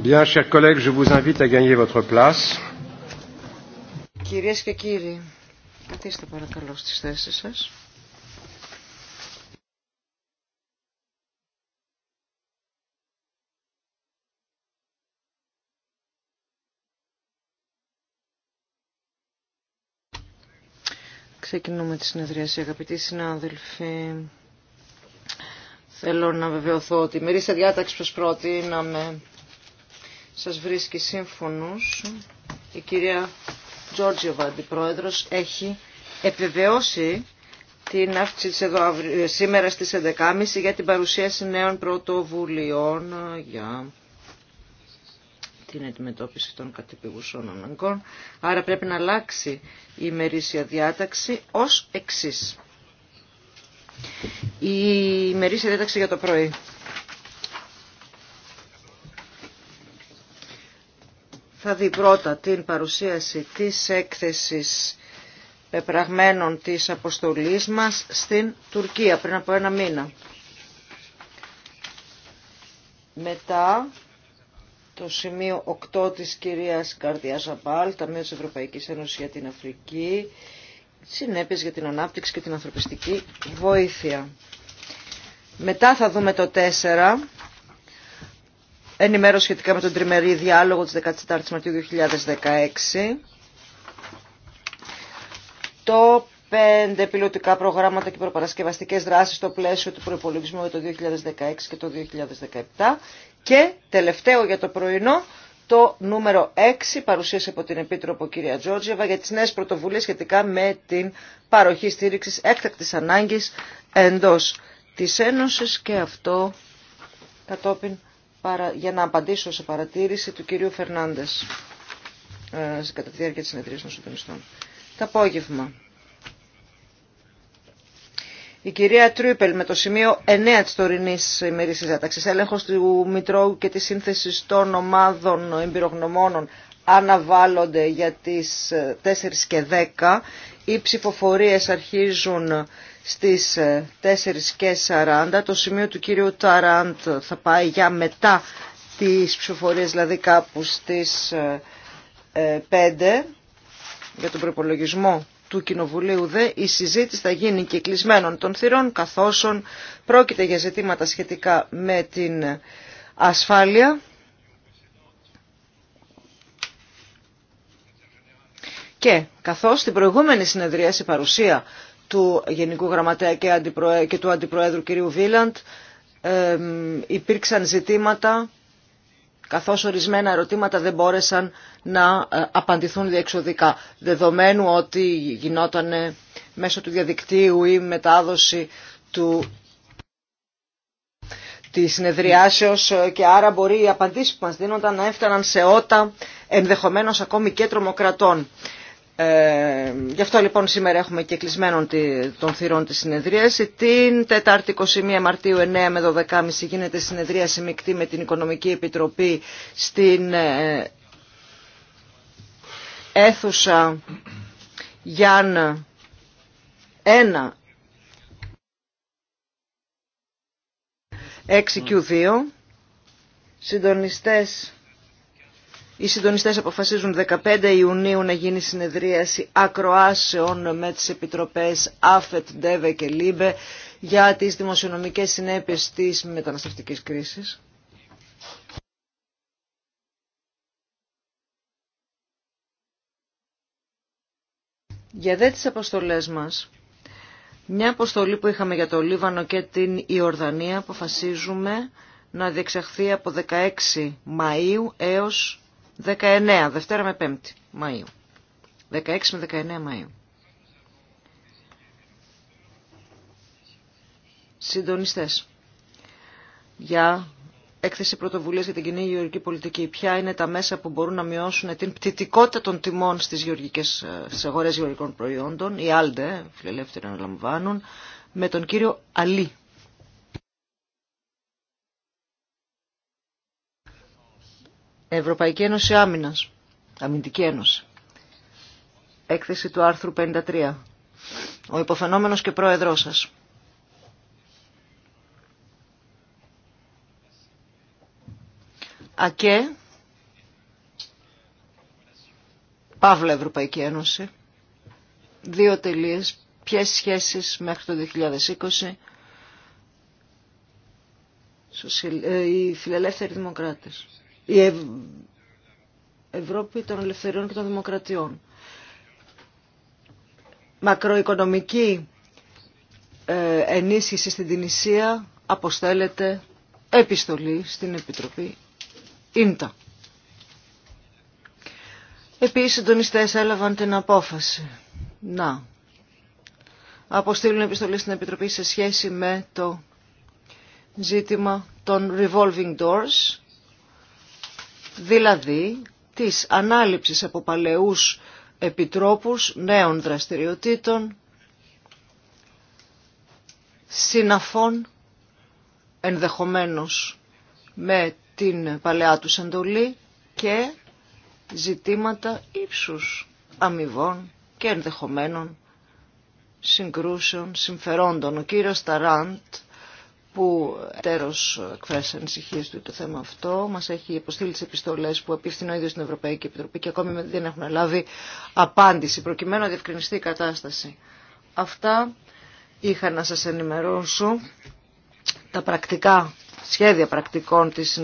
Bien, chers collègues, je vous invite à gagner votre place. Κυρίες και κύριοι, καθίστε παρακαλώ στις θέσεις σας. Ξεκινούμε τη συνεδρίαση, αγαπητοί συνάδελφοι. Θέλω να βεβαιωθώ ότι η διάταξη προς πρώτη να με σας βρίσκει σύμφωνος. Η κυρία Τζόρτζεβα, αντιπρόεδρος, έχει επιβεβαιώσει την αύξηση εδώ, ε, σήμερα στις 11.30 για την παρουσίαση νέων πρωτοβουλειών ε, για την αντιμετώπιση των κατεπηγουσών αναγκών. Άρα πρέπει να αλλάξει η ημερήσια διάταξη ως εξής. Η ημερήσια διάταξη για το πρωί. θα δει πρώτα την παρουσίαση της έκθεσης πεπραγμένων της αποστολής μας στην Τουρκία πριν από ένα μήνα. Μετά το σημείο 8 της κυρίας Καρδιά Ζαμπάλ, Ταμείο της Ευρωπαϊκής Ένωσης για την Αφρική, συνέπειες για την ανάπτυξη και την ανθρωπιστική βοήθεια. Μετά θα δούμε το 4 ενημέρωση σχετικά με τον τριμερή διάλογο της 14 Μαρτίου 2016. Το πέντε πιλωτικά προγράμματα και προπαρασκευαστικές δράσεις στο πλαίσιο του Προπολογισμού για το 2016 και το 2017. Και τελευταίο για το πρωινό, το νούμερο 6 παρουσίασε από την Επίτροπο κυρία Τζόρτζεβα για τις νέες πρωτοβουλίες σχετικά με την παροχή στήριξη έκτακτη ανάγκη εντό τη Ένωση. και αυτό κατόπιν για να απαντήσω σε παρατήρηση του κυρίου Φερνάντες ε, κατά τη διάρκεια της συνεδρίας των συντονιστών. Το απόγευμα. Η κυρία Τρίπελ με το σημείο 9 της τωρινής ημερής διάταξης. έλεγχος του Μητρώου και τη σύνθεση των ομάδων εμπειρογνωμόνων αναβάλλονται για τις 4 ε, και 10. Οι ψηφοφορίες αρχίζουν στις 4.40. Ε, Το σημείο του κύριου Ταραντ θα πάει για μετά τις ψηφοφορίες, δηλαδή κάπου στις 5 ε, ε, για τον προπολογισμό του Κοινοβουλίου ΔΕ η συζήτηση θα γίνει και κλεισμένων των θυρών καθώς πρόκειται για ζητήματα σχετικά με την ασφάλεια και καθώς στην προηγούμενη συνεδρίαση παρουσία του Γενικού Γραμματέα και του Αντιπροέδρου κ. Βίλαντ υπήρξαν ζητήματα καθώς ορισμένα ερωτήματα δεν μπόρεσαν να ε, απαντηθούν διεξοδικά. Δεδομένου ότι γινόταν μέσω του διαδικτύου ή μετάδοση του τη συνεδριάσεως ε, και άρα μπορεί οι απαντήσεις που μας δίνονταν να έφταναν σε ότα ενδεχομένως ακόμη και τρομοκρατών. Ε, γι' αυτό λοιπόν σήμερα έχουμε και κλεισμένων των θυρών τη συνεδρίαση. Την Τετάρτη 21 Μαρτίου 9 με 12.30 γίνεται συνεδρίαση μεικτή με την Οικονομική Επιτροπή στην ε, αίθουσα Γιάννα 1 6Q2. Συντονιστές οι συντονιστές αποφασίζουν 15 Ιουνίου να γίνει συνεδρίαση ακροάσεων με τις επιτροπές ΑΦΕΤ, ΝΤΕΒΕ και ΛΥΜΠΕ για τις δημοσιονομικές συνέπειες της μεταναστευτικής κρίσης. Για δε τις αποστολές μας, μια αποστολή που είχαμε για το Λίβανο και την Ιορδανία αποφασίζουμε να διεξαχθεί από 16 Μαΐου έως 19, Δευτέρα με 5η Μαΐου. 16 με 19 Μαΐου. Συντονιστές. Για έκθεση πρωτοβουλίας για την κοινή γεωργική πολιτική. Ποια είναι τα μέσα που μπορούν να μειώσουν την πτυτικότητα των τιμών στις, γεωργικές, ε, στις αγορές γεωργικών προϊόντων. Οι Άλντε, φιλελεύθεροι να λαμβάνουν, με τον κύριο Αλή. Ευρωπαϊκή Ένωση Άμυνας, Αμυντική Ένωση. Έκθεση του άρθρου 53. Ο υποφαινόμενος και πρόεδρός σας. ΑΚΕ, Παύλα Ευρωπαϊκή Ένωση, δύο τελείες, ποιες σχέσεις μέχρι το 2020, ε, οι φιλελεύθεροι δημοκράτες η Ευρώπη των Ελευθεριών και των Δημοκρατιών. Μακροοικονομική ε, ενίσχυση στην Τινησία αποστέλλεται επιστολή στην Επιτροπή Ίντα. Επίσης, οι συντονιστές έλαβαν την απόφαση να αποστείλουν επιστολή στην Επιτροπή σε σχέση με το ζήτημα των revolving doors, δηλαδή της ανάληψης από παλαιούς επιτρόπους νέων δραστηριοτήτων, συναφών ενδεχομένως με την παλαιά τους εντολή και ζητήματα ύψους αμοιβών και ενδεχομένων συγκρούσεων συμφερόντων. Ο κύριος Ταράντ που τέρος εκφράσει ανησυχίε του το θέμα αυτό. Μας έχει υποστείλει τις επιστολές που απίφθηνε ο ίδιος στην Ευρωπαϊκή Επιτροπή και ακόμη δεν έχουν λάβει απάντηση προκειμένου να διευκρινιστεί η κατάσταση. Αυτά είχα να σας ενημερώσω. Τα πρακτικά σχέδια πρακτικών της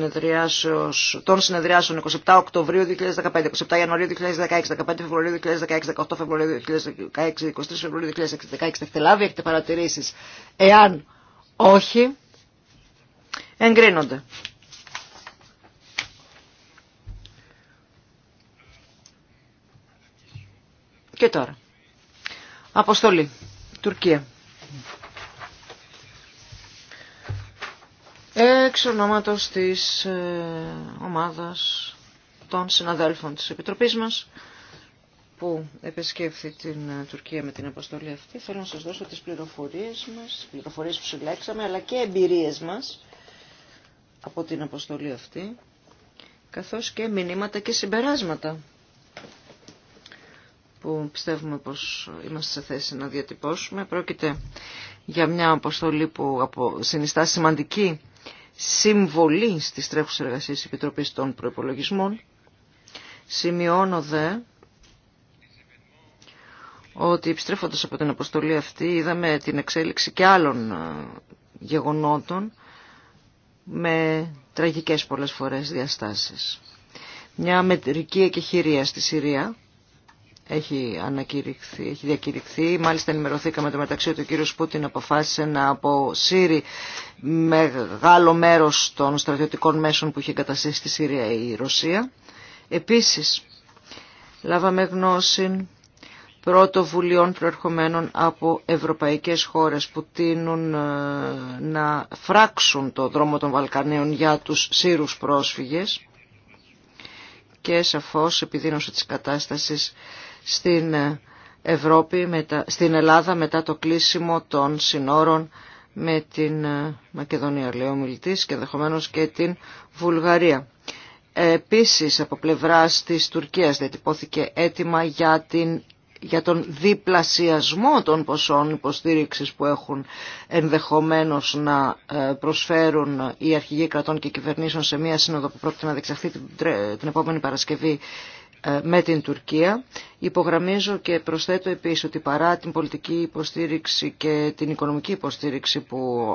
των συνεδριάσεων 27 Οκτωβρίου 2015, 27 Ιανουαρίου 2016, 15 Φεβρουαρίου 2016, 18 Φεβρουαρίου 2016, 23 Φεβρουαρίου 2016. Έχετε λάβει, έχετε παρατηρήσεις. Εάν όχι. Εγκρίνονται. Και τώρα. Αποστολή. Τουρκία. Εξ ονόματος της ε, ομάδας των συναδέλφων της Επιτροπής μας που επισκέφθη την ε, Τουρκία με την αποστολή αυτή, θέλω να σας δώσω τις πληροφορίες μας, πληροφορίες που συλλέξαμε, αλλά και εμπειρίες μας από την αποστολή αυτή, καθώς και μηνύματα και συμπεράσματα που πιστεύουμε πως είμαστε σε θέση να διατυπώσουμε. Πρόκειται για μια αποστολή που συνιστά σημαντική συμβολή στις τρέχουσες εργασίες της Επιτροπής των Προϋπολογισμών. Σημειώνω δε ότι επιστρέφοντας από την αποστολή αυτή είδαμε την εξέλιξη και άλλων ε, γεγονότων με τραγικές πολλές φορές διαστάσεις. Μια μετρική εκεχηρία στη Συρία έχει ανακηρυχθεί, έχει διακηρυχθεί. Μάλιστα ενημερωθήκαμε το μεταξύ ότι ο κύριος Πούτιν αποφάσισε να αποσύρει μεγάλο μέρος των στρατιωτικών μέσων που είχε εγκαταστήσει στη Συρία η Ρωσία. Επίσης, λάβαμε γνώση πρώτο βουλειών προερχομένων από ευρωπαϊκές χώρες που τείνουν ε, να φράξουν το δρόμο των Βαλκανίων για τους Σύρους πρόσφυγες και σαφώς επιδείνωση τις κατάστασης στην, ε, Ευρώπη, στην Ελλάδα μετά το κλείσιμο των συνόρων με την ε, Μακεδονία, λέει ο και ενδεχομένω και την Βουλγαρία. Επίσης, από πλευράς της Τουρκίας διατυπώθηκε αίτημα για την για τον διπλασιασμό των ποσών υποστήριξης που έχουν ενδεχομένως να ε, προσφέρουν οι αρχηγοί κρατών και κυβερνήσεων σε μια σύνοδο που πρόκειται να δεξαχθεί την επόμενη Παρασκευή ε, με την Τουρκία. Υπογραμμίζω και προσθέτω επίσης ότι παρά την πολιτική υποστήριξη και την οικονομική υποστήριξη που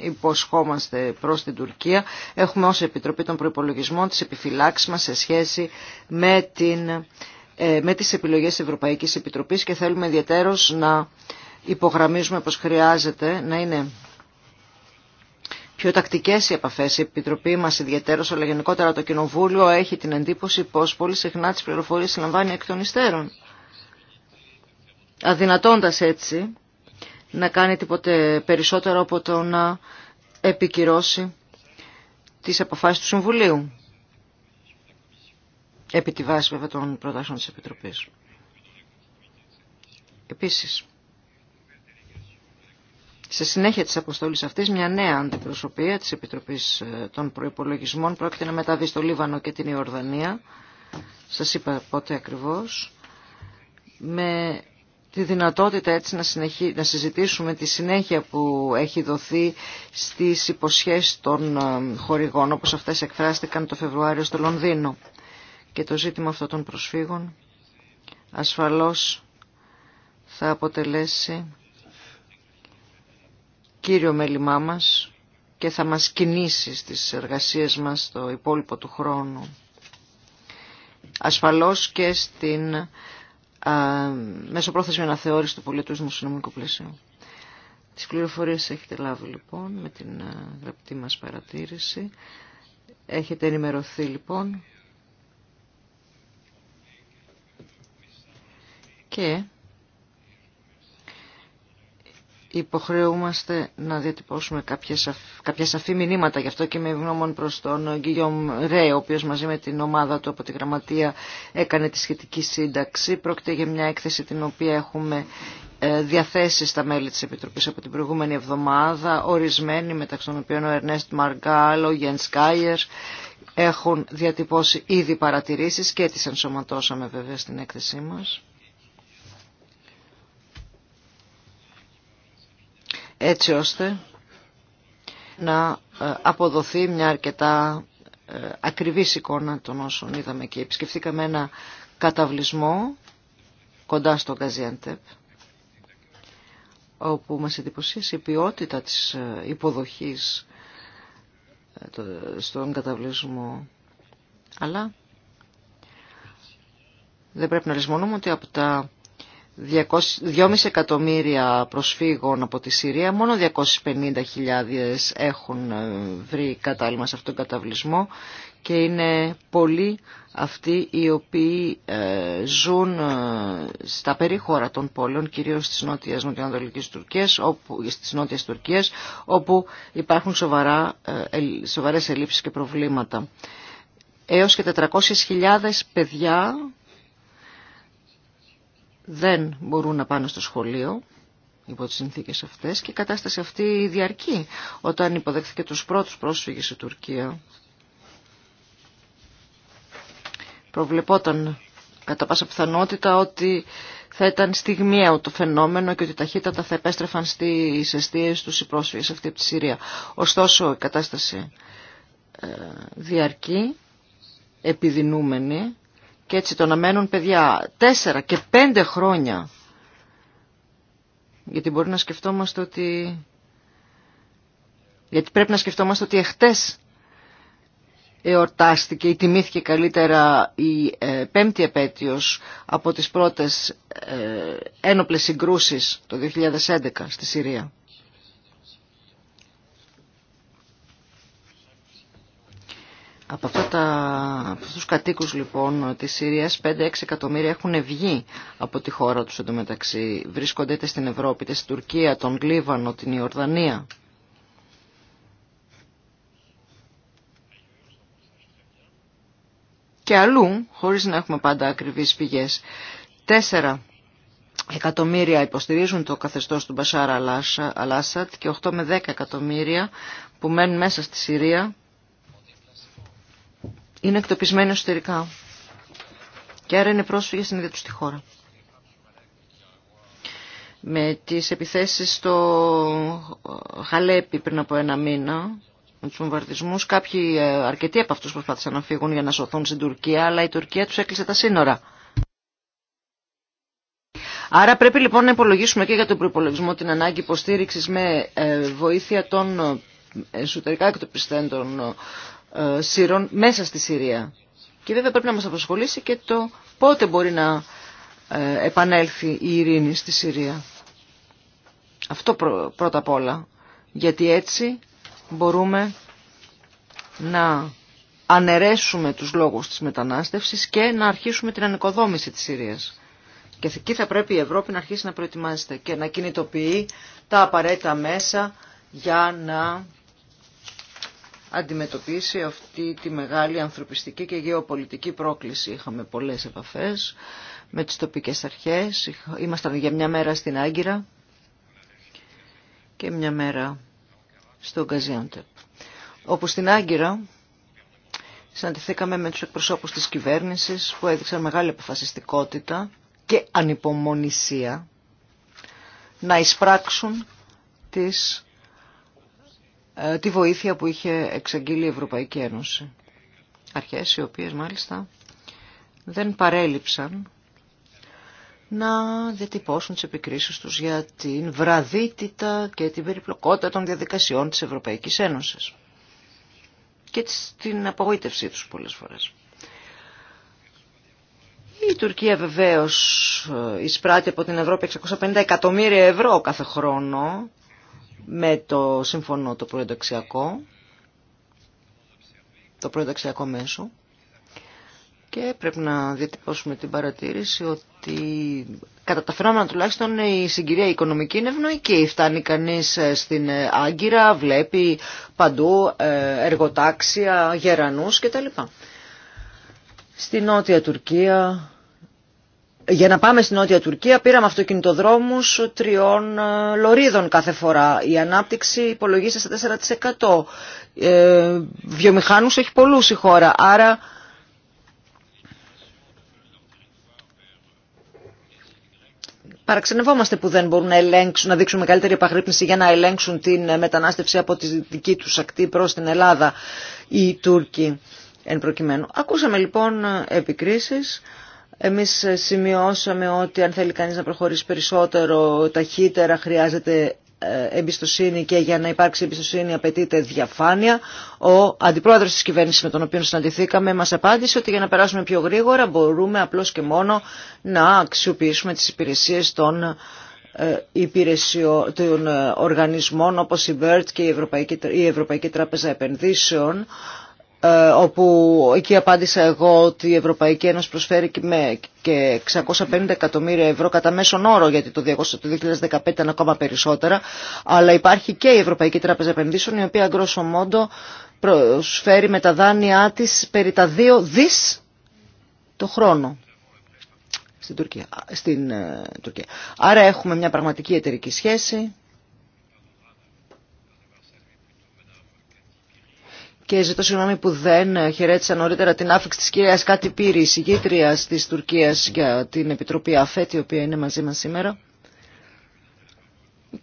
ε, υποσχόμαστε προς την Τουρκία, έχουμε ως Επιτροπή των Προϋπολογισμών τις επιφυλάξεις μας σε σχέση με την ε, με τις επιλογές Ευρωπαϊκής Επιτροπής και θέλουμε ιδιαίτερως να υπογραμμίζουμε πως χρειάζεται να είναι πιο τακτικές οι επαφές. Η Επιτροπή μας ιδιαίτερως, αλλά γενικότερα το Κοινοβούλιο έχει την εντύπωση πως πολύ συχνά τις πληροφορίες συλλαμβάνει εκ των υστέρων. Αδυνατώντας έτσι να κάνει τίποτε περισσότερο από το να επικυρώσει τις αποφάσεις του Συμβουλίου επί τη βάση βέβαια των προτάσεων της Επιτροπής. Επίσης, σε συνέχεια της αποστολής αυτής, μια νέα αντιπροσωπεία της Επιτροπής ε, των Προϋπολογισμών πρόκειται να μεταβεί στο Λίβανο και την Ιορδανία, σας είπα πότε ακριβώς, με τη δυνατότητα έτσι να, να συζητήσουμε τη συνέχεια που έχει δοθεί στις υποσχέσεις των ε, χορηγών, όπως αυτές εκφράστηκαν το Φεβρουάριο στο Λονδίνο και το ζήτημα αυτό των προσφύγων ασφαλώς θα αποτελέσει κύριο μέλημά μας και θα μας κινήσει στις εργασίες μας το υπόλοιπο του χρόνου. Ασφαλώς και στην α, μεσοπρόθεσμη αναθεώρηση του πολιτισμού συνομικού πλαισίου. Τις πληροφορίες έχετε λάβει λοιπόν με την ε, γραπτή μας παρατήρηση. Έχετε ενημερωθεί λοιπόν. και υποχρεούμαστε να διατυπώσουμε κάποια, σαφ... κάποια σαφή μηνύματα. Γι' αυτό και με ευγνώμων προς τον Γκυγιόμ Ρέ, ο οποίος μαζί με την ομάδα του από τη Γραμματεία έκανε τη σχετική σύνταξη. Πρόκειται για μια έκθεση την οποία έχουμε ε, διαθέσει στα μέλη της Επιτροπής από την προηγούμενη εβδομάδα, ορισμένοι μεταξύ των οποίων ο Ερνέστ Μαργκάλο, ο Σκάιερ, έχουν διατυπώσει ήδη παρατηρήσεις και τις ενσωματώσαμε βέβαια στην έκθεσή μας. έτσι ώστε να ε, αποδοθεί μια αρκετά ε, ακριβή εικόνα των όσων είδαμε και επισκεφθήκαμε ένα καταβλισμό κοντά στο Καζιέντεπ όπου μας εντυπωσίασε η ποιότητα της ε, υποδοχής στον καταβλισμό αλλά δεν πρέπει να λησμονούμε ότι από τα 2,5 εκατομμύρια προσφύγων από τη Συρία, μόνο 250.000 έχουν ε, βρει κατάλημα σε αυτόν τον καταβλισμό και είναι πολλοί αυτοί οι οποίοι ε, ζουν ε, στα περίχωρα των πόλεων, κυρίως στις νότιας νοτιοανατολικές Τουρκίας, όπου, στις νότιες Τουρκίας, όπου υπάρχουν σοβαρά, σοβαρές ελλείψεις και προβλήματα. Έως και 400.000 παιδιά δεν μπορούν να πάνε στο σχολείο υπό τις συνθήκες αυτές και η κατάσταση αυτή διαρκεί όταν υποδέχθηκε τους πρώτους πρόσφυγες η Τουρκία. Προβλεπόταν κατά πάσα πιθανότητα ότι θα ήταν στιγμιαίο το φαινόμενο και ότι ταχύτατα θα επέστρεφαν στις αιστείες τους οι πρόσφυγες αυτή από τη Συρία. Ωστόσο η κατάσταση ε, διαρκεί, επιδεινούμενη και έτσι το να μένουν παιδιά τέσσερα και πέντε χρόνια. Γιατί μπορεί να σκεφτόμαστε ότι... Γιατί πρέπει να σκεφτόμαστε ότι εχθές εορτάστηκε ή τιμήθηκε καλύτερα η ε, πέμπτη επέτειος από τις πρώτες ε, ένοπλες συγκρούσεις το 2011 στη Συρία. Από αυτά τα, αυτούς τους κατοίκους λοιπόν της Συρίας 5-6 εκατομμύρια έχουν βγει από τη χώρα τους εντωμεταξύ. Βρίσκονται είτε στην Ευρώπη, είτε στην Τουρκία, τον Λίβανο, την Ιορδανία. Και αλλού, χωρίς να έχουμε πάντα ακριβείς πηγές. 4 εκατομμύρια υποστηρίζουν το καθεστώς του Μπασάρα Αλάσατ και 8 με 10 εκατομμύρια που μένουν μέσα στη Συρία είναι εκτοπισμένοι εσωτερικά και άρα είναι πρόσφυγες στην ίδια τους τη χώρα. Με τις επιθέσεις στο Χαλέπι πριν από ένα μήνα, με τους βομβαρδισμούς, κάποιοι, ε, αρκετοί από αυτούς προσπάθησαν να φύγουν για να σωθούν στην Τουρκία, αλλά η Τουρκία τους έκλεισε τα σύνορα. Άρα πρέπει λοιπόν να υπολογίσουμε και για τον προπολογισμό την ανάγκη υποστήριξη με ε, βοήθεια των ε, εσωτερικά εκτοπιστέντων ε, σύρων μέσα στη Συρία. Και βέβαια πρέπει να μας απασχολήσει και το πότε μπορεί να ε, επανέλθει η ειρήνη στη Συρία. Αυτό πρώτα απ' όλα. Γιατί έτσι μπορούμε να αναιρέσουμε τους λόγους της μετανάστευσης και να αρχίσουμε την ανοικοδόμηση της Συρίας. Και εκεί θα πρέπει η Ευρώπη να αρχίσει να προετοιμάζεται και να κινητοποιεί τα απαραίτητα μέσα για να αντιμετωπίσει αυτή τη μεγάλη ανθρωπιστική και γεωπολιτική πρόκληση. Είχαμε πολλές επαφές με τις τοπικές αρχές. Ήμασταν για μια μέρα στην Άγκυρα και μια μέρα στο Γκαζιάντεπ. Όπου στην Άγκυρα συναντηθήκαμε με τους εκπροσώπους της κυβέρνησης που έδειξαν μεγάλη αποφασιστικότητα και ανυπομονησία να εισπράξουν τις ε, τη βοήθεια που είχε εξαγγείλει η Ευρωπαϊκή Ένωση. Αρχές οι οποίες μάλιστα δεν παρέλειψαν να διατυπώσουν τις επικρίσεις τους για την βραδύτητα και την περιπλοκότητα των διαδικασιών της Ευρωπαϊκής Ένωσης και την απογοήτευσή τους πολλές φορές. Η Τουρκία βεβαίως ε, εισπράττει από την Ευρώπη 650 εκατομμύρια ευρώ κάθε χρόνο με το σύμφωνο το προενταξιακό, το προενταξιακό μέσο. Και πρέπει να διατυπώσουμε την παρατήρηση ότι κατά τα φαινόμενα τουλάχιστον η συγκυρία οικονομική είναι ευνοϊκή. Φτάνει κανείς ε, στην ε, Άγκυρα, βλέπει παντού ε, εργοτάξια, γερανούς κτλ. στην νότια Τουρκία για να πάμε στην Νότια Τουρκία πήραμε αυτοκινητοδρόμους τριών ε, λωρίδων κάθε φορά. Η ανάπτυξη υπολογίζεται στα 4%. Ε, βιομηχάνους έχει πολλούς η χώρα. Άρα παραξενευόμαστε που δεν μπορούν να, ελέγξουν, να δείξουν μεγαλύτερη επαγρύπνηση για να ελέγξουν την ε, μετανάστευση από τη δική τους ακτή προς την Ελλάδα οι Τούρκοι εν προκειμένου. Ακούσαμε λοιπόν ε, επικρίσεις. Εμείς σημειώσαμε ότι αν θέλει κανείς να προχωρήσει περισσότερο ταχύτερα χρειάζεται ε, εμπιστοσύνη και για να υπάρξει εμπιστοσύνη απαιτείται διαφάνεια. Ο αντιπρόεδρος της κυβέρνησης με τον οποίο συναντηθήκαμε μας απάντησε ότι για να περάσουμε πιο γρήγορα μπορούμε απλώς και μόνο να αξιοποιήσουμε τις υπηρεσίες των ε, υπηρεσιο, των ε, οργανισμών όπως η BERT και η Ευρωπαϊκή, η Ευρωπαϊκή Τράπεζα Επενδύσεων ε, όπου εκεί απάντησα εγώ ότι η Ευρωπαϊκή Ένωση προσφέρει και, 650 εκατομμύρια ευρώ κατά μέσον όρο, γιατί το 2015 ήταν ακόμα περισσότερα, αλλά υπάρχει και η Ευρωπαϊκή Τράπεζα Επενδύσεων, η οποία γκρόσο μόντο προσφέρει με τα δάνειά της περί τα 2 δις το χρόνο στην Τουρκία. Στην, ε, Τουρκία. Άρα έχουμε μια πραγματική εταιρική σχέση και ζητώ συγγνώμη που δεν ε, χαιρέτησα νωρίτερα την άφηξη της κυρίας Κάτι Πύρη, ηγήτρια της Τουρκίας για την Επιτροπή ΑΦΕΤ, η οποία είναι μαζί μας σήμερα.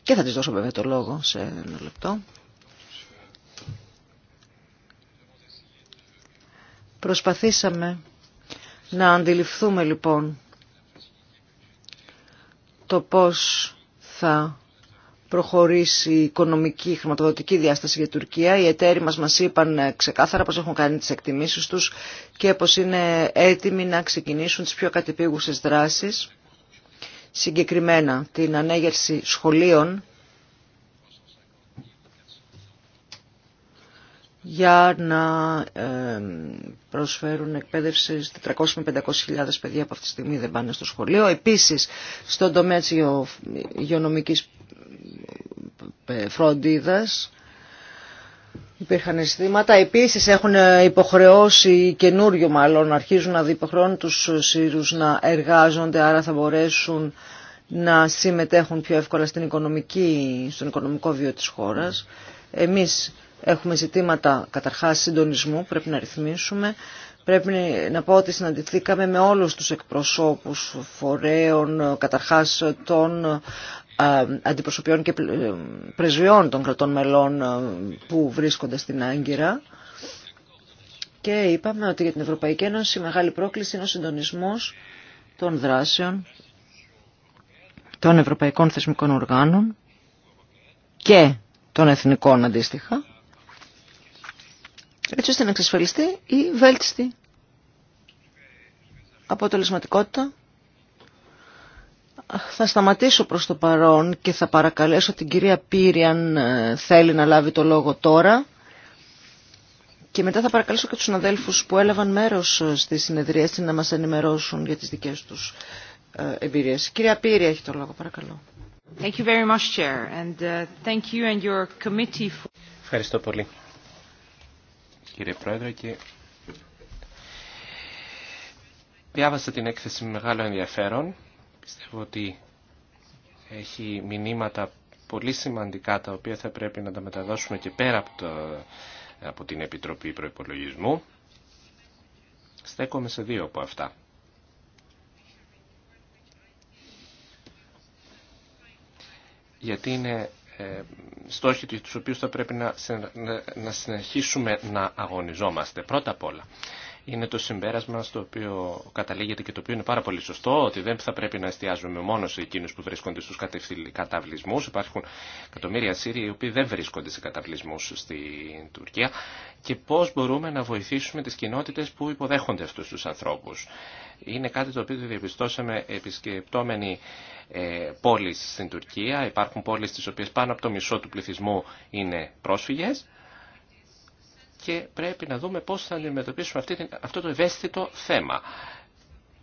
Και θα της δώσω βέβαια το λόγο σε ένα λεπτό. Προσπαθήσαμε να αντιληφθούμε λοιπόν το πώς θα προχωρήσει η οικονομική χρηματοδοτική διάσταση για Τουρκία. Οι εταίροι μας μας είπαν ε, ξεκάθαρα πως έχουν κάνει τις εκτιμήσεις τους και πως είναι έτοιμοι να ξεκινήσουν τις πιο κατεπίγουσες δράσεις. Συγκεκριμένα την ανέγερση σχολείων για να ε, προσφέρουν εκπαίδευση στις 400 με παιδιά που αυτή τη στιγμή δεν πάνε στο σχολείο. Επίσης, στον τομέα της υγειονομικής ε, φροντίδας. Υπήρχαν αισθήματα. Επίσης έχουν ε, υποχρεώσει καινούριο μάλλον, αρχίζουν να υποχρεώνουν τους Σύρους να εργάζονται, άρα θα μπορέσουν να συμμετέχουν πιο εύκολα στην οικονομική, στον οικονομικό βίο της χώρας. Εμείς έχουμε ζητήματα καταρχάς συντονισμού, πρέπει να ρυθμίσουμε. Πρέπει να πω ότι συναντηθήκαμε με όλους τους εκπροσώπους φορέων, καταρχάς των ε, αντιπροσωπιών και ε, πρεσβειών των κρατών μελών ε, που βρίσκονται στην Άγκυρα. Και είπαμε ότι για την Ευρωπαϊκή Ένωση η μεγάλη πρόκληση είναι ο συντονισμός των δράσεων των ευρωπαϊκών θεσμικών οργάνων και των εθνικών αντίστοιχα, έτσι ώστε να εξασφαλιστεί η βέλτιστη αποτελεσματικότητα θα σταματήσω προς το παρόν και θα παρακαλέσω την κυρία Πύρη αν ε, θέλει να λάβει το λόγο τώρα. Και μετά θα παρακαλέσω και τους αδέλφους που έλαβαν μέρος ε, στη συνεδρίαση να μας ενημερώσουν για τις δικές τους ε, εμπειρίες. Κυρία Πύρη έχει το λόγο, παρακαλώ. Ευχαριστώ πολύ, κύριε Πρόεδρε. Και... Διάβασα την έκθεση με μεγάλο ενδιαφέρον Πιστεύω ότι έχει μηνύματα πολύ σημαντικά τα οποία θα πρέπει να τα μεταδώσουμε και πέρα από, την Επιτροπή Προϋπολογισμού. Στέκομαι σε δύο από αυτά. Γιατί είναι ε, στόχοι τους οποίους θα πρέπει να συνεχίσουμε να αγωνιζόμαστε. Πρώτα απ' όλα, είναι το συμπέρασμα στο οποίο καταλήγεται και το οποίο είναι πάρα πολύ σωστό, ότι δεν θα πρέπει να εστιάζουμε μόνο σε εκείνου που βρίσκονται στου καταβλισμού. Υπάρχουν εκατομμύρια Σύριοι οι οποίοι δεν βρίσκονται σε καταβλισμού στην Τουρκία και πώ μπορούμε να βοηθήσουμε τι κοινότητε που υποδέχονται αυτού του ανθρώπου. Είναι κάτι το οποίο διαπιστώσαμε επισκεπτόμενοι ε, πόλεις στην Τουρκία. Υπάρχουν πόλεις τις οποίες πάνω από το μισό του πληθυσμού είναι πρόσφυγες και πρέπει να δούμε πώς θα αντιμετωπίσουμε αυτή, αυτό το ευαίσθητο θέμα.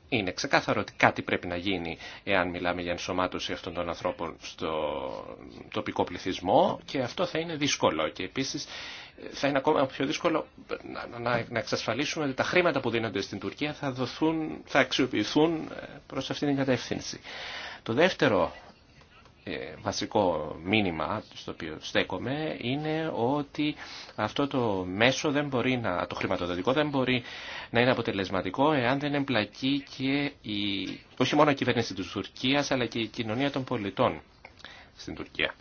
Είναι ξεκάθαρο ότι κάτι πρέπει να γίνει εάν μιλάμε για ενσωμάτωση αυτών των ανθρώπων στο τοπικό πληθυσμό και αυτό θα είναι δύσκολο και επίσης ε, θα είναι ακόμα πιο δύσκολο να εξασφαλίσουμε ότι τα χρήματα που δίνονται στην Τουρκία θα, δοθούν, θα αξιοποιηθούν ε, προς αυτή την κατεύθυνση. Το δεύτερο ε, βασικό μήνυμα στο οποίο στέκομαι είναι ότι αυτό το μέσο δεν μπορεί να, το χρηματοδοτικό δεν μπορεί να είναι αποτελεσματικό εάν δεν εμπλακεί και η, όχι μόνο η κυβέρνηση της Τουρκίας αλλά και η κοινωνία των πολιτών στην Τουρκία.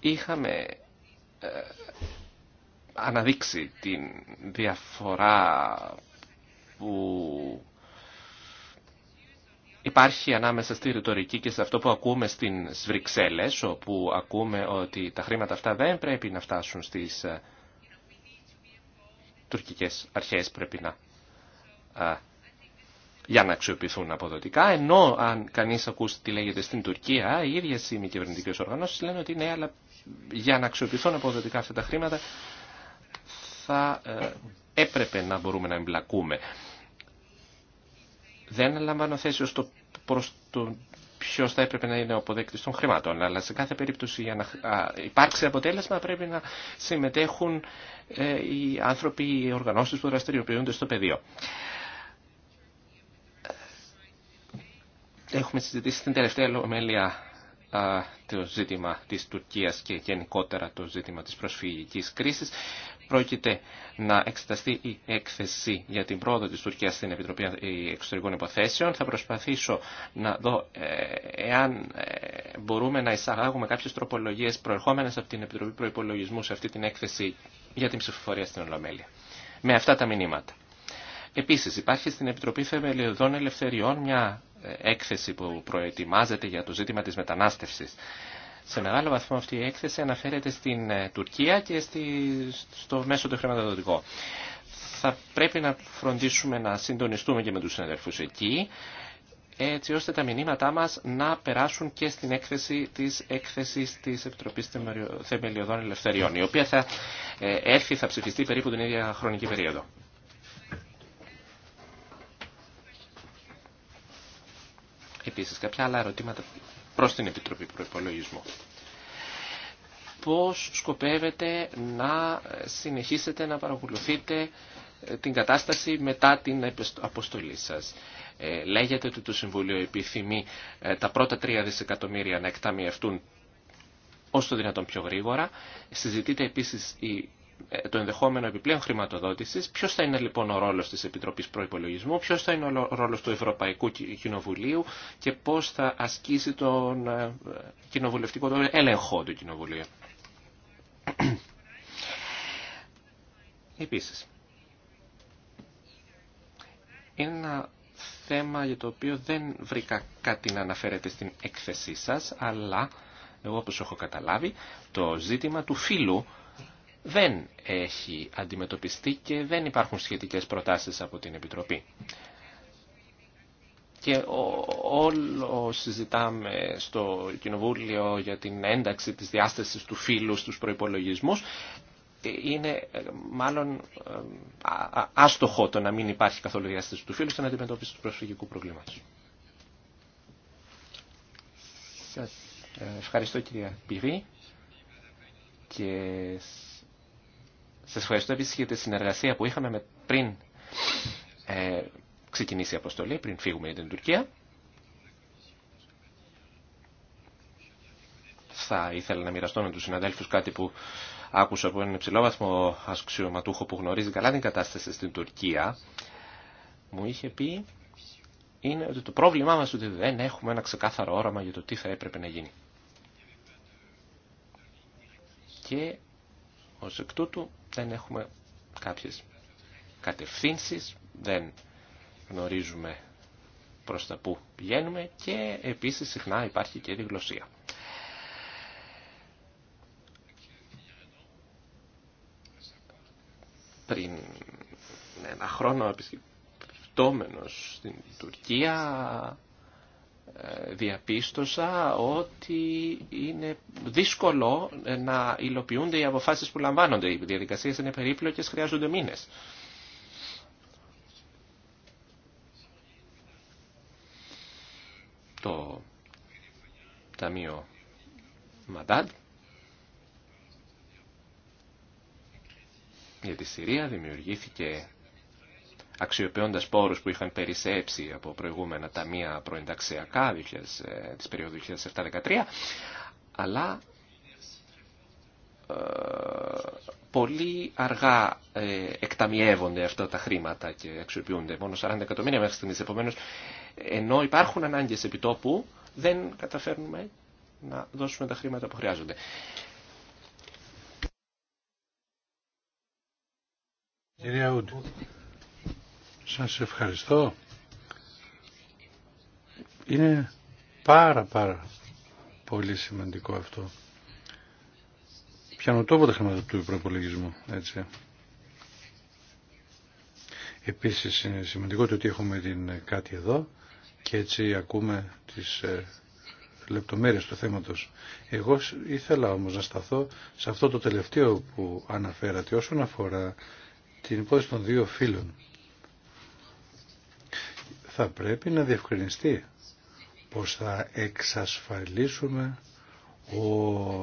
Είχαμε ε, αναδείξει την διαφορά που υπάρχει ανάμεσα στη ρητορική και σε αυτό που ακούμε στην Βρυξέλλες, όπου ακούμε ότι τα χρήματα αυτά δεν πρέπει να φτάσουν στις ε, τουρκικές αρχές, πρέπει να ε, για να αξιοποιηθούν αποδοτικά, ενώ αν κανείς ακούσει τι λέγεται στην Τουρκία, οι ίδιες οι μη κυβερνητικέ οργανώσεις λένε ότι ναι, αλλά για να αξιοποιηθούν αποδοτικά αυτά τα χρήματα θα ε, έπρεπε να μπορούμε να εμπλακούμε. Δεν λαμβάνω θέση ως το Προ το ποιο θα έπρεπε να είναι ο αποδέκτη των χρημάτων. Αλλά σε κάθε περίπτωση για να υπάρξει αποτέλεσμα πρέπει να συμμετέχουν ε, οι άνθρωποι, οι οργανώσει που δραστηριοποιούνται στο πεδίο. Έχουμε συζητήσει στην τελευταία ομέλεια το ζήτημα της Τουρκίας και γενικότερα το ζήτημα της προσφυγικής κρίσης πρόκειται να εξεταστεί η έκθεση για την πρόοδο της Τουρκίας στην Επιτροπή Εξωτερικών Υποθέσεων. Θα προσπαθήσω να δω ε, εάν ε, μπορούμε να εισαγάγουμε κάποιες τροπολογίες προερχόμενες από την Επιτροπή Προϋπολογισμού σε αυτή την έκθεση για την ψηφοφορία στην Ολομέλεια. Με αυτά τα μηνύματα. Επίσης υπάρχει στην Επιτροπή Θεμελιωδών Ελευθεριών μια ε, έκθεση που προετοιμάζεται για το ζήτημα της μετανάστευσης. Σε μεγάλο βαθμό αυτή η έκθεση αναφέρεται στην ε, Τουρκία και στο μέσο το χρηματοδοτικό. Θα πρέπει να φροντίσουμε να συντονιστούμε και με τους συναδελφούς εκεί, έτσι ώστε τα μηνύματά μας να περάσουν και στην έκθεση της έκθεσης της Επιτροπής Θεμελιωδών Ελευθεριών, η οποία θα ε, έρθει, θα ψηφιστεί περίπου την ίδια χρονική περίοδο. Επίσης, κάποια άλλα ερωτήματα προς την Επιτροπή Προϋπολογισμού. Πώς σκοπεύετε να συνεχίσετε να παρακολουθείτε ε, την κατάσταση μετά την αποστολή σας. Ε, λέγεται ότι το Συμβούλιο επιθυμεί ε, τα πρώτα τρία δισεκατομμύρια να εκταμιευτούν όσο το δυνατόν πιο γρήγορα. Συζητείται επίσης η ε, το ενδεχόμενο επιπλέον χρηματοδότησης. Ποιο θα είναι λοιπόν ο ρόλος της Επιτροπής Προϋπολογισμού, ποιο θα είναι ο ρόλος του Ευρωπαϊκού Κοινοβουλίου και πώς θα ασκήσει τον ε, κοινοβουλευτικό τον έλεγχο του Κοινοβουλίου. Επίση. είναι ένα θέμα για το οποίο δεν βρήκα κάτι να αναφέρετε στην έκθεσή σας, αλλά εγώ όπως έχω καταλάβει, το ζήτημα του φίλου δεν έχει αντιμετωπιστεί και δεν υπάρχουν σχετικές προτάσεις από την Επιτροπή. Και όλο συζητάμε στο Κοινοβούλιο για την ένταξη της διάστασης του φύλου στους προϋπολογισμούς. Είναι ε, μάλλον ε, άστοχο το να μην υπάρχει καθόλου διάσταση του φύλου στην αντιμετώπιση του προσφυγικού προβλήματος. Σας ε, ευχαριστώ κυρία Πυρή και σας ευχαριστώ επίσης για τη συνεργασία που είχαμε με πριν ε, ξεκινήσει η αποστολή, πριν φύγουμε για την Τουρκία. Θα ήθελα να μοιραστώ με τους συναδέλφους κάτι που άκουσα από έναν υψηλόβαθμο αξιωματούχο που γνωρίζει καλά την κατάσταση στην Τουρκία. Μου είχε πει είναι ότι το πρόβλημά μας ότι δεν έχουμε ένα ξεκάθαρο όραμα για το τι θα έπρεπε να γίνει. Και ως εκ τούτου δεν έχουμε κάποιες κατευθύνσεις, δεν γνωρίζουμε προς τα που πηγαίνουμε και επίσης συχνά υπάρχει και διγλωσία. Πριν ένα χρόνο επισκεπτόμενος στην Τουρκία διαπίστωσα ότι είναι δύσκολο να υλοποιούνται οι αποφάσεις που λαμβάνονται. Οι διαδικασίες είναι περίπλοκες, χρειάζονται μήνες. Το Ταμείο Μαντάντ για τη Συρία δημιουργήθηκε αξιοποιώντας πόρους που είχαν περισσέψει από προηγούμενα ταμεία προενταξιακά ε, της περίοδου 2007-2013, αλλά ε, πολύ αργά ε, εκταμιεύονται αυτά τα χρήματα και αξιοποιούνται μόνο 40 εκατομμύρια μέχρι στιγμής. Επομένως, ενώ υπάρχουν ανάγκες επιτόπου, δεν καταφέρνουμε να δώσουμε τα χρήματα που χρειάζονται. Σας ευχαριστώ. Είναι πάρα πάρα πολύ σημαντικό αυτό. Πιάνω τόπο τα χρήματα του προπολογισμού, έτσι. Επίσης είναι σημαντικό ότι έχουμε την κάτι εδώ και έτσι ακούμε τις ε, λεπτομέρειες του θέματος. Εγώ ήθελα όμως να σταθώ σε αυτό το τελευταίο που αναφέρατε όσον αφορά την υπόθεση των δύο φίλων θα πρέπει να διευκρινιστεί πως θα εξασφαλίσουμε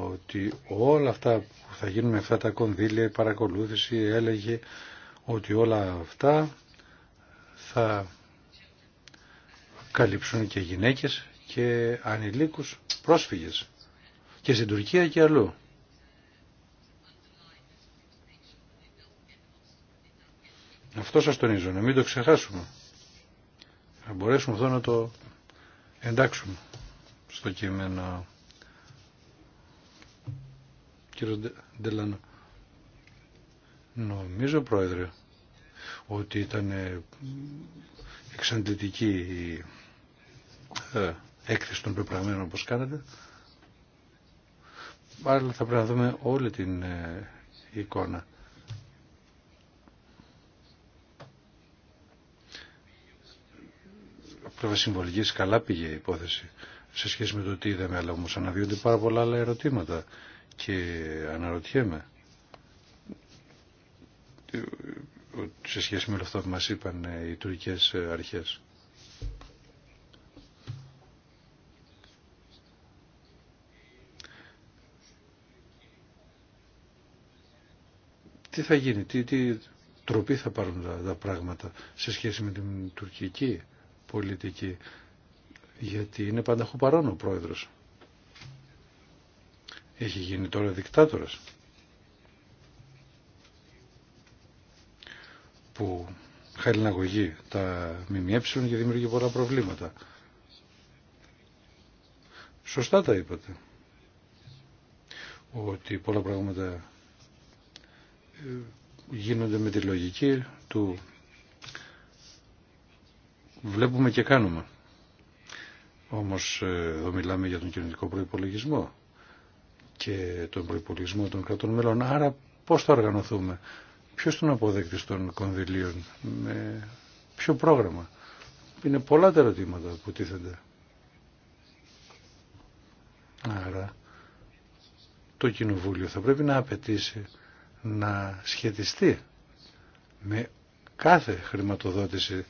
ότι όλα αυτά που θα γίνουν με αυτά τα κονδύλια, η παρακολούθηση, έλεγε ότι όλα αυτά θα καλύψουν και γυναίκες και ανηλίκους πρόσφυγες και στην Τουρκία και αλλού. Αυτό σας τονίζω, να μην το ξεχάσουμε να μπορέσουμε αυτό να το εντάξουμε στο κείμενο. Κύριο Ντελάνο, νομίζω πρόεδρε ότι ήταν ε, εξαντλητική η ε, έκθεση των πεπραγμένων όπως κάνατε. Άρα θα πρέπει να δούμε όλη την ε, εικόνα. τρόπο συμβολική καλά πήγε η υπόθεση σε σχέση με το τι είδαμε, αλλά όμω αναδύονται πάρα πολλά άλλα ερωτήματα και αναρωτιέμαι σε σχέση με όλα αυτά που μας είπαν ε, οι τουρκικές ε, αρχές. Τι θα γίνει, τι, τι τροπή θα πάρουν τα, τα πράγματα σε σχέση με την τουρκική πολιτική. Γιατί είναι πάντα παρόν ο πρόεδρος. Έχει γίνει τώρα δικτάτορας. Που χαλιναγωγεί τα ΜΜΕ και δημιουργεί πολλά προβλήματα. Σωστά τα είπατε. Ότι πολλά πράγματα ε, γίνονται με τη λογική του βλέπουμε και κάνουμε. Όμως ε, εδώ μιλάμε για τον κοινωνικό προϋπολογισμό και τον προϋπολογισμό των κρατών μελών. Άρα πώς θα οργανωθούμε, ποιος τον αποδέκτης των κονδυλίων, με ποιο πρόγραμμα. Είναι πολλά τα ερωτήματα που τίθενται. Άρα το Κοινοβούλιο θα πρέπει να απαιτήσει να σχετιστεί με κάθε χρηματοδότηση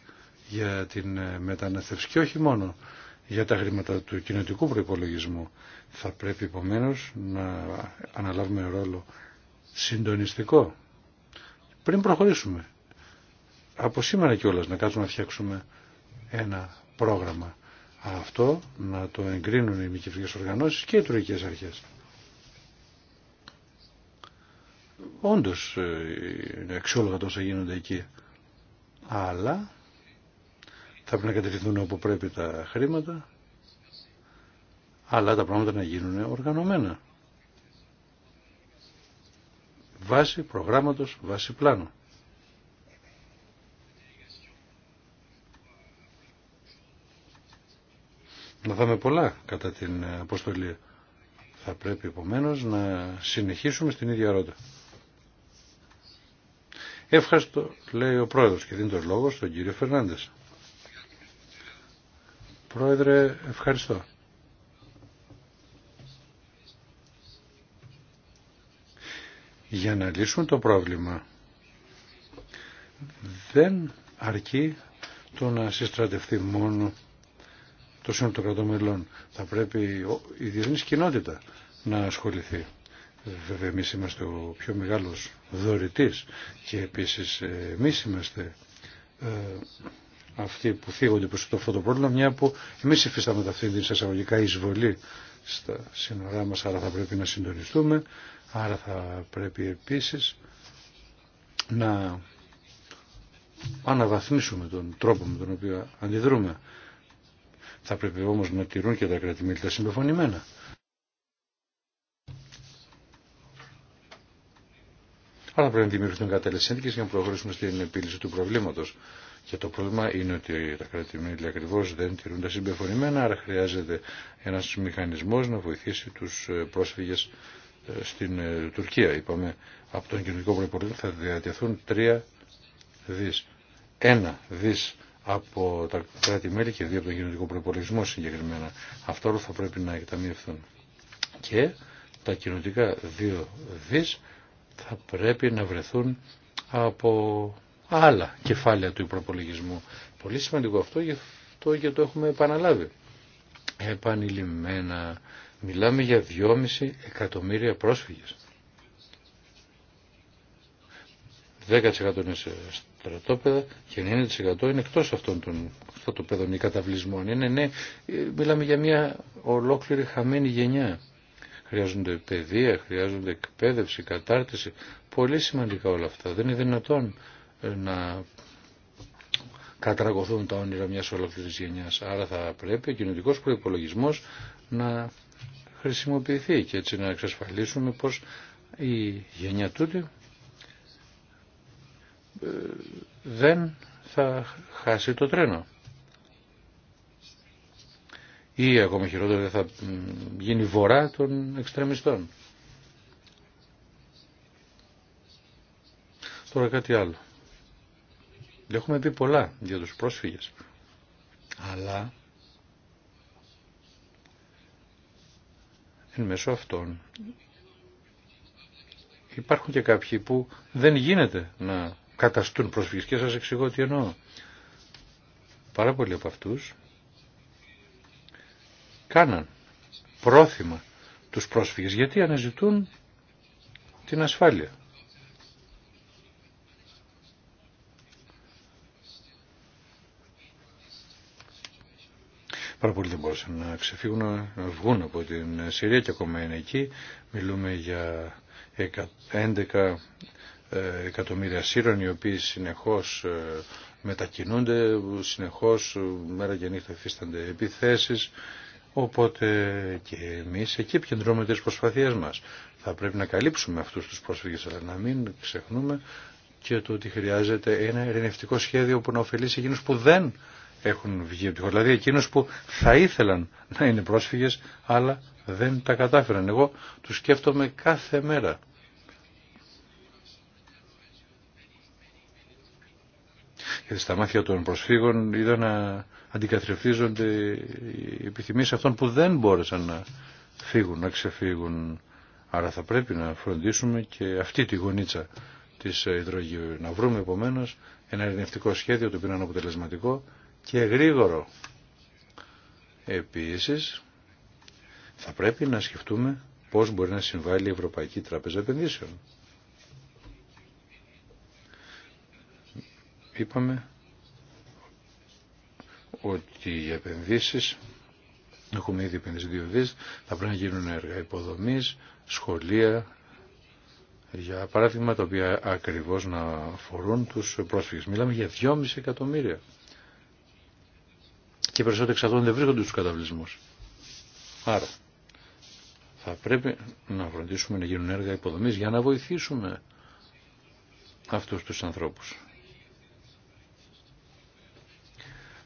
για την ε, μεταναστευση και όχι μόνο για τα χρήματα του κοινωτικού προϋπολογισμού. Θα πρέπει επομένω να αναλάβουμε ρόλο συντονιστικό. Πριν προχωρήσουμε, από σήμερα κιόλας να κάτσουμε να φτιάξουμε ένα πρόγραμμα. Αυτό να το εγκρίνουν οι μη οργανώσεις και οι τουρκικές αρχές. Όντως ε, είναι αξιόλογα τόσα γίνονται εκεί. Αλλά θα πρέπει να κατευθυνθούν όπου πρέπει τα χρήματα, αλλά τα πράγματα να γίνουν οργανωμένα. Βάση προγράμματος, βάση πλάνου. Να δούμε πολλά κατά την αποστολή. Θα πρέπει επομένως να συνεχίσουμε στην ίδια ρότα. Εύχαστο λέει ο πρόεδρος και δίνει τον λόγο στον κύριο Φερνάντες. Πρόεδρε, ευχαριστώ. Για να λύσουν το πρόβλημα δεν αρκεί το να συστρατευτεί μόνο το σύνολο των κρατών Θα πρέπει η διεθνής κοινότητα να ασχοληθεί. Βέβαια εμείς είμαστε ο πιο μεγάλος δωρητής και επίσης ε, εμεί είμαστε ε, αυτοί που θίγονται προς το αυτό το πρόβλημα, μια που εμείς υφίσταμε αυτή την εισαγωγικά εισβολή στα σύνορά μας, άρα θα πρέπει να συντονιστούμε, άρα θα πρέπει επίσης να αναβαθμίσουμε τον τρόπο με τον οποίο αντιδρούμε. Θα πρέπει όμως να τηρούν και τα κρατημέλη τα συμπεφωνημένα. Αλλά πρέπει να δημιουργηθούν κατάλληλε συνθήκε για να προχωρήσουμε στην επίλυση του προβλήματο. Και το πρόβλημα είναι ότι τα κράτη-μέλη ακριβώ δεν τηρούν τα συμπεφωνημένα, άρα χρειάζεται ένα μηχανισμό να βοηθήσει του ε, πρόσφυγε ε, στην ε, Τουρκία. Είπαμε από τον κοινωνικό προπολογισμό θα διατεθούν τρία δι. Ένα δι από τα κράτη-μέλη και δύο από τον κοινωνικό προπολογισμό συγκεκριμένα. Αυτό όλο θα πρέπει να εκταμιευθούν. Και τα κοινωνικά δύο δι θα πρέπει να βρεθούν από άλλα κεφάλαια του υπροπολογισμού. Πολύ σημαντικό αυτό, γι' αυτό και το έχουμε επαναλάβει. Επανειλημμένα μιλάμε για 2,5 εκατομμύρια πρόσφυγες. 10% είναι σε στρατόπεδα και 90% είναι εκτός αυτών των στρατοπέδων ή καταβλισμών. Είναι, ναι, μιλάμε για μια ολόκληρη χαμένη γενιά. Χρειάζονται παιδεία, χρειάζονται εκπαίδευση, κατάρτιση. Πολύ σημαντικά όλα αυτά. Δεν είναι δυνατόν να κατραγωθούν τα όνειρα μιας ολόκληρης γενιάς. Άρα θα πρέπει ο κοινωνικό προπολογισμό να χρησιμοποιηθεί και έτσι να εξασφαλίσουμε πως η γενιά τούτη ε, δεν θα χάσει το τρένο. Ή ακόμα χειρότερα δεν θα γίνει βορρά των εξτρεμιστών. Τώρα κάτι άλλο. Έχουμε πει πολλά για τους πρόσφυγες. Αλλά εν μέσω αυτών υπάρχουν και κάποιοι που δεν γίνεται να καταστούν πρόσφυγες και σας εξηγώ τι εννοώ. Πάρα πολλοί από αυτούς κάναν πρόθυμα τους πρόσφυγες γιατί αναζητούν την ασφάλεια. Πάρα πολλοί δεν μπορούσαν να ξεφύγουν, να βγουν από την Συρία και ακόμα είναι εκεί. Μιλούμε για 11 ε, εκατομμύρια Σύρων οι οποίοι συνεχώς ε, μετακινούνται, συνεχώς ε, μέρα και νύχτα εφίστανται επιθέσεις. Οπότε και εμείς εκεί επικεντρώνουμε τις προσπαθίες μας. Θα πρέπει να καλύψουμε αυτούς τους πρόσφυγες, αλλά να μην ξεχνούμε και το ότι χρειάζεται ένα ειρηνευτικό σχέδιο που να ωφελήσει εκείνους που δεν έχουν βγει από τη χώρα. Δηλαδή εκείνους που θα ήθελαν να είναι πρόσφυγες αλλά δεν τα κατάφεραν. Εγώ τους σκέφτομαι κάθε μέρα. Γιατί στα μάτια των προσφύγων είδα να αντικαθρεφτίζονται οι επιθυμίες αυτών που δεν μπόρεσαν να φύγουν, να ξεφύγουν. Άρα θα πρέπει να φροντίσουμε και αυτή τη γωνίτσα της ε, υδρογείου. Να βρούμε επομένως ένα ειρηνευτικό σχέδιο το οποίο είναι αποτελεσματικό και γρήγορο. Επίσης, θα πρέπει να σκεφτούμε πώς μπορεί να συμβάλλει η Ευρωπαϊκή Τράπεζα Επενδύσεων. Είπαμε ότι οι επενδύσεις, έχουμε ήδη επενδύσει δύο δις, θα πρέπει να γίνουν έργα υποδομής, σχολεία, για παράδειγμα τα οποία ακριβώς να φορούν τους πρόσφυγες. Μιλάμε για 2,5 εκατομμύρια και οι περισσότεροι εξ αυτών δεν βρίσκονται στους καταβλισμούς. Άρα θα πρέπει να φροντίσουμε να γίνουν έργα υποδομής για να βοηθήσουμε αυτούς τους ανθρώπους.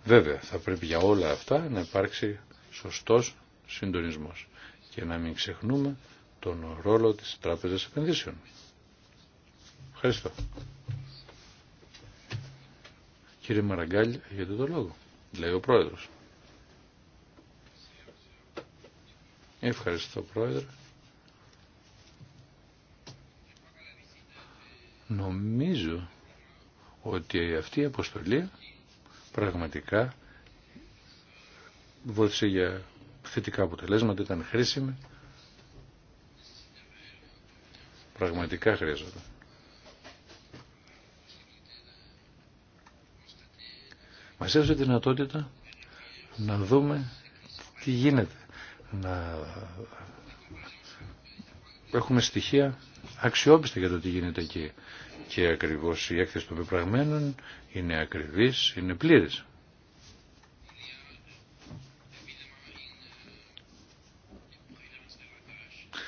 Βέβαια, θα πρέπει για όλα αυτά να υπάρξει σωστός συντονισμός και να μην ξεχνούμε τον ρόλο της Τράπεζας Επενδύσεων. Ευχαριστώ. Κύριε Μαραγκάλη, για το λόγο λέει ο πρόεδρος. Ευχαριστώ πρόεδρε. Νομίζω ότι αυτή η αποστολή πραγματικά βοήθησε για θετικά αποτελέσματα, ήταν χρήσιμη. Πραγματικά χρειάζεται. μας έδωσε τη δυνατότητα να δούμε τι γίνεται. Να έχουμε στοιχεία αξιόπιστα για το τι γίνεται εκεί. Και ακριβώς η έκθεση των πεπραγμένων είναι ακριβής, είναι πλήρης.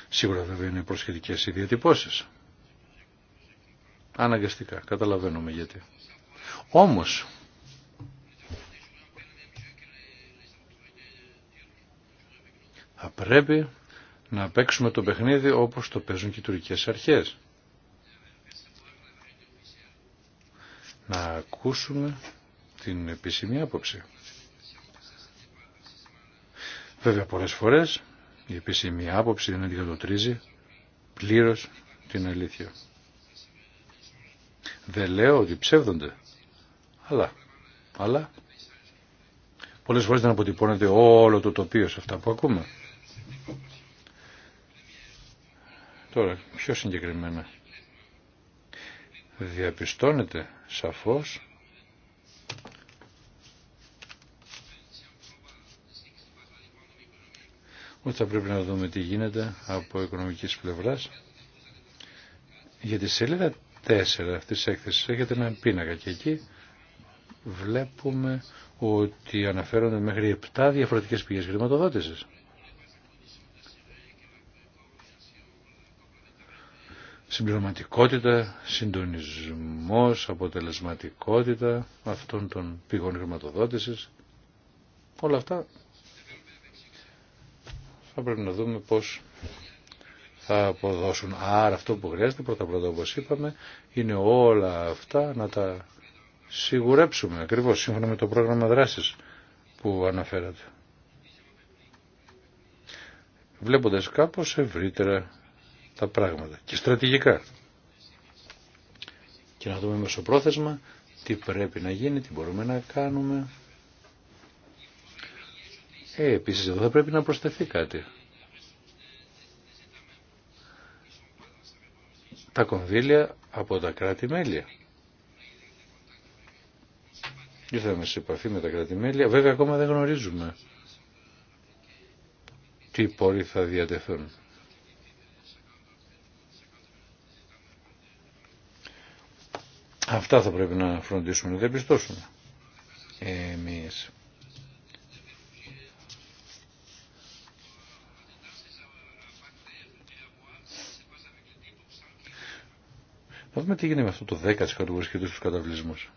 Σίγουρα βέβαια είναι προσχετικές οι διατυπώσεις. Αναγκαστικά, καταλαβαίνουμε γιατί. Όμως, Θα πρέπει να παίξουμε το παιχνίδι όπως το παίζουν και οι τουρκικές αρχές. Να ακούσουμε την επίσημη άποψη. Βέβαια πολλές φορές η επίσημη άποψη δεν αντικατοτρίζει πλήρως την αλήθεια. Δεν λέω ότι ψεύδονται, αλλά, αλλά πολλές φορές δεν αποτυπώνεται όλο το τοπίο σε αυτά που ακούμε. Τώρα, πιο συγκεκριμένα, διαπιστώνεται σαφώς ότι θα πρέπει να δούμε τι γίνεται από οικονομικής πλευράς. Για τη σελίδα 4 αυτής της έκθεσης έχετε ένα πίνακα και εκεί βλέπουμε ότι αναφέρονται μέχρι 7 διαφορετικές πηγές χρηματοδότησης. συμπληρωματικότητα, συντονισμός, αποτελεσματικότητα αυτών των πηγών χρηματοδότησης. Όλα αυτά θα πρέπει να δούμε πώς θα αποδώσουν. Άρα αυτό που χρειάζεται πρώτα πρώτα όπως είπαμε είναι όλα αυτά να τα σιγουρέψουμε ακριβώς σύμφωνα με το πρόγραμμα δράσης που αναφέρατε. Βλέποντας κάπως ευρύτερα τα πράγματα και στρατηγικά. Και να δούμε πρόθεσμα τι πρέπει να γίνει, τι μπορούμε να κάνουμε. Ε, επίσης εδώ θα πρέπει να προσθεθεί κάτι. Τα κονδύλια από τα κράτη-μέλη. Ήρθαμε σε επαφή με τα κράτη-μέλη. Βέβαια ακόμα δεν γνωρίζουμε τι πόροι θα διατεθούν. Αυτά θα πρέπει να φροντίσουμε να πιστώσουμε εμείς. Να δούμε τι γίνεται με αυτό το 10% που βρίσκεται στους καταβλισμούς.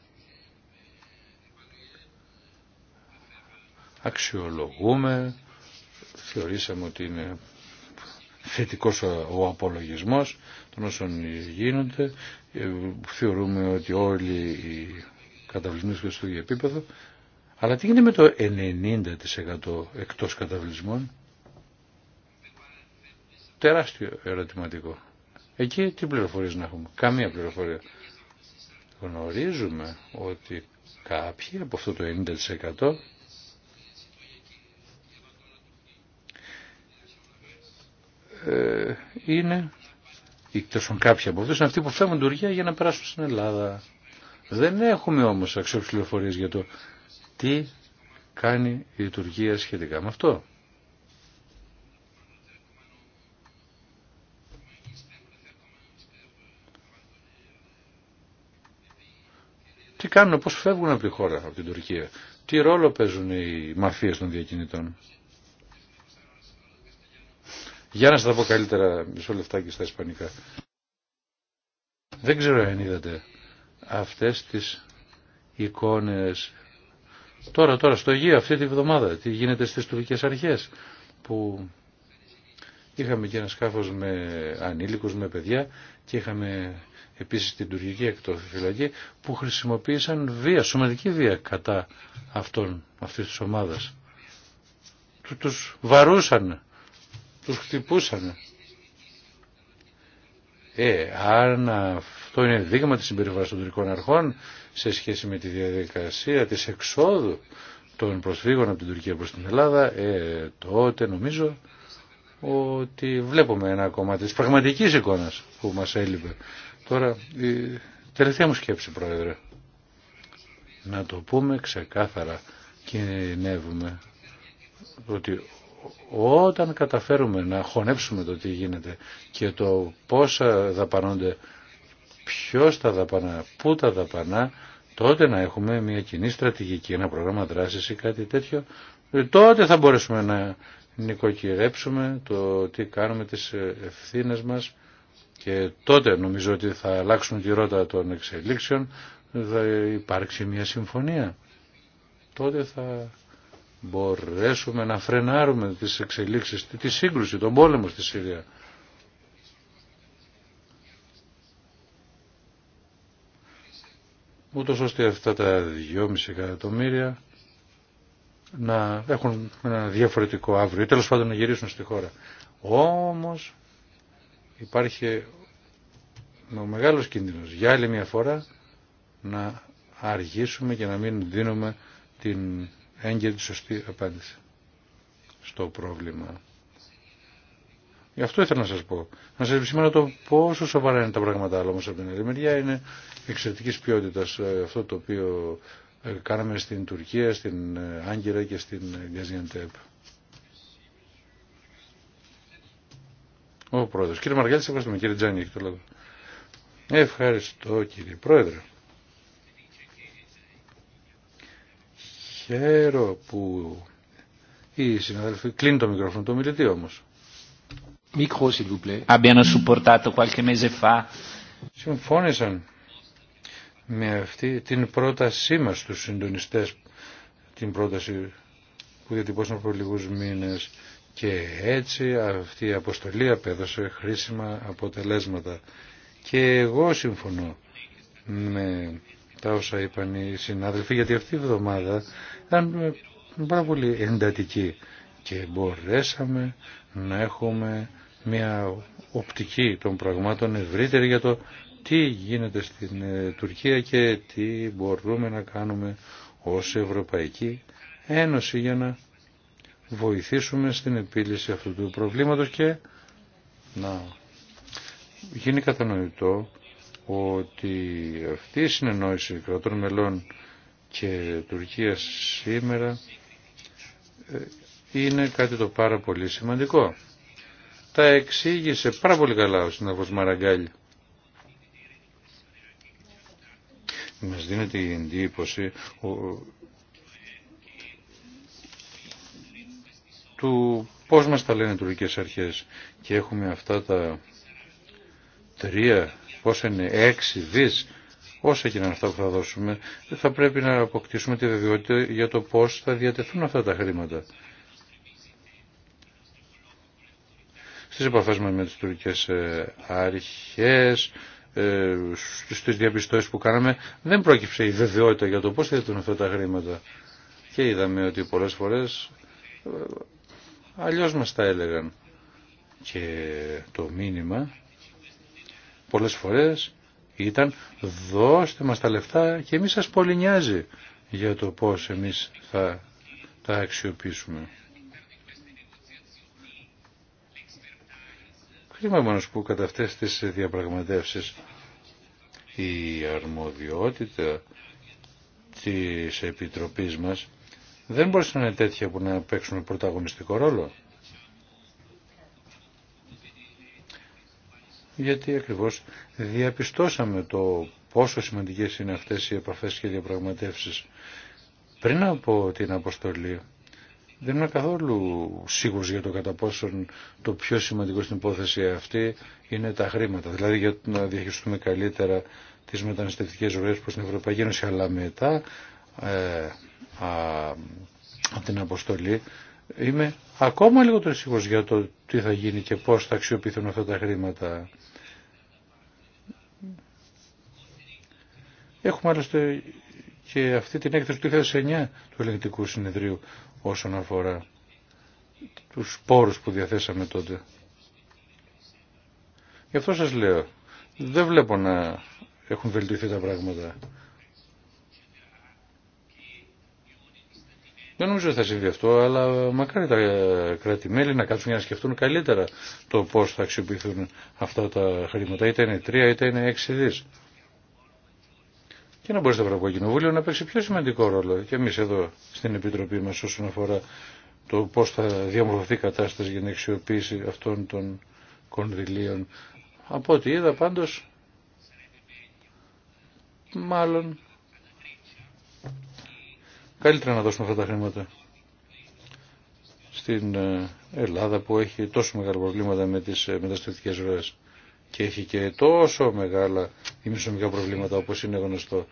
Αξιολογούμε, θεωρήσαμε ότι είναι θετικός ο απολογισμός των όσων γίνονται. Ε, θεωρούμε ότι όλοι οι καταβλισμοί στο ίδιο επίπεδο. Αλλά τι γίνεται με το 90% εκτός καταβλισμών. Τεράστιο ερωτηματικό. Εκεί τι πληροφορίες να έχουμε. Καμία πληροφορία. Γνωρίζουμε ότι κάποιοι από αυτό το 90% Ε, είναι, ή τόσο κάποιοι από αυτούς, είναι αυτοί που φεύγουν Τουρκία για να περάσουν στην Ελλάδα. Δεν έχουμε όμως αξιόπιστες πληροφορίες για το τι κάνει η Τουρκία σχετικά με αυτό. Τι κάνουν, πώς φεύγουν από τη χώρα, από την Τουρκία. Τι ρόλο παίζουν οι μαφίες των διακινητών. Για να σα τα πω καλύτερα μισό λεφτάκι στα ισπανικά. Δεν ξέρω αν είδατε αυτές τις εικόνες τώρα, τώρα στο γιο αυτή τη βδομάδα, τι γίνεται στις τουρκικέ αρχές που είχαμε και ένα σκάφο με ανήλικους, με παιδιά και είχαμε επίσης την τουρκική εκτοφυλακή που χρησιμοποίησαν βία, σωματική βία κατά αυτών, αυτής της ομάδας. Τους βαρούσαν τους χτυπούσαν. Ε, αυτό είναι δείγμα της συμπεριφοράς των τουρκικών αρχών σε σχέση με τη διαδικασία της εξόδου των προσφύγων από την Τουρκία προς την Ελλάδα, ε, τότε νομίζω ότι βλέπουμε ένα κομμάτι της πραγματικής εικόνας που μας έλειπε. Τώρα, η τελευταία μου σκέψη, Πρόεδρε, να το πούμε ξεκάθαρα, κινδυνεύουμε ότι όταν καταφέρουμε να χωνέψουμε το τι γίνεται και το πόσα δαπανώνται, ποιος τα δαπανά, πού τα δαπανά, τότε να έχουμε μια κοινή στρατηγική, ένα πρόγραμμα δράσης ή κάτι τέτοιο, τότε θα μπορέσουμε να νοικοκυρέψουμε το τι κάνουμε, τις ευθύνες μας και τότε νομίζω ότι θα αλλάξουν τη ρότα των εξελίξεων, θα υπάρξει μια συμφωνία. Τότε θα μπορέσουμε να φρενάρουμε τις εξελίξεις, τη σύγκρουση, τον πόλεμο στη Συρία. ούτως ώστε αυτά τα 2,5 εκατομμύρια να έχουν ένα διαφορετικό αύριο ή τέλος πάντων να γυρίσουν στη χώρα. Όμως υπάρχει ο μεγάλος κίνδυνος για άλλη μια φορά να αργήσουμε και να μην δίνουμε την έγκαιρη σωστή απάντηση στο πρόβλημα. Γι' αυτό ήθελα να σας πω. Να σας επισημάνω το πόσο σοβαρά είναι τα πράγματα, αλλά όμως από την άλλη μεριά είναι εξαιρετικής ποιότητας ε, αυτό το οποίο ε, κάναμε στην Τουρκία, στην ε, Άγκυρα και στην Γκαζιαντέπ. Ο Πρόεδρος. Κύριε Μαργέλη, σε ευχαριστούμε. Κύριε Τζάνι, έχει το λόγο. Ευχαριστώ κύριε Πρόεδρε. Χαίρο που οι συναδέλφοι κλείνει το μικρόφωνο του μιλητή όμως. Μικρό, Συμφώνησαν με αυτή την πρότασή μας στους συντονιστές, την πρόταση που διατυπώσαμε από λίγους μήνες και έτσι αυτή η αποστολή απέδωσε χρήσιμα αποτελέσματα. Και εγώ συμφωνώ με τα όσα είπαν οι συνάδελφοι, γιατί αυτή η εβδομάδα ήταν ε, πάρα πολύ εντατική και μπορέσαμε να έχουμε μια οπτική των πραγμάτων ευρύτερη για το τι γίνεται στην ε, Τουρκία και τι μπορούμε να κάνουμε ως Ευρωπαϊκή Ένωση για να βοηθήσουμε στην επίλυση αυτού του προβλήματος και να γίνει κατανοητό ότι αυτή η συνεννόηση κρατών μελών και Τουρκίας σήμερα ε, είναι κάτι το πάρα πολύ σημαντικό. Τα εξήγησε πάρα πολύ καλά ο συνάδελφος Μαραγκάλη. Μας δίνεται η εντύπωση του πώς μας τα λένε οι τουρκικές αρχές και έχουμε αυτά τα τρία πόσο είναι, 6 δις, όσα και αυτά που θα δώσουμε, θα πρέπει να αποκτήσουμε τη βεβαιότητα για το πώς θα διατεθούν αυτά τα χρήματα. Στις επαφές μας με τις τουρκικές ε, αρχές, ε, στις διαπιστώσεις που κάναμε, δεν πρόκειψε η βεβαιότητα για το πώς θα διατεθούν αυτά τα χρήματα. Και είδαμε ότι πολλές φορές ε, αλλιώς μας τα έλεγαν. Και το μήνυμα πολλές φορές ήταν δώστε μας τα λεφτά και εμείς σας πολύ νοιάζει για το πώς εμείς θα τα αξιοποιήσουμε. Κρίμα μόνος που κατά αυτές τις διαπραγματεύσεις η αρμοδιότητα της Επιτροπής μας δεν μπορούσε να είναι τέτοια που να παίξουμε πρωταγωνιστικό ρόλο. γιατί ακριβώς διαπιστώσαμε το πόσο σημαντικές είναι αυτές οι επαφές και διαπραγματεύσεις. Πριν από την αποστολή δεν είμαι καθόλου σίγουρος για το κατά πόσον το πιο σημαντικό στην υπόθεση αυτή είναι τα χρήματα. Δηλαδή για να διαχειριστούμε καλύτερα τις μεταναστευτικές ροές προς την Ευρωπαϊκή Ένωση. Αλλά μετά ε, την αποστολή είμαι ακόμα λιγότερο σίγουρος για το τι θα γίνει και πώς θα αξιοποιηθούν αυτά τα χρήματα. Έχουμε άλλωστε και αυτή την έκθεση του 2009 του Ελεγκτικού Συνεδρίου όσον αφορά τους πόρους που διαθέσαμε τότε. Γι' αυτό σας λέω, δεν βλέπω να έχουν βελτιωθεί τα πράγματα. Δεν νομίζω ότι θα συμβεί αυτό, αλλά μακάρι τα κράτη-μέλη να κάτσουν για να σκεφτούν καλύτερα το πώ θα αξιοποιηθούν αυτά τα χρήματα, είτε είναι 3 είτε είναι 6 δι. Και να μπορεί το Ευρωπαϊκό Κοινοβούλιο να παίξει πιο σημαντικό ρόλο και εμεί εδώ στην Επιτροπή μα όσον αφορά το πώ θα διαμορφωθεί η κατάσταση για την αξιοποίηση αυτών των κονδυλίων. Από ό,τι είδα πάντως μάλλον Καλύτερα να δώσουμε αυτά τα χρήματα στην ε, Ελλάδα που έχει τόσο μεγάλα προβλήματα με τις ε, μεταστατικές ροές και έχει και τόσο μεγάλα δημιουργικά προβλήματα όπως είναι γνωστό.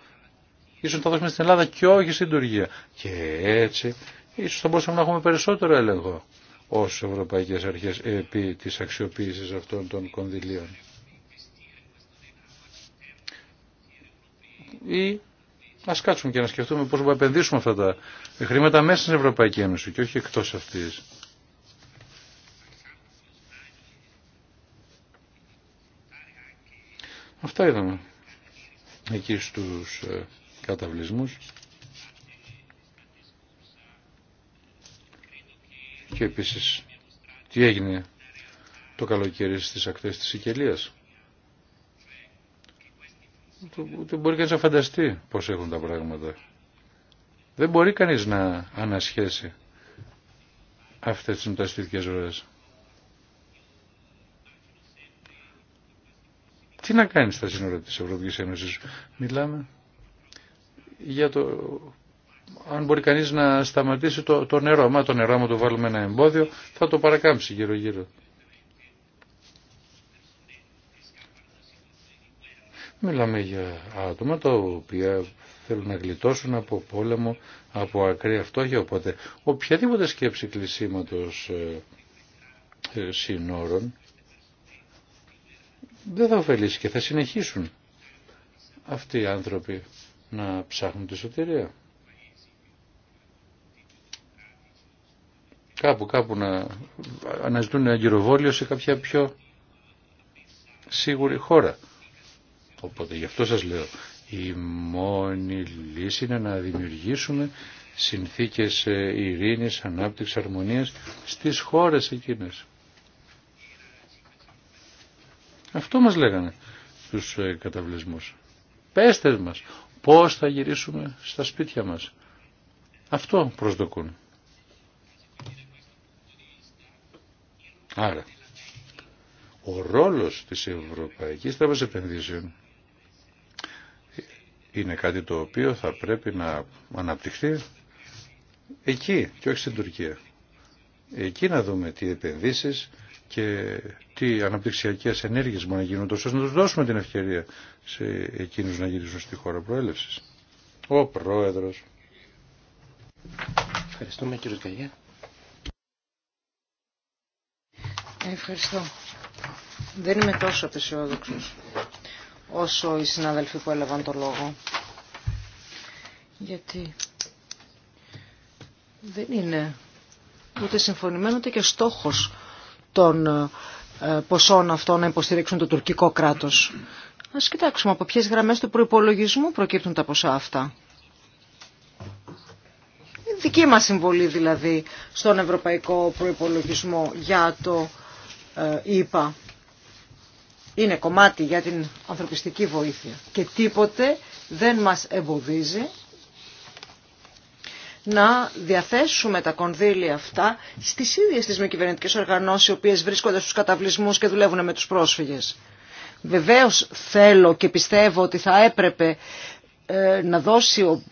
Ίσως θα δώσουμε στην Ελλάδα και όχι στην Τουρκία. Και έτσι ίσως θα μπορούσαμε να έχουμε περισσότερο έλεγχο ως ευρωπαϊκές αρχές επί της αξιοποίησης αυτών των κονδυλίων. Α κάτσουμε και να σκεφτούμε πώς θα επενδύσουμε αυτά τα χρήματα μέσα στην Ευρωπαϊκή Ένωση και όχι εκτό αυτή. Αυτά είδαμε εκεί στους ε, καταβλισμούς. Και επίσης τι έγινε το καλοκαίρι στις ακτές της Σικελίας δεν μπορεί κανείς να φανταστεί πώς έχουν τα πράγματα. Δεν μπορεί κανείς να ανασχέσει αυτές τις μεταστητικές ζωές. Τι να κάνει στα σύνορα της Ευρωπαϊκής Ένωσης. Μιλάμε για το... Αν μπορεί κανείς να σταματήσει το, το νερό. Μα το νερό, μου το βάλουμε ένα εμπόδιο, θα το παρακάμψει γύρω-γύρω. Μιλάμε για άτομα τα οποία θέλουν να γλιτώσουν από πόλεμο, από ακραία φτώχεια, οπότε οποιαδήποτε σκέψη κλεισίματος ε, ε, συνόρων δεν θα ωφελήσει και θα συνεχίσουν αυτοί οι άνθρωποι να ψάχνουν τη σωτηρία. Κάπου, κάπου να αναζητούν ένα γυροβόλιο σε κάποια πιο σίγουρη χώρα. Οπότε γι' αυτό σας λέω, η μόνη λύση είναι να δημιουργήσουμε συνθήκες ε, ειρήνης, ανάπτυξης, αρμονίας στις χώρες εκείνες. Αυτό μας λέγανε τους ε, καταβλισμούς. Πέστε μας πώς θα γυρίσουμε στα σπίτια μας. Αυτό προσδοκούν. Άρα, ο ρόλος της Ευρωπαϊκής Τράπεζας Επενδύσεων είναι κάτι το οποίο θα πρέπει να αναπτυχθεί εκεί και όχι στην Τουρκία. Εκεί να δούμε τι επενδύσεις και τι αναπτυξιακές ενέργειες μπορεί να γίνουν τόσο να τους δώσουμε την ευκαιρία σε εκείνους να γυρίσουν στη χώρα προέλευσης. Ο Πρόεδρος. Ευχαριστούμε κύριε Καγιά. Ευχαριστώ. Δεν είμαι τόσο απεσιόδοξος όσο οι συνάδελφοι που έλαβαν το λόγο. Γιατί δεν είναι ούτε συμφωνημένο ούτε και στόχος των ε, ποσών αυτών να υποστηρίξουν το τουρκικό κράτος. Ας κοιτάξουμε από ποιες γραμμές του προϋπολογισμού προκύπτουν τα ποσά αυτά. Η δική μας συμβολή δηλαδή στον ευρωπαϊκό προϋπολογισμό για το ε, ΙΠΑ είναι κομμάτι για την ανθρωπιστική βοήθεια και τίποτε δεν μας εμποδίζει να διαθέσουμε τα κονδύλια αυτά στις ίδιες τις μη κυβερνητικέ οργανώσεις οι οποίες βρίσκονται στους καταβλισμούς και δουλεύουν με τους πρόσφυγες. Βεβαίως θέλω και πιστεύω ότι θα έπρεπε ε, να δώσει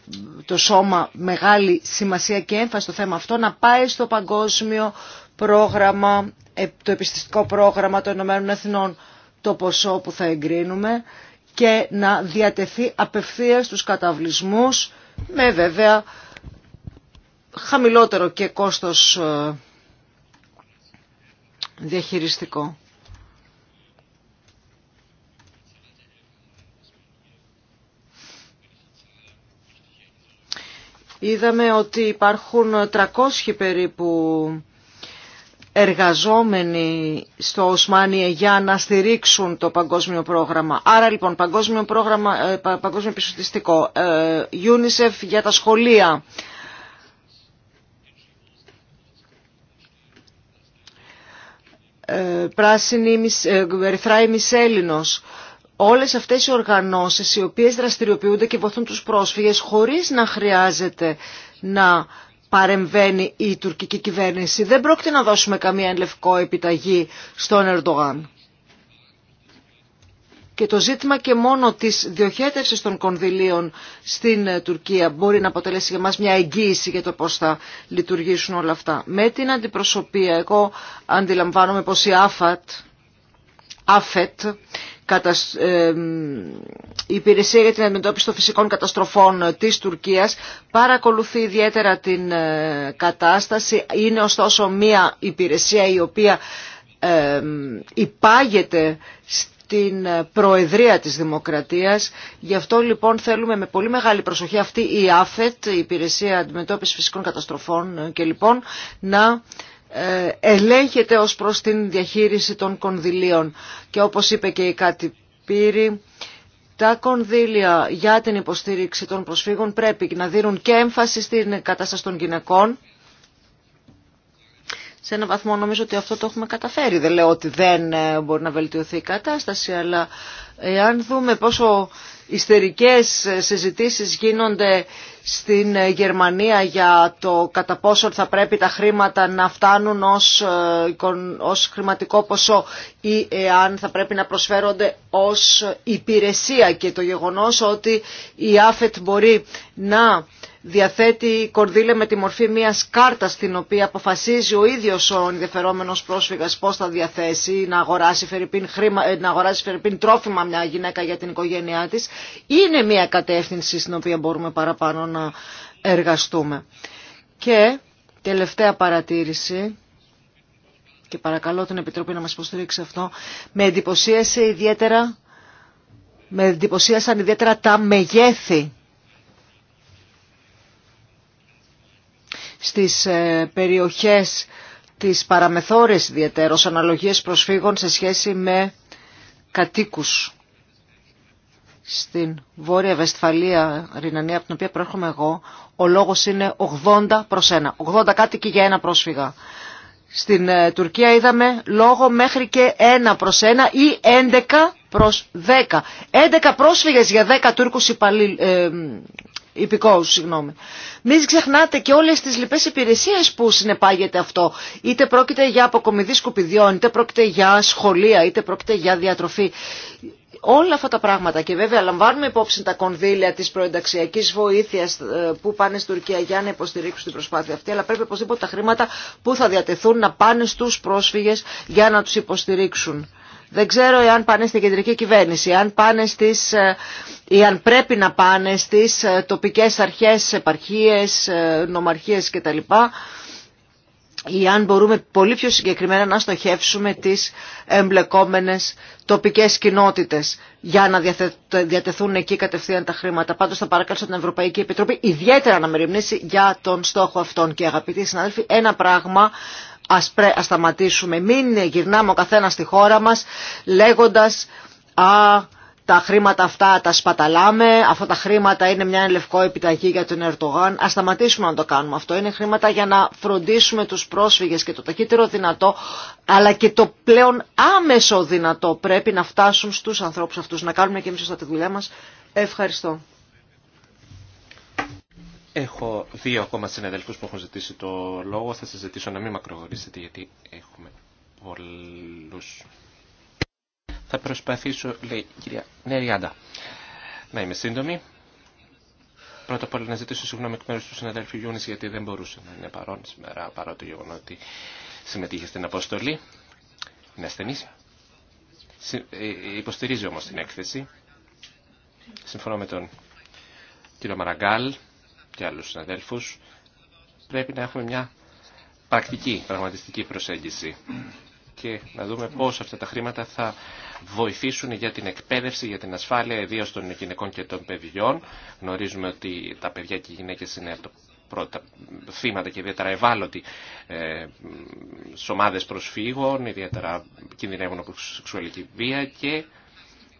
το σώμα μεγάλη σημασία και έμφαση στο θέμα αυτό, να πάει στο παγκόσμιο πρόγραμμα, ε, το επιστηστικό πρόγραμμα των Ηνωμένων Εθνών το ποσό που θα εγκρίνουμε και να διατεθεί απευθείας στους καταβλισμούς με βέβαια χαμηλότερο και κόστος ε, διαχειριστικό. Είδαμε ότι υπάρχουν 300 περίπου εργαζόμενοι στο Οσμάνιε για να στηρίξουν το παγκόσμιο πρόγραμμα. Άρα λοιπόν παγκόσμιο, πρόγραμμα, ε, παγκόσμιο επιστητικό ε, UNICEF για τα σχολεία. Ε, πράσινη, Ερυθράη, Μισέλινος. Όλες αυτές οι οργανώσεις οι οποίες δραστηριοποιούνται και βοηθούν τους πρόσφυγες χωρίς να χρειάζεται να παρεμβαίνει η τουρκική κυβέρνηση. Δεν πρόκειται να δώσουμε καμία λευκό επιταγή στον Ερντογάν. Και το ζήτημα και μόνο της διοχέτευσης των κονδυλίων στην Τουρκία μπορεί να αποτελέσει για μας μια εγγύηση για το πώς θα λειτουργήσουν όλα αυτά. Με την αντιπροσωπεία, εγώ αντιλαμβάνομαι πως η ΑΦΑΤ, ΑΦΕΤ η Υπηρεσία για την Αντιμετώπιση των Φυσικών Καταστροφών της Τουρκίας παρακολουθεί ιδιαίτερα την ε, κατάσταση. Είναι ωστόσο μια υπηρεσία η οποία υπάγεται στην προεδρία της δημοκρατίας. Γι' αυτό λοιπόν θέλουμε με πολύ μεγάλη προσοχή αυτή η ΑΦΕΤ, η Υπηρεσία Αντιμετώπισης Φυσικών Καταστροφών ε, και λοιπόν να ε, ελέγχεται ως προς την διαχείριση των κονδυλίων. Και όπως είπε και η Κάτι Πύρη, τα κονδύλια για την υποστήριξη των προσφύγων πρέπει να δίνουν και έμφαση στην κατάσταση των γυναικών σε έναν βαθμό νομίζω ότι αυτό το έχουμε καταφέρει. Δεν λέω ότι δεν ε, μπορεί να βελτιωθεί η κατάσταση, αλλά εάν δούμε πόσο ιστερικές ε, συζητήσεις γίνονται στην ε, Γερμανία για το κατά πόσο θα πρέπει τα χρήματα να φτάνουν ως, ως χρηματικό ποσό ή εάν θα πρέπει να προσφέρονται ως υπηρεσία και το γεγονός ότι η ΑΦΕΤ μπορεί να διαθέτει κορδίλε με τη μορφή μιας κάρτας στην οποία αποφασίζει ο ίδιος ο ενδιαφερόμενος πρόσφυγας πώς θα διαθέσει να αγοράσει φερρυπίν, χρήμα, ε, να αγοράσει τρόφιμα μια γυναίκα για την οικογένειά της είναι μια κατεύθυνση στην οποία μπορούμε παραπάνω να εργαστούμε. Και τελευταία παρατήρηση και παρακαλώ την Επιτροπή να μας υποστηρίξει αυτό, με ιδιαίτερα, με εντυπωσίασαν ιδιαίτερα τα μεγέθη στις ε, περιοχές της παραμεθόρες ιδιαίτερως αναλογίες προσφύγων σε σχέση με κατοίκους στην Βόρεια Βεσφαλία, Ρινανία, από την οποία προέρχομαι εγώ, ο λόγος είναι 80 προς 1. 80 κάτοικοι για ένα πρόσφυγα. Στην ε, Τουρκία είδαμε λόγο μέχρι και 1 προς 1 ή 11 προς 10. 11 πρόσφυγες για 10 Τούρκους υπαλλήλ, ε, υπηκόους, συγγνώμη. Μην ξεχνάτε και όλες τις λοιπές υπηρεσίες που συνεπάγεται αυτό. Είτε πρόκειται για αποκομιδή σκουπιδιών, είτε πρόκειται για σχολεία, είτε πρόκειται για διατροφή. Όλα αυτά τα πράγματα και βέβαια λαμβάνουμε υπόψη τα κονδύλια της προενταξιακής βοήθειας ε, που πάνε στην Τουρκία για να υποστηρίξουν την προσπάθεια αυτή, αλλά πρέπει οπωσδήποτε τα χρήματα που θα διατεθούν να πάνε στους πρόσφυγες για να τους υποστηρίξουν. Δεν ξέρω εάν πάνε στην κεντρική κυβέρνηση, εάν, πάνε στις, ε, αν πρέπει να πάνε στις ε, τοπικές αρχές, επαρχίες, ε, νομαρχίες κτλ. Ή αν μπορούμε πολύ πιο συγκεκριμένα να στοχεύσουμε τις εμπλεκόμενες τοπικές κοινότητες για να διατεθούν εκεί κατευθείαν τα χρήματα. Πάντως θα παρακαλώ την Ευρωπαϊκή Επιτροπή ιδιαίτερα να μεριμνήσει για τον στόχο αυτόν. Και αγαπητοί συνάδελφοι, ένα πράγμα ας, πρέ, σταματήσουμε, μην γυρνάμε ο καθένας στη χώρα μας λέγοντας «Α, τα χρήματα αυτά τα σπαταλάμε, αυτά τα χρήματα είναι μια λευκό επιταγή για τον Ερτογάν. Α σταματήσουμε να το κάνουμε αυτό. Είναι χρήματα για να φροντίσουμε του πρόσφυγε και το ταχύτερο δυνατό, αλλά και το πλέον άμεσο δυνατό πρέπει να φτάσουν στου ανθρώπου αυτού. Να κάνουμε και εμεί σωστά τη δουλειά μα. Ευχαριστώ. Έχω δύο ακόμα συναδελφούς που έχουν ζητήσει το λόγο. Θα σας ζητήσω να μην μακρογορήσετε γιατί έχουμε πολλούς. Θα προσπαθήσω, λέει η κυρία Νεριάντα, να είμαι σύντομη. Πρώτα απ' όλα να ζητήσω συγγνώμη εκ μέρους του συναδέλφου Γιούνης γιατί δεν μπορούσε να είναι παρόν σήμερα παρά το γεγονό ότι συμμετείχε στην αποστολή. Είναι ασθενής. Ε, ε, υποστηρίζει όμως την έκθεση. Συμφωνώ με τον κύριο Μαραγκάλ και άλλους συναδέλφους, πρέπει να έχουμε μια πρακτική, πραγματιστική προσέγγιση και να δούμε πώς αυτά τα χρήματα θα βοηθήσουν για την εκπαίδευση, για την ασφάλεια, ιδίω των γυναικών και των παιδιών. Γνωρίζουμε ότι τα παιδιά και οι γυναίκες είναι από πρώτα θύματα και ιδιαίτερα ευάλωτοι ε, ομάδες προσφύγων, ιδιαίτερα κινδυνεύουν από σεξουαλική βία και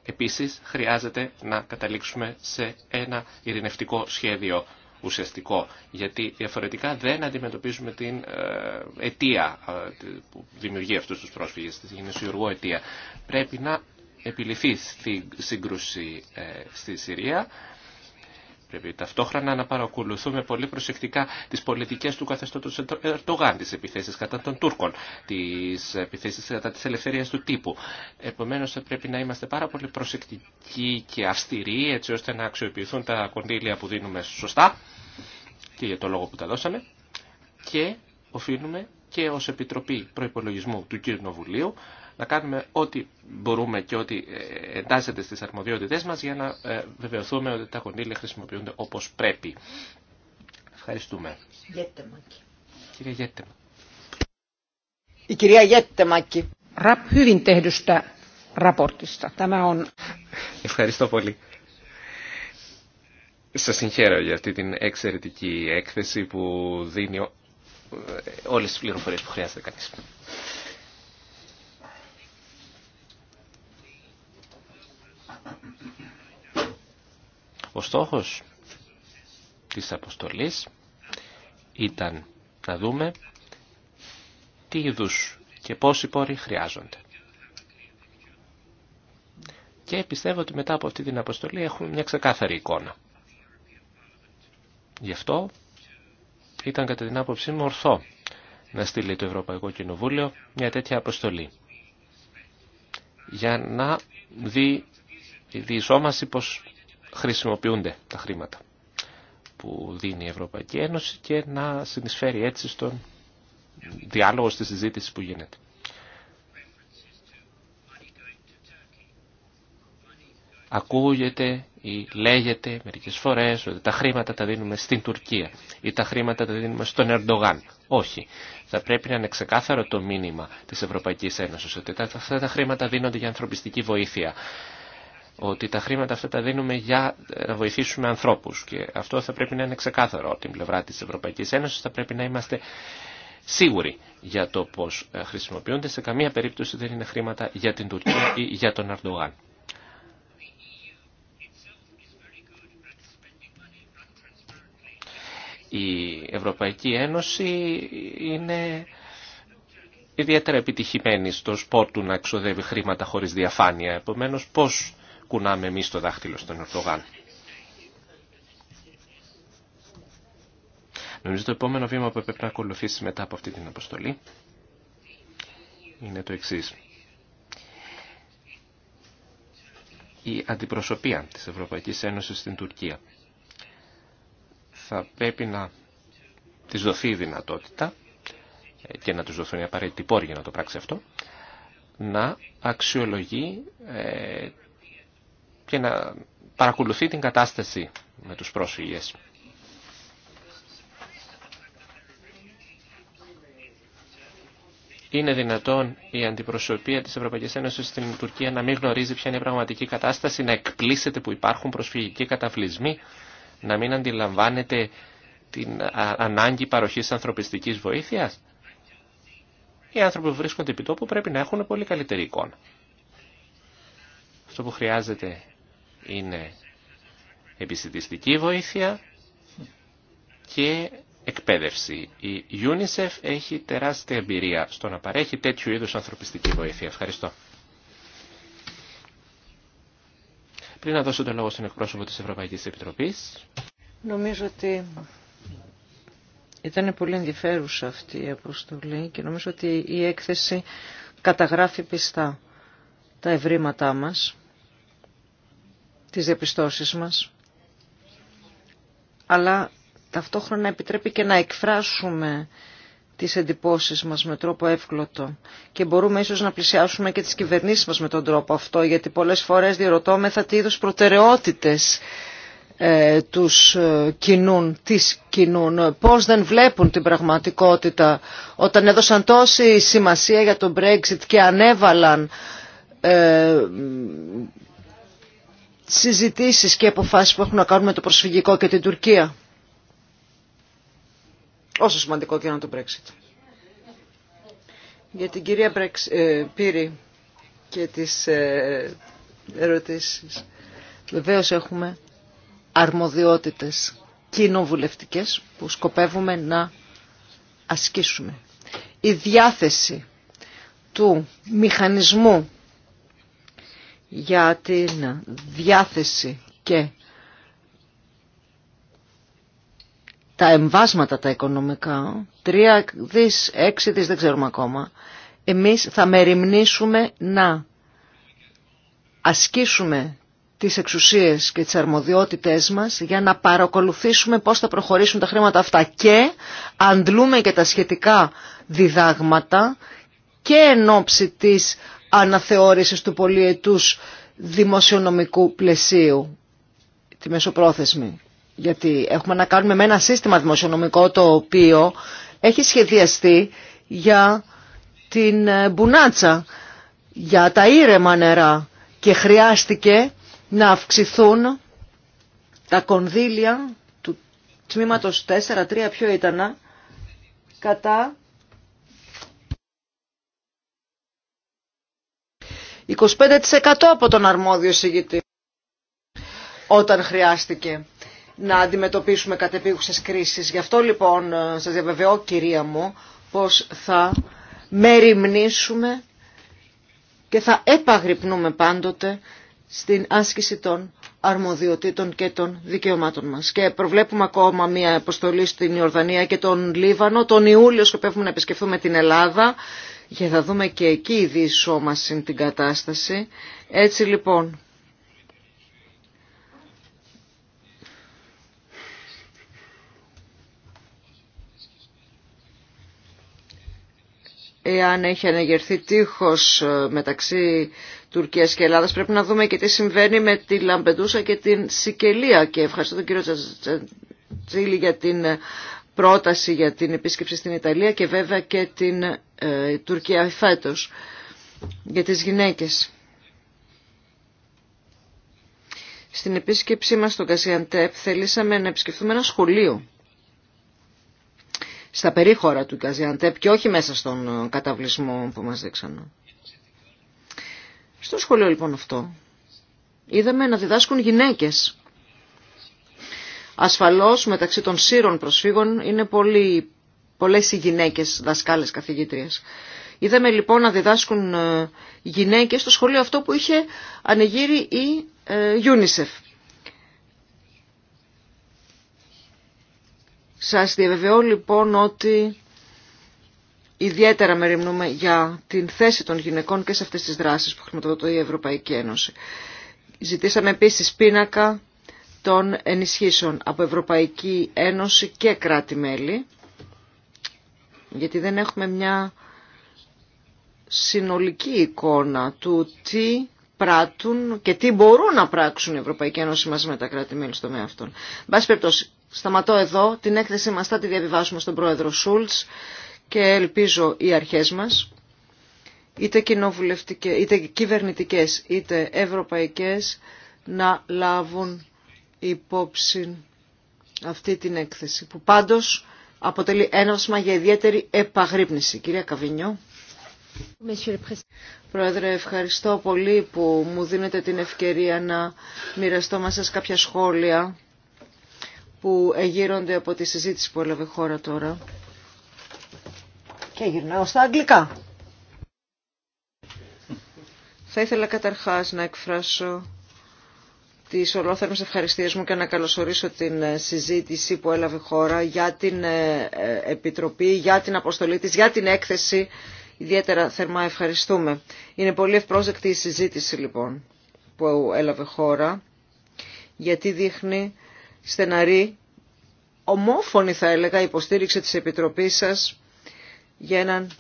επίσης χρειάζεται να καταλήξουμε σε ένα ειρηνευτικό σχέδιο ουσιαστικό. Γιατί διαφορετικά δεν αντιμετωπίζουμε την ε, αιτία ε, που δημιουργεί αυτού του πρόσφυγε τη γενεσιουργό αιτία. Πρέπει να επιληθεί στη σύγκρουση ε, στη Συρία Πρέπει ταυτόχρονα να παρακολουθούμε πολύ προσεκτικά τις πολιτικές του καθεστώτος Ερτογάν, τι επιθέσεις κατά των Τούρκων, τις επιθέσεις κατά της ελευθερίας του τύπου. Επομένως πρέπει να είμαστε πάρα πολύ προσεκτικοί και αυστηροί έτσι ώστε να αξιοποιηθούν τα κονδύλια που δίνουμε σωστά και για το λόγο που τα δώσαμε και οφείλουμε και ως Επιτροπή Προϋπολογισμού του Κοινοβουλίου να κάνουμε ό,τι μπορούμε και ό,τι ε, εντάσσεται στις αρμοδιότητές μας για να ε, βεβαιωθούμε ότι τα κονίλια χρησιμοποιούνται όπως πρέπει. Ευχαριστούμε. Γέτεμακη. Κυρία Γέτεμα. Η κυρία hyvin tehdystä raportista. Tämä Ευχαριστώ πολύ. Σας συγχαίρω για αυτή την εξαιρετική έκθεση που δίνει όλες τις πληροφορίες που χρειάζεται κανείς. Ο στόχος της αποστολής ήταν να δούμε τι είδου και πόσοι πόροι χρειάζονται. Και πιστεύω ότι μετά από αυτή την αποστολή έχουμε μια ξεκάθαρη εικόνα. Γι' αυτό ήταν κατά την άποψή μου ορθό να στείλει το Ευρωπαϊκό Κοινοβούλιο μια τέτοια αποστολή για να δει η διεισόμαση πως χρησιμοποιούνται τα χρήματα που δίνει η Ευρωπαϊκή Ένωση και να συνεισφέρει έτσι στον διάλογο στη συζήτηση που γίνεται. ακούγεται ή λέγεται μερικές φορές ότι τα χρήματα τα δίνουμε στην Τουρκία ή τα χρήματα τα δίνουμε στον Ερντογάν. Όχι. Θα πρέπει να είναι ξεκάθαρο το μήνυμα της Ευρωπαϊκής Ένωσης ότι αυτά τα χρήματα δίνονται για ανθρωπιστική βοήθεια. Ότι τα χρήματα αυτά τα δίνουμε για ε, να βοηθήσουμε ανθρώπους και αυτό θα πρέπει να είναι ξεκάθαρο από την πλευρά της Ευρωπαϊκής Ένωσης. Θα πρέπει να είμαστε σίγουροι για το πώς ε, χρησιμοποιούνται. Σε καμία περίπτωση δεν είναι χρήματα για την Τουρκία ή για τον Ερντογάν. Η Ευρωπαϊκή Ένωση είναι ιδιαίτερα επιτυχημένη στο σπορ του να ξοδεύει χρήματα χωρίς διαφάνεια. Επομένως, πώς κουνάμε εμείς το δάχτυλο στον Ερτογάν. Νομίζω το επόμενο βήμα που πρέπει να ακολουθήσει μετά από αυτή την αποστολή είναι το εξής. Η αντιπροσωπεία της Ευρωπαϊκής Ένωσης στην Τουρκία θα πρέπει να τις δοθεί η δυνατότητα ε, και να τους δοθούν οι απαραίτητοι πόροι για να το πράξει αυτό, να αξιολογεί ε, και να παρακολουθεί την κατάσταση με τους πρόσφυγες. Είναι δυνατόν η αντιπροσωπεία της Ευρωπαϊκής Ένωσης στην Τουρκία να μην γνωρίζει ποια είναι η πραγματική κατάσταση, να εκπλήσεται που υπάρχουν προσφυγικοί καταφλισμοί, να μην αντιλαμβάνεται την ανάγκη παροχής ανθρωπιστικής βοήθειας. Οι άνθρωποι που βρίσκονται επί τόπου πρέπει να έχουν πολύ καλύτερη εικόνα. Αυτό που χρειάζεται είναι επιστημιστική βοήθεια και εκπαίδευση. Η UNICEF έχει τεράστια εμπειρία στο να παρέχει τέτοιου είδους ανθρωπιστική βοήθεια. Ευχαριστώ. Πριν να δώσω το λόγο στον εκπρόσωπο της Ευρωπαϊκής Επιτροπής. Νομίζω ότι ήταν πολύ ενδιαφέρουσα αυτή η αποστολή και νομίζω ότι η έκθεση καταγράφει πιστά τα ευρήματά μας, τις διαπιστώσεις μας, αλλά ταυτόχρονα επιτρέπει και να εκφράσουμε τις εντυπώσεις μας με τρόπο εύκολο και μπορούμε ίσως να πλησιάσουμε και τις κυβερνήσεις μας με τον τρόπο αυτό γιατί πολλές φορές διερωτώμεθα τι είδους προτεραιότητες ε, τους ε, κινούν, τις κινούν, πώς δεν βλέπουν την πραγματικότητα όταν έδωσαν τόση σημασία για τον Brexit και ανέβαλαν ε, συζητήσεις και αποφάσεις που έχουν να κάνουν με το προσφυγικό και την Τουρκία. Όσο σημαντικό και είναι το Brexit. Για την κυρία ε, Πύρη και τις ε, ερωτήσεις. Βεβαίως έχουμε αρμοδιότητες κοινοβουλευτικές που σκοπεύουμε να ασκήσουμε. Η διάθεση του μηχανισμού για την διάθεση και τα εμβάσματα τα οικονομικά, τρία δις, έξι δις δεν ξέρουμε ακόμα, εμείς θα μεριμνήσουμε να ασκήσουμε τις εξουσίες και τις αρμοδιότητές μας για να παρακολουθήσουμε πώς θα προχωρήσουν τα χρήματα αυτά και αντλούμε και τα σχετικά διδάγματα και εν ώψη της αναθεώρησης του πολυετούς δημοσιονομικού πλαισίου, τη μεσοπρόθεσμη γιατί έχουμε να κάνουμε με ένα σύστημα δημοσιονομικό το οποίο έχει σχεδιαστεί για την ε, μπουνάτσα, για τα ήρεμα νερά και χρειάστηκε να αυξηθούν τα κονδύλια του τμήματος 4-3 ποιο ήταν κατά 25% από τον αρμόδιο συγγητή όταν χρειάστηκε να αντιμετωπίσουμε κατεπίγουσες κρίσεις. Γι' αυτό λοιπόν σας διαβεβαιώ κυρία μου πως θα μεριμνήσουμε και θα επαγρυπνούμε πάντοτε στην άσκηση των αρμοδιοτήτων και των δικαιωμάτων μας. Και προβλέπουμε ακόμα μια αποστολή στην Ιορδανία και τον Λίβανο. Τον Ιούλιο σκοπεύουμε να επισκεφθούμε την Ελλάδα για να δούμε και εκεί η μας την κατάσταση. Έτσι λοιπόν εάν έχει αναγερθεί τείχος ε, μεταξύ Τουρκίας και Ελλάδας. Πρέπει να δούμε και τι συμβαίνει με τη Λαμπεντούσα και την Σικελία. Και ευχαριστώ τον κύριο Τζίλη για την ε, πρόταση για την επίσκεψη στην Ιταλία και βέβαια και την ε, Τουρκία φέτος για τις γυναίκες. Στην επίσκεψή μας στο Κασιαντέπ θελήσαμε να επισκεφθούμε ένα σχολείο στα περίχωρα του Καζιαντέπ και όχι μέσα στον ε, καταβλισμό που μας δείξανε. Στο σχολείο λοιπόν αυτό είδαμε να διδάσκουν γυναίκες. Ασφαλώς μεταξύ των σύρων προσφύγων είναι πολύ, πολλές οι γυναίκες δασκάλες καθηγήτριες. Είδαμε λοιπόν να διδάσκουν ε, γυναίκες στο σχολείο αυτό που είχε ανεγείρει η ε, UNICEF. Σας διαβεβαιώ λοιπόν ότι ιδιαίτερα μεριμνούμε για την θέση των γυναικών και σε αυτές τις δράσεις που χρηματοδοτεί η Ευρωπαϊκή Ένωση. Ζητήσαμε επίσης πίνακα των ενισχύσεων από Ευρωπαϊκή Ένωση και κράτη-μέλη, γιατί δεν έχουμε μια συνολική εικόνα του τι πράττουν και τι μπορούν να πράξουν η Ευρωπαϊκή Ένωση μαζί με τα κράτη-μέλη στο τομέα αυτών. περιπτώσει, σταματώ εδώ. Την έκθεση μας θα τη διαβιβάσουμε στον πρόεδρο Σούλτς και ελπίζω οι αρχές μας, είτε, είτε κυβερνητικές είτε ευρωπαϊκές, να λάβουν υπόψη αυτή την έκθεση, που πάντως αποτελεί ένα για ιδιαίτερη επαγρύπνηση. Κυρία Καβίνιο. Πρόεδρε, ευχαριστώ πολύ που μου δίνετε την ευκαιρία να μοιραστώ μαζί σας κάποια σχόλια που εγείρονται από τη συζήτηση που έλαβε χώρα τώρα. Και γυρνάω στα αγγλικά. Θα ήθελα καταρχάς να εκφράσω τις ολόθερμες ευχαριστίες μου και να καλωσορίσω την ε, συζήτηση που έλαβε χώρα για την ε, ε, Επιτροπή, για την αποστολή της, για την έκθεση. Ιδιαίτερα θερμά ευχαριστούμε. Είναι πολύ ευπρόσδεκτη η συζήτηση λοιπόν που έλαβε χώρα γιατί δείχνει στεναρή, ομόφωνη θα έλεγα, υποστήριξη της Επιτροπής σας για έναν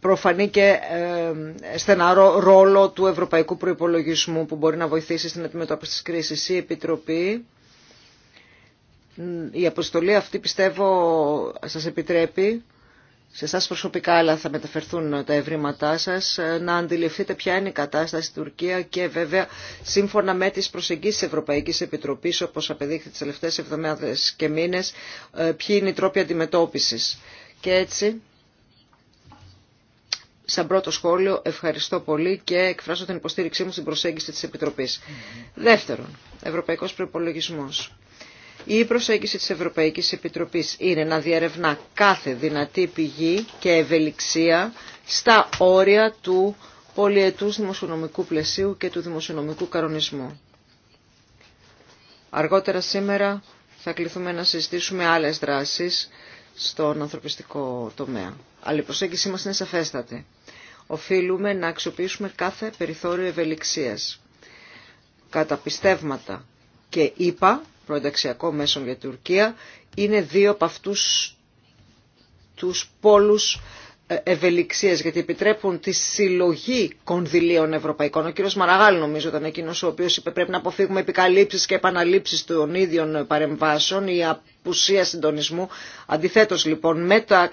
προφανή και ε, στεναρό ρόλο του ευρωπαϊκού προϋπολογισμού που μπορεί να βοηθήσει στην αντιμετώπιση της κρίσης η Επιτροπή. Η αποστολή αυτή πιστεύω σας επιτρέπει σε εσά προσωπικά, αλλά θα μεταφερθούν τα ευρήματά σας, να αντιληφθείτε ποια είναι η κατάσταση στην Τουρκία και βέβαια σύμφωνα με τις προσεγγίσεις Ευρωπαϊκή Επιτροπής, όπως απεδείχθη τι τελευταίες εβδομάδε και μήνε, ε, ποιοι είναι οι τρόποι αντιμετώπιση. Και έτσι, σαν πρώτο σχόλιο, ευχαριστώ πολύ και εκφράζω την υποστήριξή μου στην προσέγγιση της Επιτροπής. Δεύτερον, Ευρωπαϊκό Προπολογισμό. Η προσέγγιση της Ευρωπαϊκής Επιτροπής είναι να διαρευνά κάθε δυνατή πηγή και ευελιξία στα όρια του πολιετούς δημοσιονομικού πλαισίου και του δημοσιονομικού καρονισμού. Αργότερα σήμερα θα κληθούμε να συζητήσουμε άλλες δράσεις στον ανθρωπιστικό τομέα. Αλλά η προσέγγιση μας είναι σαφέστατη. Οφείλουμε να αξιοποιήσουμε κάθε περιθώριο ευελιξίας. πιστεύματα και είπα προενταξιακό μέσο για την Τουρκία είναι δύο από αυτούς τους πόλους ε, ευελιξίας γιατί επιτρέπουν τη συλλογή κονδυλίων ευρωπαϊκών. Ο κύριος Μαραγάλ νομίζω ήταν εκείνος ο οποίος είπε πρέπει να αποφύγουμε επικαλύψεις και επαναλήψεις των ίδιων παρεμβάσεων ή απουσία συντονισμού. Αντιθέτως λοιπόν με, τα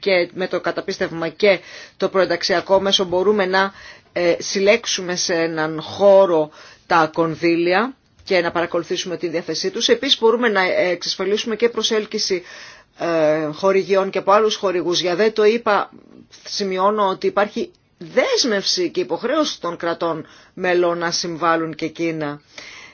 και, με το καταπίστευμα και το προενταξιακό μέσο μπορούμε να ε, συλλέξουμε σε έναν χώρο τα κονδύλια και να παρακολουθήσουμε την διαθεσή τους. Επίσης μπορούμε να εξασφαλίσουμε και προσέλκυση ε, χορηγιών και από άλλους χορηγούς. Για δεν το είπα, σημειώνω ότι υπάρχει δέσμευση και υποχρέωση των κρατών μελών να συμβάλλουν και εκείνα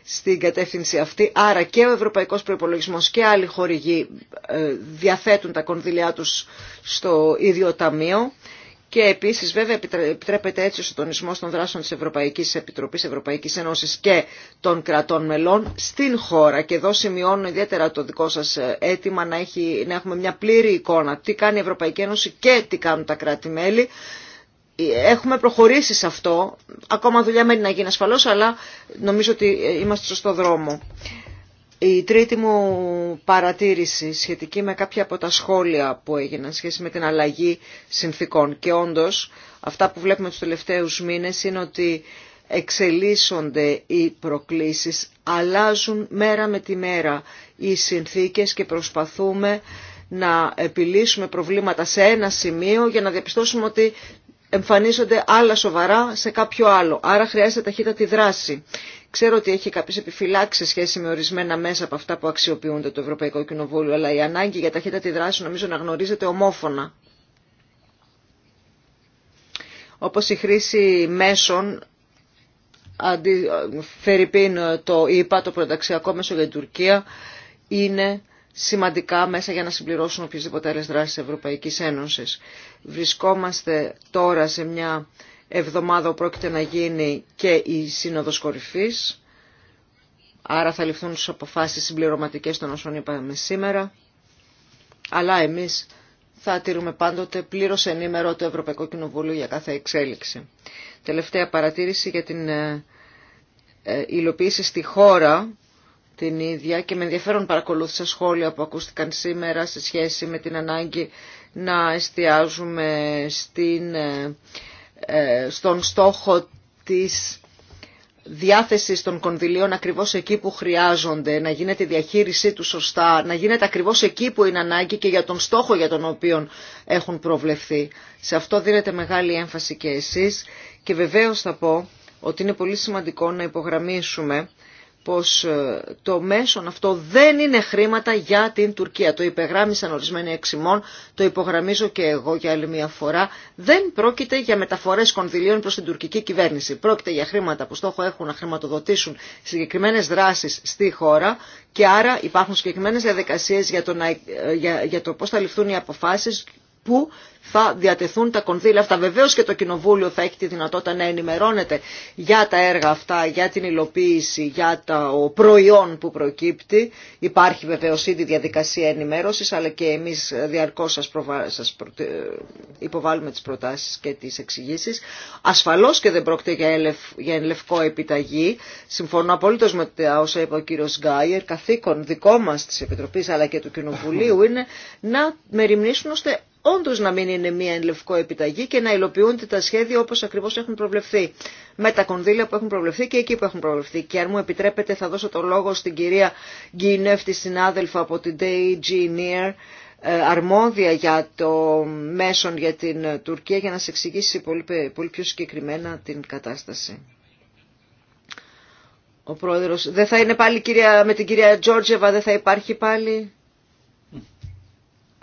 στην κατεύθυνση αυτή. Άρα και ο Ευρωπαϊκός Προϋπολογισμός και άλλοι χορηγοί ε, διαθέτουν τα κονδυλιά τους στο ίδιο ταμείο και επίσης βέβαια επιτρέπεται έτσι ο συντονισμό των δράσεων της Ευρωπαϊκής Επιτροπής, Ευρωπαϊκής Ένωσης και των κρατών μελών στην χώρα και εδώ σημειώνω ιδιαίτερα το δικό σας ε, αίτημα να, έχει, να έχουμε μια πλήρη εικόνα τι κάνει η Ευρωπαϊκή Ένωση και τι κάνουν τα κράτη-μέλη ε, έχουμε προχωρήσει σε αυτό. Ακόμα δουλειά μένει να γίνει ασφαλώς, αλλά νομίζω ότι ε, είμαστε στο δρόμο. Η τρίτη μου παρατήρηση σχετική με κάποια από τα σχόλια που έγιναν σχέση με την αλλαγή συνθήκων και όντως αυτά που βλέπουμε τους τελευταίους μήνες είναι ότι εξελίσσονται οι προκλήσεις, αλλάζουν μέρα με τη μέρα οι συνθήκες και προσπαθούμε να επιλύσουμε προβλήματα σε ένα σημείο για να διαπιστώσουμε ότι εμφανίζονται άλλα σοβαρά σε κάποιο άλλο. Άρα χρειάζεται ταχύτατη δράση. Ξέρω ότι έχει κάποιε επιφυλάξει σχέση με ορισμένα μέσα από αυτά που αξιοποιούνται το Ευρωπαϊκό Κοινοβούλιο, αλλά η ανάγκη για ταχύτατη δράση νομίζω να γνωρίζεται ομόφωνα. Όπω η χρήση μέσων, αντί, ε, Φερρυπίν ε, το είπα, το πρωταξιακό μέσο για την Τουρκία, είναι σημαντικά μέσα για να συμπληρώσουν οποιασδήποτε άλλες δράσεις της Ευρωπαϊκής Ένωσης. Βρισκόμαστε τώρα σε μια εβδομάδα που πρόκειται να γίνει και η Σύνοδος Κορυφής, άρα θα ληφθούν τις αποφάσεις συμπληρωματικές των όσων είπαμε σήμερα, αλλά εμείς θα τηρούμε πάντοτε πλήρως ενήμερο το Ευρωπαϊκό Κοινοβούλιο για κάθε εξέλιξη. Τελευταία παρατήρηση για την ε, ε, υλοποίηση στη χώρα την ίδια και με ενδιαφέρον παρακολούθησα σχόλια που ακούστηκαν σήμερα σε σχέση με την ανάγκη να εστιάζουμε στην, ε, ε, στον στόχο της διάθεσης των κονδυλίων ακριβώς εκεί που χρειάζονται, να γίνεται η διαχείρισή του σωστά, να γίνεται ακριβώς εκεί που είναι ανάγκη και για τον στόχο για τον οποίο έχουν προβλεφθεί. Σε αυτό δίνετε μεγάλη έμφαση και εσείς και βεβαίως θα πω ότι είναι πολύ σημαντικό να υπογραμμίσουμε πως ε, το μέσον αυτό δεν είναι χρήματα για την Τουρκία. Το υπεγράμμισαν ορισμένοι εξημών, το υπογραμμίζω και εγώ για άλλη μια φορά. Δεν πρόκειται για μεταφορές κονδυλίων προς την τουρκική κυβέρνηση. Πρόκειται για χρήματα που στόχο έχουν να χρηματοδοτήσουν συγκεκριμένες δράσεις στη χώρα και άρα υπάρχουν συγκεκριμένες διαδικασίες για το, να, ε, για, για το πώς θα ληφθούν οι αποφάσεις πού θα διατεθούν τα κονδύλια αυτά. Βεβαίω και το Κοινοβούλιο θα έχει τη δυνατότητα να ενημερώνεται για τα έργα αυτά, για την υλοποίηση, για το προϊόν που προκύπτει. Υπάρχει βεβαίω ήδη διαδικασία ενημέρωση, αλλά και εμεί διαρκώ σα προβα... υποβάλλουμε τι προτάσει και τι εξηγήσει. Ασφαλώ και δεν πρόκειται για, ελευ... για ελευκό επιταγή. Συμφωνώ απολύτω με όσα είπε ο κύριο Γκάιερ. Καθήκον δικό μα τη Επιτροπή αλλά και του Κοινοβουλίου είναι να μεριμνήσουν όντως να μην είναι μία εν λευκό επιταγή και να υλοποιούνται τα σχέδια όπως ακριβώς έχουν προβλεφθεί. Με τα κονδύλια που έχουν προβλεφθεί και εκεί που έχουν προβλεφθεί. Και αν μου επιτρέπετε θα δώσω το λόγο στην κυρία Γκίνεφ, συνάδελφα από την DG Near, ε, αρμόδια για το μέσον για την ε, Τουρκία για να σε εξηγήσει πολύ, πιο συγκεκριμένα την κατάσταση. Ο πρόεδρος, δεν θα είναι πάλι με την κυρία Τζόρτζεβα, δεν θα υπάρχει πάλι.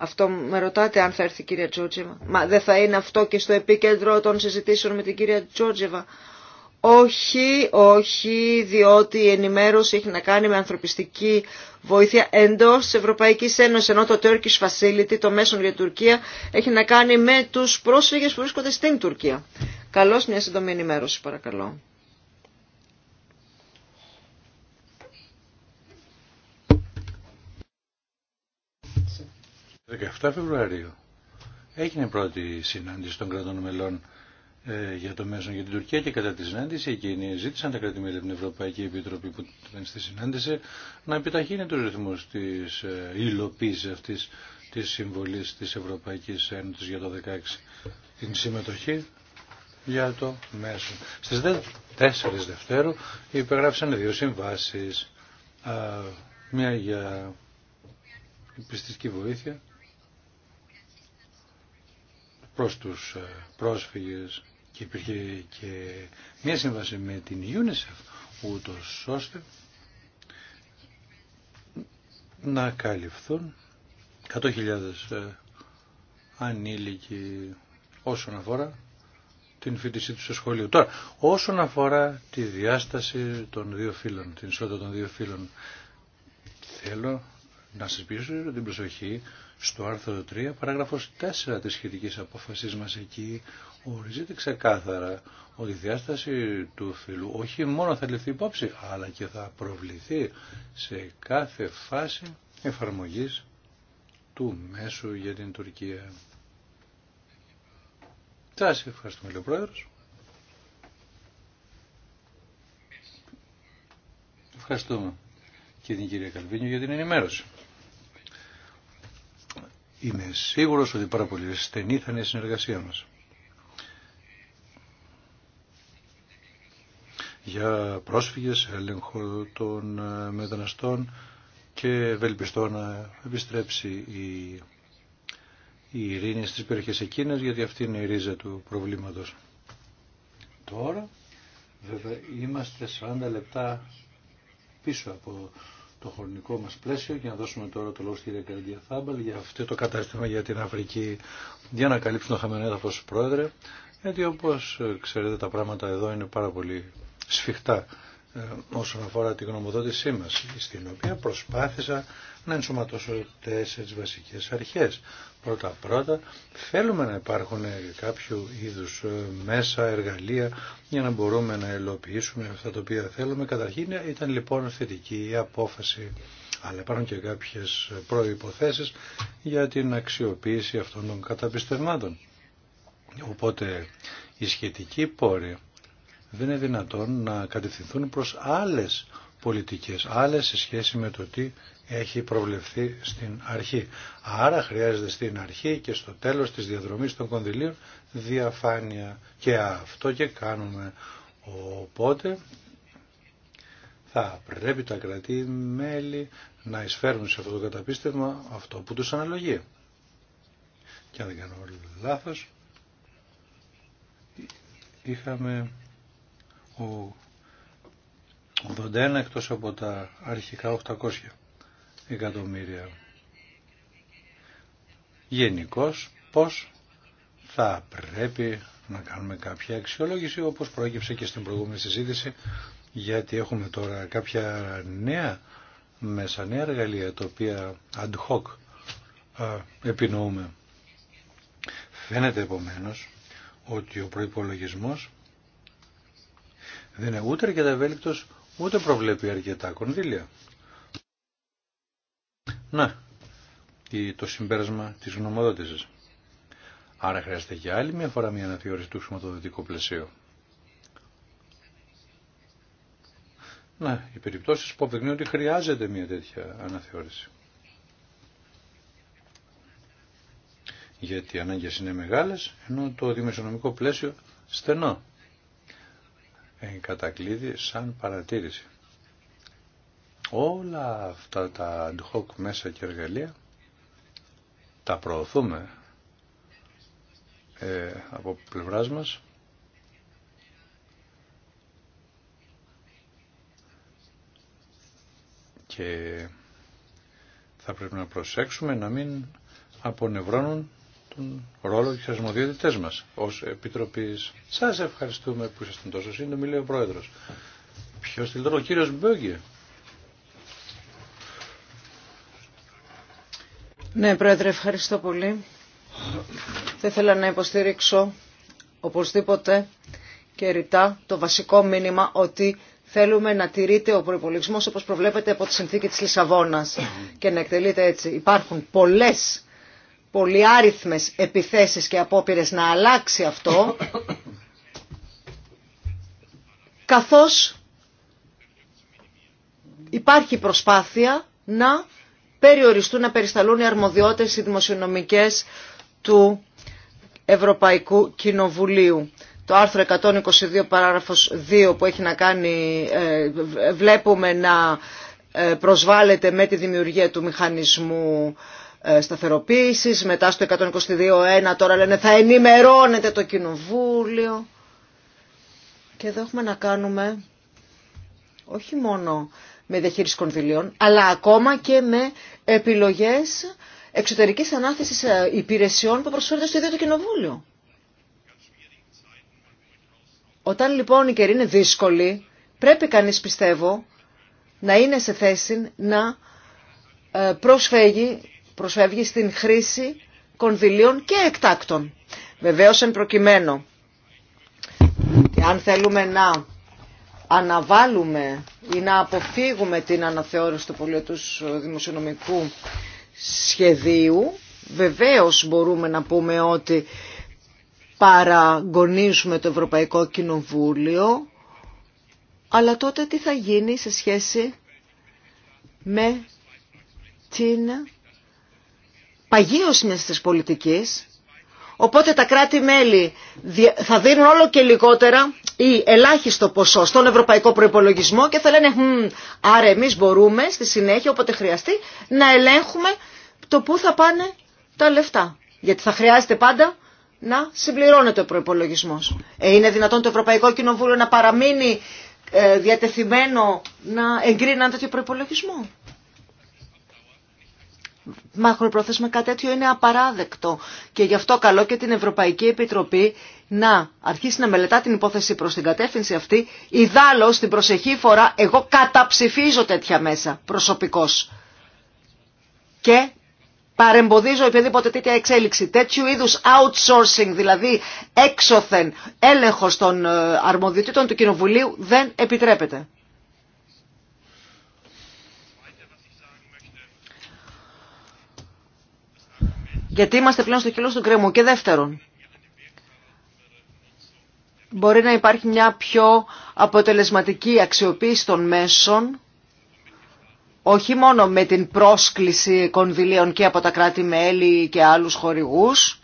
Αυτό με ρωτάτε αν θα έρθει η κυρία Τζότζεβα. Μα δεν θα είναι αυτό και στο επίκεντρο των συζητήσεων με την κυρία Τζότζεβα. Όχι, όχι, διότι η ενημέρωση έχει να κάνει με ανθρωπιστική βοήθεια εντός Ευρωπαϊκής Ένωσης, ενώ το Turkish Facility, το μέσον για Τουρκία, έχει να κάνει με τους πρόσφυγες που βρίσκονται στην Τουρκία. Καλώς μια σύντομη ενημέρωση, παρακαλώ. 17 Φεβρουαρίου έγινε η πρώτη συνάντηση των κρατών μελών ε, για το μέσο για την Τουρκία και κατά τη συνάντηση εκείνη ζήτησαν τα κρατημέρια από την Ευρωπαϊκή Επιτροπή που ήταν στη συνάντηση να επιταχύνει του ρυθμού τη ε, υλοποίησης αυτής της συμβολής της Ευρωπαϊκής Ένωσης για το 2016 την συμμετοχή για το μέσο. Στι 4 Δευτέρου υπεγράφησαν δύο συμβάσει μια για πιστική βοήθεια προς τους ε, πρόσφυγες και υπήρχε και μια σύμβαση με την UNICEF ούτως ώστε να καλυφθούν 100.000 ε, ανήλικοι όσον αφορά την φοιτησή του στο σχολείο. Τώρα, όσον αφορά τη διάσταση των δύο φίλων, την ισότητα των δύο φίλων, θέλω να σας πείσω την προσοχή στο άρθρο 3, παράγραφος 4 της σχετικής απόφασης μας εκεί, ορίζεται ξεκάθαρα ότι η διάσταση του φύλου όχι μόνο θα ληφθεί υπόψη, αλλά και θα προβληθεί σε κάθε φάση εφαρμογής του μέσου για την Τουρκία. Σας ευχαριστούμε, λέει ο Πρόεδρος. Ευχαριστούμε και την κυρία Καλβίνιο για την ενημέρωση. Είμαι σίγουρος ότι πάρα πολύ στενή θα είναι η συνεργασία μας. για πρόσφυγες, έλεγχο των ε, μεταναστών και ευελπιστώ να επιστρέψει η, η ειρήνη στις περιοχές εκείνες γιατί αυτή είναι η ρίζα του προβλήματος. Τώρα βέβαια είμαστε 40 λεπτά πίσω από το χρονικό μας πλαίσιο και να δώσουμε τώρα το λόγο στη κυρία Καρδία Θάμπαλ για αυτό το κατάστημα για την Αφρική για να καλύψουν το χαμένο έδαφος πρόεδρε γιατί όπως ξέρετε τα πράγματα εδώ είναι πάρα πολύ σφιχτά ε, όσον αφορά την γνωμοδότησή μας, στην οποία προσπάθησα να ενσωματώσω τέσσερις βασικές αρχές. Πρώτα-πρώτα θέλουμε να υπάρχουν κάποιο είδους ε, μέσα, εργαλεία για να μπορούμε να ελοποιήσουμε αυτά τα οποία θέλουμε. Καταρχήν ήταν λοιπόν θετική η απόφαση, αλλά υπάρχουν και κάποιες προϋποθέσεις για την αξιοποίηση αυτών των καταπιστευμάτων. Οπότε η σχετική πόρη δεν είναι δυνατόν να κατευθυνθούν προς άλλες πολιτικές, άλλες σε σχέση με το τι έχει προβλεφθεί στην αρχή. Άρα χρειάζεται στην αρχή και στο τέλος της διαδρομής των κονδυλίων διαφάνεια και αυτό και κάνουμε. Οπότε θα πρέπει τα κρατή μέλη να εισφέρουν σε αυτό το καταπίστευμα αυτό που τους αναλογεί. Και αν δεν κάνω λάθος, είχαμε 81 εκτός από τα αρχικά 800 εκατομμύρια. Γενικώ πώς θα πρέπει να κάνουμε κάποια αξιολόγηση όπως προέκυψε και στην προηγούμενη συζήτηση γιατί έχουμε τώρα κάποια νέα μέσα, νέα εργαλεία τα οποία ad hoc επινοούμε. Φαίνεται επομένως ότι ο προϋπολογισμός δεν είναι ούτε αρκετά ευέλικτο, ούτε προβλέπει αρκετά κονδύλια. Να, το συμπέρασμα της γνωμοδότησης. Άρα χρειάζεται για άλλη μια φορά μια αναθεώρηση του χρηματοδοτικού πλαισίου. Να, οι περιπτώσεις που αποδεικνύουν ότι χρειάζεται μια τέτοια αναθεώρηση. Γιατί οι ανάγκες είναι μεγάλες, ενώ το δημοσιονομικό πλαίσιο στενό εν κατακλείδη σαν παρατήρηση. Όλα αυτά τα ad hoc μέσα και εργαλεία τα προωθούμε ε, από πλευράς μας και θα πρέπει να προσέξουμε να μην απονευρώνουν ρόλο και τι αρμοδιότητέ μα ω Επιτροπή. Σα ευχαριστούμε που ήσασταν τόσο σύντομοι, λέει ο Πρόεδρο. Ποιο θέλει τώρα, ο κύριο Μπέγκε. Ναι, Πρόεδρε, ευχαριστώ πολύ. Θα ήθελα να υποστηρίξω οπωσδήποτε και ρητά το βασικό μήνυμα ότι θέλουμε να τηρείται ο προπολογισμό όπως προβλέπεται από τη συνθήκη της Λισαβόνας και να εκτελείται έτσι. Υπάρχουν πολλές πολυάριθμες επιθέσεις και απόπειρες να αλλάξει αυτό, καθώς υπάρχει προσπάθεια να περιοριστούν, να περισταλούν οι αρμοδιότητες οι δημοσιονομικές του Ευρωπαϊκού Κοινοβουλίου. Το άρθρο 122 παράγραφος 2 που έχει να κάνει, ε, βλέπουμε να ε, προσβάλλεται με τη δημιουργία του μηχανισμού ε, σταθεροποίησης, μετά στο 122.1 τώρα λένε θα ενημερώνεται το κοινοβούλιο. Και εδώ έχουμε να κάνουμε όχι μόνο με διαχείριση κονδυλίων, αλλά ακόμα και με επιλογές εξωτερικής ανάθεσης ε, υπηρεσιών που προσφέρεται στο ίδιο το κοινοβούλιο. Όταν λοιπόν η καιρή είναι δύσκολη, πρέπει κανείς πιστεύω να είναι σε θέση να ε, προσφέγει προσφεύγει στην χρήση κονδυλίων και εκτάκτων. Βεβαίως εν προκειμένου, αν θέλουμε να αναβάλουμε ή να αποφύγουμε την αναθεώρηση του πολιτικού δημοσιονομικού σχεδίου, βεβαίως μπορούμε να πούμε ότι παραγωνίζουμε το Ευρωπαϊκό Κοινοβούλιο, αλλά τότε τι θα γίνει σε σχέση με την παγίωση μιας της πολιτικής, οπότε τα κράτη-μέλη θα δίνουν όλο και λιγότερα ή ελάχιστο ποσό στον ευρωπαϊκό προϋπολογισμό και θα λένε άρα εμείς μπορούμε στη συνέχεια όποτε χρειαστεί να ελέγχουμε το πού θα πάνε τα λεφτά. Γιατί θα χρειάζεται πάντα να συμπληρώνεται ο προπολογισμό. Ε, είναι δυνατόν το Ευρωπαϊκό Κοινοβούλιο να παραμείνει ε, διατεθειμένο να εγκρίνει ένα τέτοιο προπολογισμό μακροπρόθεσμα κάτι τέτοιο είναι απαράδεκτο και γι' αυτό καλό και την Ευρωπαϊκή Επιτροπή να αρχίσει να μελετά την υπόθεση προς την κατεύθυνση αυτή. Ιδάλω την προσεχή φορά εγώ καταψηφίζω τέτοια μέσα προσωπικώς και παρεμποδίζω οποιαδήποτε τέτοια εξέλιξη. Τέτοιου είδους outsourcing, δηλαδή έξωθεν έλεγχος των ε, αρμοδιοτήτων του Κοινοβουλίου δεν επιτρέπεται. γιατί είμαστε πλέον στο κιλό του κρεμου Και δεύτερον, μπορεί να υπάρχει μια πιο αποτελεσματική αξιοποίηση των μέσων, όχι μόνο με την πρόσκληση κονδυλίων και από τα κράτη-μέλη και άλλους χορηγούς,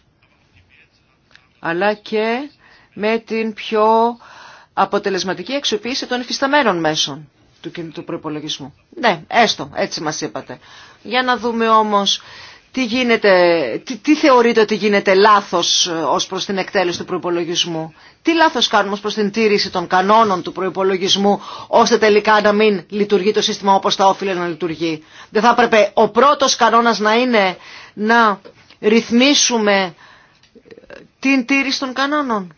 αλλά και με την πιο αποτελεσματική αξιοποίηση των εφισταμένων μέσων του του προπολογισμού. Ναι, έστω, έτσι μας είπατε. Για να δούμε όμως τι, γίνεται, τι, θεωρείτε ότι γίνεται λάθος ε, ως προς την εκτέλεση του προϋπολογισμού. Τι λάθος κάνουμε ως προς την τήρηση των κανόνων του προϋπολογισμού ώστε τελικά να μην λειτουργεί το σύστημα όπως θα όφιλε να λειτουργεί. Δεν θα έπρεπε ο πρώτος κανόνας να είναι να ρυθμίσουμε ε, την τήρηση των κανόνων.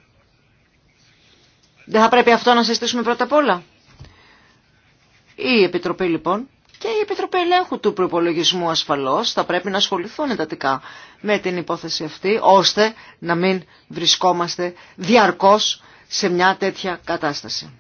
Δεν θα πρέπει αυτό να συστήσουμε πρώτα απ' όλα. Η Επιτροπή λοιπόν και η Επιτροπή Ελέγχου του Προπολογισμού ασφαλώς θα πρέπει να ασχοληθούν εντατικά με την υπόθεση αυτή, ώστε να μην βρισκόμαστε διαρκώς σε μια τέτοια κατάσταση.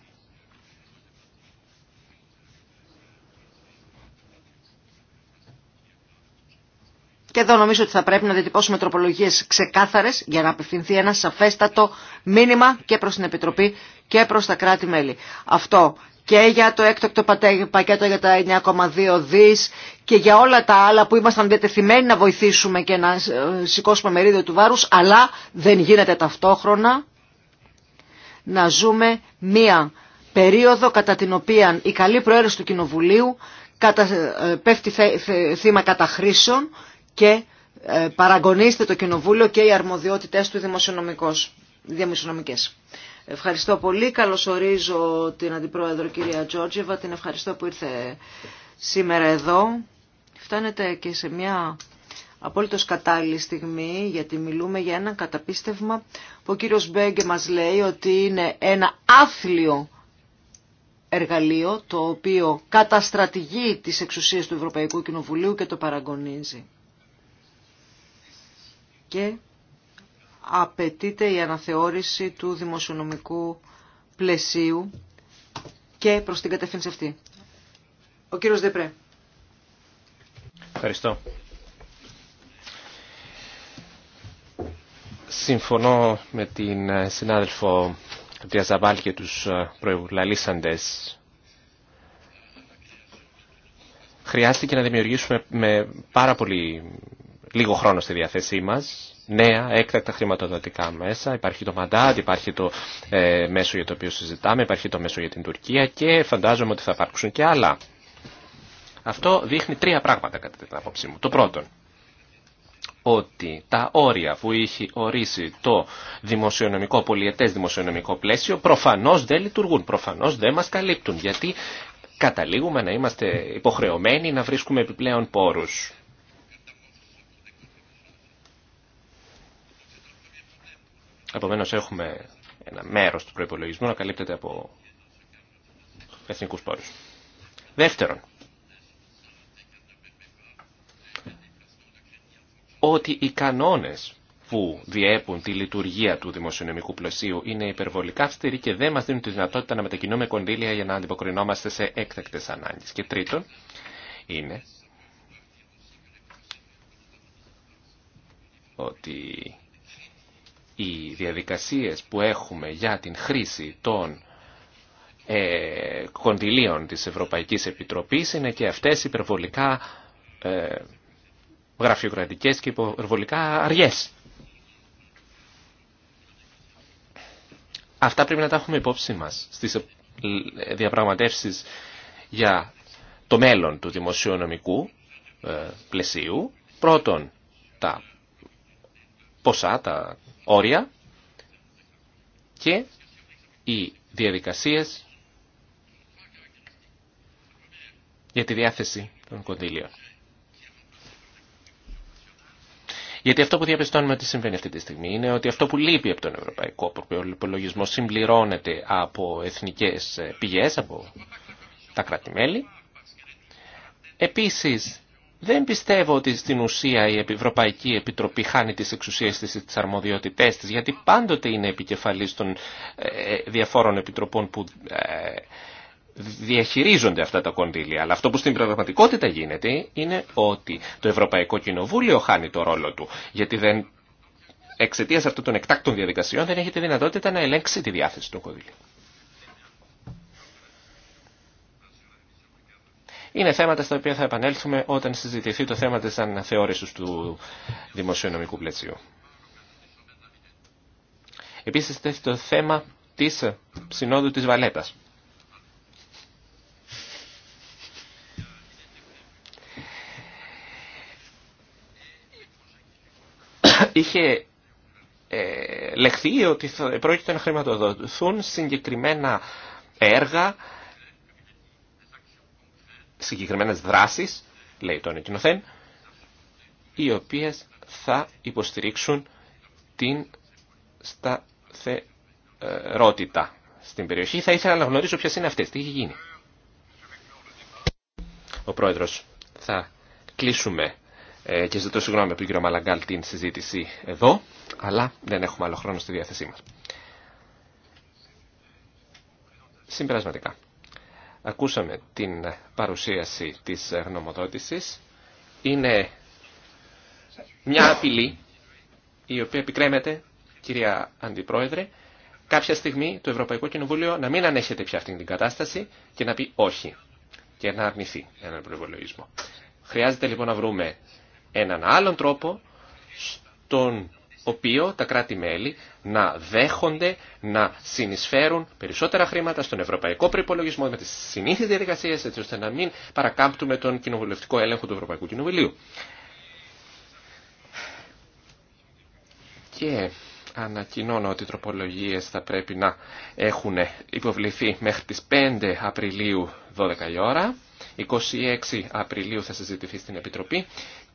Και εδώ νομίζω ότι θα πρέπει να διατυπώσουμε τροπολογίες ξεκάθαρες για να απευθυνθεί ένα σαφέστατο μήνυμα και προς την Επιτροπή και προς τα κράτη-μέλη. Αυτό και για το έκτακτο πακέτο για τα 9,2 δις και για όλα τα άλλα που ήμασταν διατεθειμένοι να βοηθήσουμε και να ε, σηκώσουμε μερίδιο του βάρους, αλλά δεν γίνεται ταυτόχρονα να ζούμε μία περίοδο κατά την οποία η καλή προαίρεση του Κοινοβουλίου ε, πέφτει θύμα καταχρήσεων και ε, παραγωνίστε το Κοινοβούλιο και οι αρμοδιότητες του δημοσιονομικές. Ευχαριστώ πολύ. Καλωσορίζω την Αντιπρόεδρο κυρία Τζόρτζεβα. Την ευχαριστώ που ήρθε σήμερα εδώ. Φτάνετε και σε μια απόλυτος κατάλληλη στιγμή γιατί μιλούμε για ένα καταπίστευμα που ο κύριος Μπέγκε μας λέει ότι είναι ένα άθλιο εργαλείο το οποίο καταστρατηγεί τις εξουσίες του Ευρωπαϊκού Κοινοβουλίου και το παραγωνίζει. Και απαιτείται η αναθεώρηση του δημοσιονομικού πλαισίου και προς την κατεύθυνση αυτή. Ο κύριος Δεπρέ. Ευχαριστώ. Συμφωνώ με την ε, συνάδελφο Διαζαβάλ και τους ε, προευλαλήσαντες. Χρειάστηκε να δημιουργήσουμε με πάρα πολύ λίγο χρόνο στη διαθέσή μας νέα έκτακτα χρηματοδοτικά μέσα. Υπάρχει το Μαντάτ, υπάρχει το ε, μέσο για το οποίο συζητάμε, υπάρχει το μέσο για την Τουρκία και φαντάζομαι ότι θα υπάρξουν και άλλα. Αυτό δείχνει τρία πράγματα κατά την άποψή μου. Το πρώτον, ότι τα όρια που είχε ορίσει το δημοσιονομικό, πολιετές δημοσιονομικό πλαίσιο προφανώς δεν λειτουργούν, προφανώς δεν μας καλύπτουν γιατί καταλήγουμε να είμαστε υποχρεωμένοι να βρίσκουμε επιπλέον πόρους. Επομένω, έχουμε ένα μέρος του προπολογισμού να καλύπτεται από εθνικού πόρους. Δεύτερον, ότι οι κανόνες που διέπουν τη λειτουργία του δημοσιονομικού πλαισίου είναι υπερβολικά αυστηροί και δεν μα δίνουν τη δυνατότητα να μετακινούμε κονδύλια για να αντιποκρινόμαστε σε έκτακτες ανάγκες. Και τρίτον, είναι ότι οι διαδικασίες που έχουμε για την χρήση των ε, κονδυλίων της Ευρωπαϊκής Επιτροπής είναι και αυτές υπερβολικά ε, γραφειοκρατικές και υπερβολικά αργές. Αυτά πρέπει να τα έχουμε υπόψη μας στις ε, διαπραγματεύσεις για το μέλλον του δημοσιονομικού ε, πλαισίου. Πρώτον, τα ποσά, τα όρια και οι διαδικασίες για τη διάθεση των κονδύλιων. Γιατί αυτό που διαπιστώνουμε ότι συμβαίνει αυτή τη στιγμή είναι ότι αυτό που λείπει από τον ευρωπαϊκό προπολογισμό συμπληρώνεται από εθνικές πηγές, από τα κράτη-μέλη. Επίσης, δεν πιστεύω ότι στην ουσία η Ευρωπαϊκή Επιτροπή χάνει τις εξουσίες της, τις αρμοδιότητές της, γιατί πάντοτε είναι επικεφαλής των ε, ε, διαφόρων επιτροπών που ε, διαχειρίζονται αυτά τα κονδύλια. Αλλά αυτό που στην πραγματικότητα γίνεται είναι ότι το Ευρωπαϊκό Κοινοβούλιο χάνει το ρόλο του, γιατί δεν, εξαιτίας αυτών των εκτάκτων διαδικασιών δεν έχει τη δυνατότητα να ελέγξει τη διάθεση του κονδύλιου. Είναι θέματα στα οποία θα επανέλθουμε όταν συζητηθεί το θέμα της αναθεώρησης του δημοσιονομικού πλαισίου. Επίσης θέτει το θέμα της συνόδου της Βαλέτας. Είχε ε, λεχθεί ότι πρόκειται να χρηματοδοτηθούν συγκεκριμένα έργα Συγκεκριμένε δράσει, λέει τον Εκκινοθέν, οι οποίες θα υποστηρίξουν την σταθερότητα στην περιοχή. Θα ήθελα να γνωρίσω ποιες είναι αυτές, τι έχει γίνει. Ο πρόεδρο θα κλείσουμε ε, και ζητώ συγγνώμη από τον κύριο Μαλαγκάλ την συζήτηση εδώ, αλλά δεν έχουμε άλλο χρόνο στη διάθεσή μας. Συμπερασματικά. Ακούσαμε την παρουσίαση της γνωμοδότησης. Είναι μια απειλή η οποία επικρέμεται, κυρία Αντιπρόεδρε, κάποια στιγμή το Ευρωπαϊκό Κοινοβούλιο να μην ανέχεται πια αυτή την κατάσταση και να πει όχι και να αρνηθεί έναν προπολογισμό. Χρειάζεται λοιπόν να βρούμε έναν άλλον τρόπο στον οποίο τα κράτη-μέλη να δέχονται να συνεισφέρουν περισσότερα χρήματα στον ευρωπαϊκό προπολογισμό με τι συνήθειε διαδικασίε, έτσι ώστε να μην παρακάμπτουμε τον κοινοβουλευτικό έλεγχο του Ευρωπαϊκού Κοινοβουλίου. Και ανακοινώνω ότι οι τροπολογίες θα πρέπει να έχουν υποβληθεί μέχρι τις 5 Απριλίου 12 η ώρα. 26 Απριλίου θα συζητηθεί στην Επιτροπή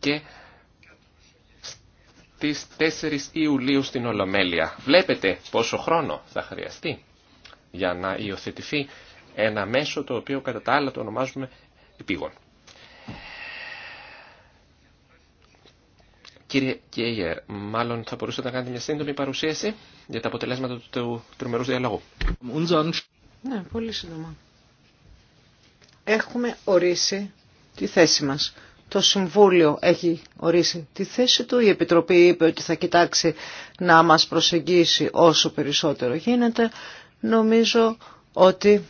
και τις 4 Ιουλίου στην Ολομέλεια. Βλέπετε πόσο χρόνο θα χρειαστεί για να υιοθετηθεί ένα μέσο το οποίο κατά τα άλλα το ονομάζουμε επίγον. Κύριε Κέιερ, μάλλον θα μπορούσατε να κάνετε μια σύντομη παρουσίαση για τα αποτελέσματα του τριμερούς διαλόγου. Ναι, πολύ σύντομα. Έχουμε ορίσει τη θέση μας το Συμβούλιο έχει ορίσει τη θέση του. Η Επιτροπή είπε ότι θα κοιτάξει να μας προσεγγίσει όσο περισσότερο γίνεται. Νομίζω ότι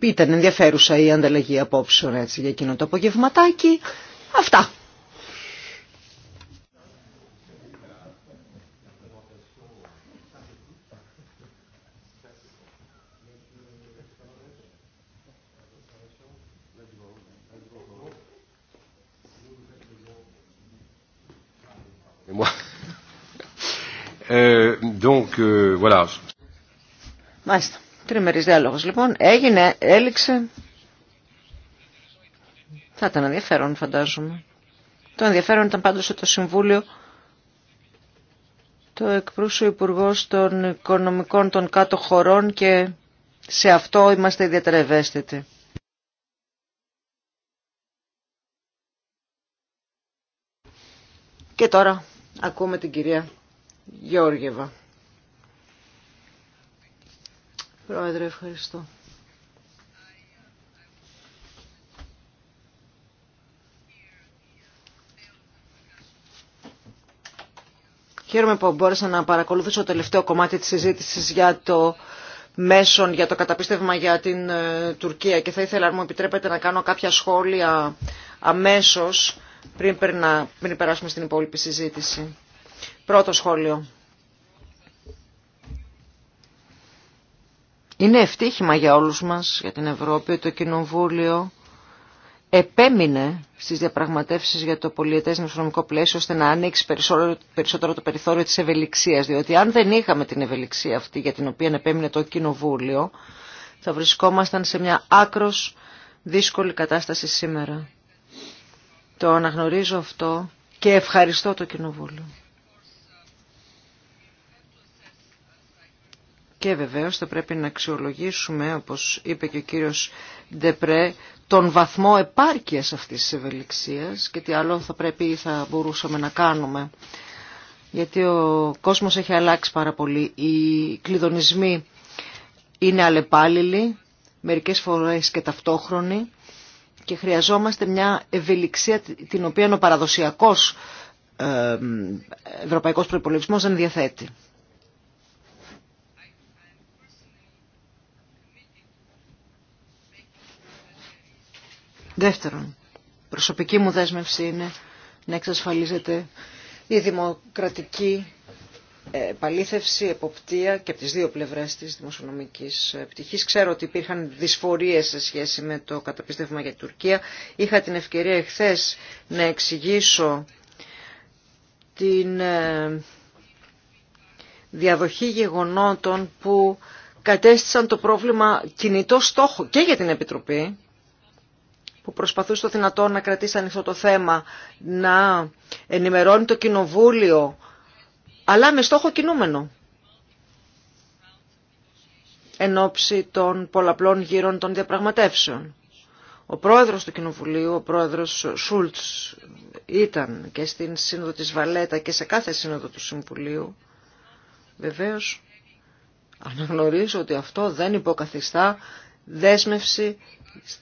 ήταν ενδιαφέρουσα η ανταλλαγή απόψεων έτσι, για εκείνο το απογευματάκι. Αυτά. Ε, donc, ε, Μάλιστα. Τριμερής διάλογος λοιπόν. Έγινε, έληξε. Θα ήταν ενδιαφέρον φαντάζομαι. Το ενδιαφέρον ήταν πάντως ότι το Συμβούλιο το εκπρούσε ο υπουργό των Οικονομικών των Κάτω Χωρών και σε αυτό είμαστε ιδιαίτερα ευαίσθητοι. Και τώρα ακούμε την κυρία Γεώργεβα. Πρόεδρε, ευχαριστώ. Χαίρομαι που μπόρεσα να παρακολουθήσω το τελευταίο κομμάτι της συζήτησης για το μέσον, για το καταπίστευμα για την ε, Τουρκία και θα ήθελα αν μου επιτρέπετε να κάνω κάποια σχόλια αμέσως πριν, πριν περάσουμε στην υπόλοιπη συζήτηση. Πρώτο σχόλιο. Είναι ευτύχημα για όλους μας, για την Ευρώπη, το Κοινοβούλιο επέμεινε στις διαπραγματεύσεις για το πολιετές νοσονομικό πλαίσιο ώστε να ανοίξει περισσότερο το περιθώριο της ευελιξίας, διότι αν δεν είχαμε την ευελιξία αυτή για την οποία επέμεινε το Κοινοβούλιο, θα βρισκόμασταν σε μια άκρος δύσκολη κατάσταση σήμερα. Το αναγνωρίζω αυτό και ευχαριστώ το Κοινοβούλιο. Και βεβαίως θα πρέπει να αξιολογήσουμε, όπως είπε και ο κύριος Ντεπρέ, τον βαθμό επάρκειας αυτής της ευελιξίας και τι άλλο θα πρέπει ή θα μπορούσαμε να κάνουμε. Γιατί ο κόσμος έχει αλλάξει πάρα πολύ. Οι κλειδονισμοί είναι αλλεπάλληλοι, μερικές φορές και ταυτόχρονοι και χρειαζόμαστε μια ευελιξία την οποία ο παραδοσιακός ε, ευρωπαϊκός προϋπολογισμός δεν διαθέτει. Δεύτερον, προσωπική μου δέσμευση είναι να εξασφαλίζεται η δημοκρατική ε, παλήθευση, εποπτεία και από τις δύο πλευρές της δημοσιονομικής ε, πτυχής. Ξέρω ότι υπήρχαν δυσφορίες σε σχέση με το καταπιστεύμα για την Τουρκία. Είχα την ευκαιρία εχθές να εξηγήσω την ε, διαδοχή γεγονότων που κατέστησαν το πρόβλημα κινητό στόχο και για την Επιτροπή που προσπαθούσε το δυνατό να κρατήσει ανοιχτό το θέμα, να ενημερώνει το κοινοβούλιο, αλλά με στόχο κινούμενο. Εν ώψη των πολλαπλών γύρων των διαπραγματεύσεων. Ο πρόεδρος του Κοινοβουλίου, ο πρόεδρος Σούλτς, ήταν και στην Σύνοδο της Βαλέτα και σε κάθε Σύνοδο του Συμβουλίου. Βεβαίως, αναγνωρίζω ότι αυτό δεν υποκαθιστά δέσμευση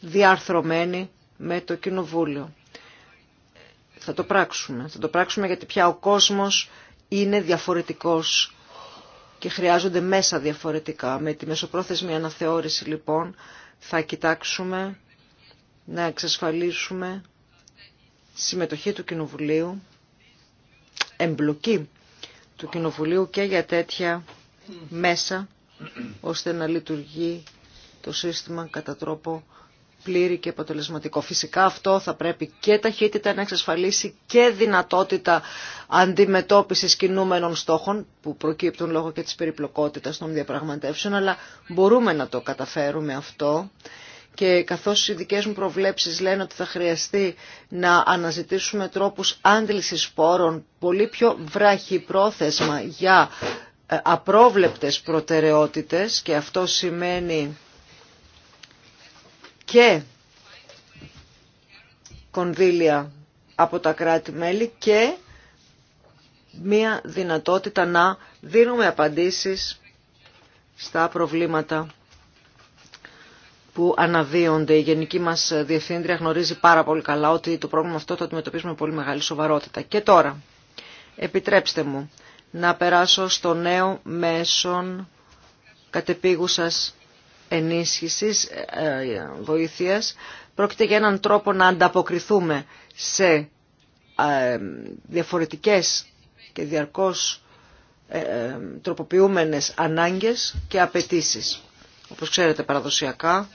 διαρθρωμένη με το Κοινοβούλιο. Θα το πράξουμε. Θα το πράξουμε γιατί πια ο κόσμος είναι διαφορετικός και χρειάζονται μέσα διαφορετικά. Με τη μεσοπρόθεσμη αναθεώρηση λοιπόν θα κοιτάξουμε να εξασφαλίσουμε συμμετοχή του Κοινοβουλίου, εμπλοκή του Κοινοβουλίου και για τέτοια μέσα, ώστε να λειτουργεί το σύστημα κατά τρόπο πλήρη και αποτελεσματικό. Φυσικά αυτό θα πρέπει και ταχύτητα να εξασφαλίσει και δυνατότητα αντιμετώπισης κινούμενων στόχων που προκύπτουν λόγω και της περιπλοκότητας των διαπραγματεύσεων, αλλά μπορούμε να το καταφέρουμε αυτό. Και καθώς οι δικές μου προβλέψεις λένε ότι θα χρειαστεί να αναζητήσουμε τρόπους άντλησης σπόρων πολύ πιο βράχη πρόθεσμα για ε, απρόβλεπτες προτεραιότητες και αυτό σημαίνει και κονδύλια από τα κράτη-μέλη και μία δυνατότητα να δίνουμε απαντήσεις στα προβλήματα που αναδύονται. Η Γενική μας Διευθύντρια γνωρίζει πάρα πολύ καλά ότι το πρόβλημα αυτό το αντιμετωπίζουμε με πολύ μεγάλη σοβαρότητα. Και τώρα, επιτρέψτε μου να περάσω στο νέο μέσον κατεπίγουσας ενίσχυσης, ε, ε, βοήθειας. Πρόκειται για έναν τρόπο να ανταποκριθούμε σε ε, διαφορετικές και διαρκώς τροποποιούμενες ανάγκες και απαιτήσεις. Όπως ξέρετε παραδοσιακά,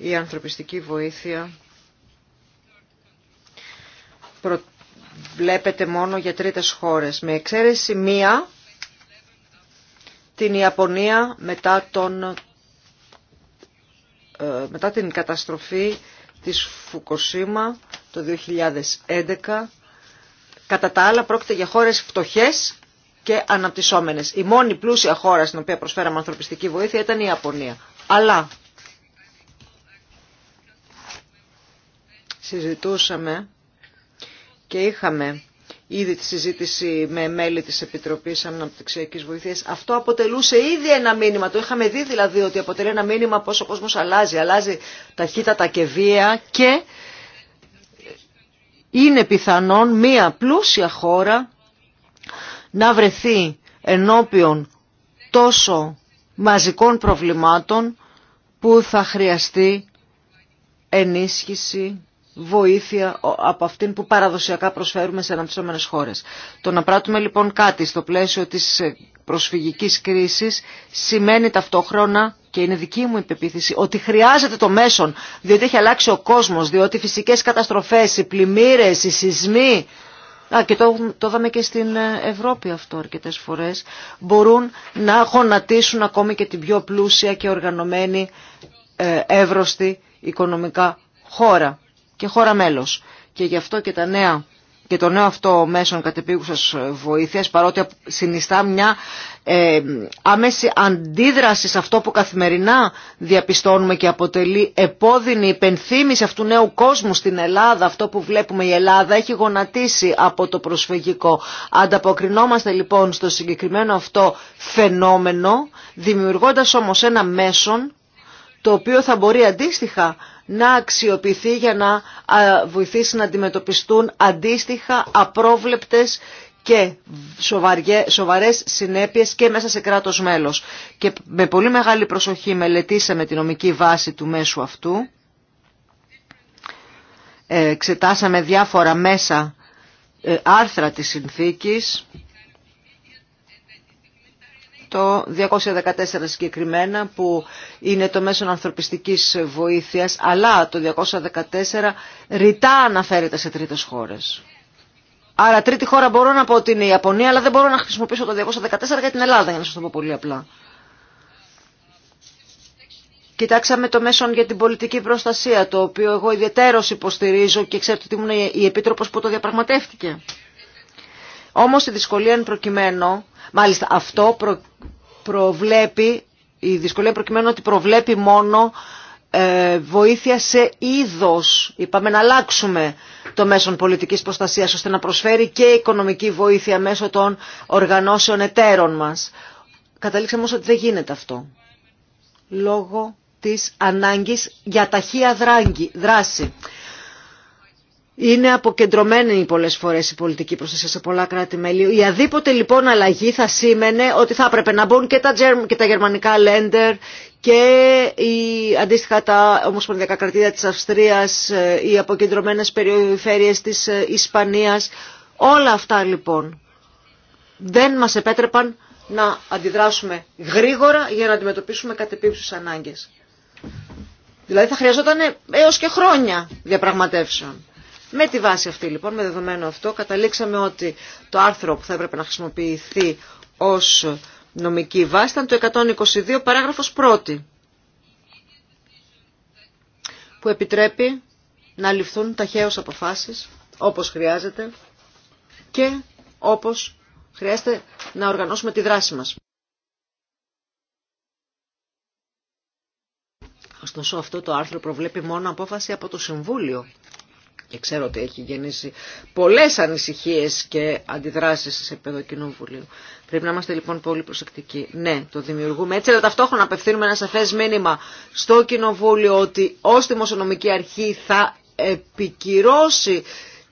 η ανθρωπιστική βοήθεια βλέπετε μόνο για τρίτες χώρες. Με εξαίρεση μία την Ιαπωνία μετά, τον, ε, μετά την καταστροφή της Φουκοσίμα το 2011. Κατά τα άλλα πρόκειται για χώρες φτωχές και αναπτυσσόμενες. Η μόνη πλούσια χώρα στην οποία προσφέραμε ανθρωπιστική βοήθεια ήταν η Ιαπωνία. Αλλά συζητούσαμε και είχαμε ήδη τη συζήτηση με μέλη της Επιτροπής Αναπτυξιακής Βοηθείας. Αυτό αποτελούσε ήδη ένα μήνυμα, το είχαμε δει δηλαδή ότι αποτελεί ένα μήνυμα πως ο κόσμος αλλάζει, αλλάζει ταχύτατα και βία και είναι πιθανόν μία πλούσια χώρα να βρεθεί ενώπιον τόσο μαζικών προβλημάτων που θα χρειαστεί ενίσχυση βοήθεια από αυτήν που παραδοσιακά προσφέρουμε σε αναπτυσσόμενες χώρες. Το να πράττουμε λοιπόν κάτι στο πλαίσιο της ε, προσφυγικής κρίσης σημαίνει ταυτόχρονα και είναι δική μου υπεποίθηση ότι χρειάζεται το μέσον διότι έχει αλλάξει ο κόσμος, διότι οι φυσικές καταστροφές, οι πλημμύρες, οι σεισμοί και το, είδαμε και στην ε, Ευρώπη αυτό αρκετέ φορέ, μπορούν να γονατίσουν ακόμη και την πιο πλούσια και οργανωμένη ε, εύρωστη οικονομικά χώρα και χώρα μέλος. Και γι' αυτό και τα νέα και το νέο αυτό μέσον κατεπίγουσας βοήθειας, παρότι συνιστά μια ε, άμεση αντίδραση σε αυτό που καθημερινά διαπιστώνουμε και αποτελεί επώδυνη υπενθύμηση αυτού νέου κόσμου στην Ελλάδα, αυτό που βλέπουμε η Ελλάδα έχει γονατίσει από το προσφυγικό. Ανταποκρινόμαστε λοιπόν στο συγκεκριμένο αυτό φαινόμενο, δημιουργώντας όμως ένα μέσον το οποίο θα μπορεί αντίστοιχα να αξιοποιηθεί για να βοηθήσει να αντιμετωπιστούν αντίστοιχα απρόβλεπτες και σοβαρές συνέπειες και μέσα σε κράτος μέλος. Και με πολύ μεγάλη προσοχή μελετήσαμε τη νομική βάση του μέσου αυτού. Ε, εξετάσαμε διάφορα μέσα ε, άρθρα της συνθήκης το 214 συγκεκριμένα που είναι το μέσο ανθρωπιστικής βοήθειας αλλά το 214 ρητά αναφέρεται σε τρίτες χώρες. Άρα τρίτη χώρα μπορώ να πω ότι είναι η Ιαπωνία αλλά δεν μπορώ να χρησιμοποιήσω το 214 για την Ελλάδα για να σας το πω πολύ απλά. Κοιτάξαμε το μέσο για την πολιτική προστασία, το οποίο εγώ ιδιαίτερος υποστηρίζω και ξέρετε ότι ήμουν η Επίτροπος που το διαπραγματεύτηκε. Όμως η δυσκολία είναι προκειμένο, μάλιστα αυτό προβλέπει, η δυσκολία προκειμένου ότι προβλέπει μόνο ε, βοήθεια σε είδος. Είπαμε να αλλάξουμε το μέσον πολιτικής προστασίας ώστε να προσφέρει και οικονομική βοήθεια μέσω των οργανώσεων εταίρων μας. Καταλήξαμε όμως ότι δεν γίνεται αυτό. Λόγω της ανάγκης για ταχεία δράση. Είναι αποκεντρωμένη πολλές φορές η πολιτική προστασία σε πολλά κράτη-μέλη. Η αδίποτε λοιπόν αλλαγή θα σήμαινε ότι θα έπρεπε να μπουν και τα, και τα γερμανικά λέντερ και οι, αντίστοιχα τα ομοσπονδιακά κρατήδια της Αυστρίας, ε, οι αποκεντρωμένες περιφέρειες της ε, Ισπανίας. Όλα αυτά λοιπόν δεν μας επέτρεπαν να αντιδράσουμε γρήγορα για να αντιμετωπίσουμε κατεπίψεις ανάγκες. Δηλαδή θα χρειαζόταν έως και χρόνια διαπραγματεύσεων. Με τη βάση αυτή λοιπόν, με δεδομένο αυτό, καταλήξαμε ότι το άρθρο που θα έπρεπε να χρησιμοποιηθεί ως νομική βάση ήταν το 122 παράγραφος 1 που επιτρέπει να ληφθούν ταχαίως αποφάσεις όπως χρειάζεται και όπως χρειάζεται να οργανώσουμε τη δράση μας. Ωστόσο αυτό το άρθρο προβλέπει μόνο απόφαση από το Συμβούλιο και ξέρω ότι έχει γεννήσει πολλές ανησυχίες και αντιδράσεις σε επίπεδο κοινοβουλίου. Πρέπει να είμαστε λοιπόν πολύ προσεκτικοί. Ναι, το δημιουργούμε έτσι, αλλά ταυτόχρονα απευθύνουμε ένα σαφές μήνυμα στο κοινοβούλιο ότι ως δημοσιονομική αρχή θα επικυρώσει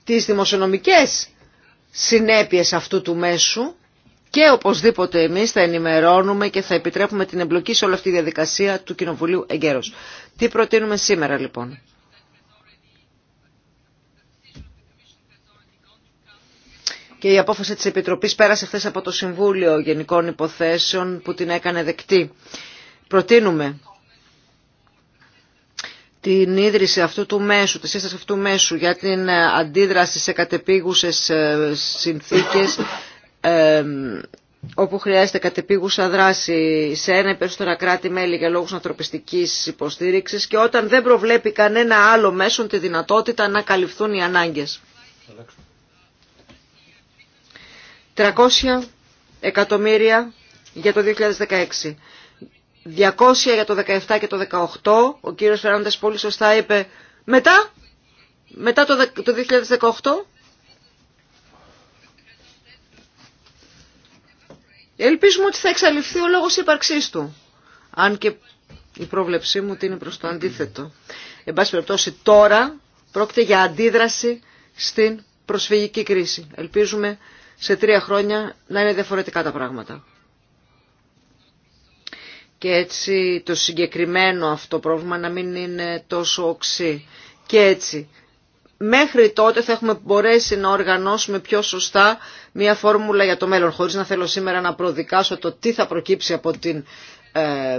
τις δημοσιονομικές συνέπειες αυτού του μέσου και οπωσδήποτε εμείς θα ενημερώνουμε και θα επιτρέπουμε την εμπλοκή σε όλη αυτή τη διαδικασία του Κοινοβουλίου εγκαίρως. Τι προτείνουμε σήμερα λοιπόν. και η απόφαση της Επιτροπής πέρασε χθε από το Συμβούλιο Γενικών Υποθέσεων που την έκανε δεκτή. Προτείνουμε την ίδρυση αυτού του μέσου, τη σύσταση αυτού του μέσου για την αντίδραση σε κατεπίγουσες ε, συνθήκες ε, όπου χρειάζεται κατεπίγουσα δράση σε ενα ή περισσότερα κράτη-μέλη για λόγους ανθρωπιστικής υποστήριξης και όταν δεν προβλέπει κανένα άλλο μέσον τη δυνατότητα να καλυφθούν οι ανάγκες. 300 εκατομμύρια για το 2016. 200 για το 2017 και το 2018. Ο κύριος Φεράντες πολύ σωστά είπε μετά, μετά το 2018. Ελπίζουμε ότι θα εξαλειφθεί ο λόγος ύπαρξής του. Αν και η πρόβλεψή μου είναι προς το αντίθετο. Εν πάση περιπτώσει τώρα πρόκειται για αντίδραση στην προσφυγική κρίση. Ελπίζουμε σε τρία χρόνια να είναι διαφορετικά τα πράγματα. Και έτσι το συγκεκριμένο αυτό πρόβλημα να μην είναι τόσο οξύ. Και έτσι μέχρι τότε θα έχουμε μπορέσει να οργανώσουμε πιο σωστά μια φόρμουλα για το μέλλον, χωρίς να θέλω σήμερα να προδικάσω το τι θα προκύψει από την ε,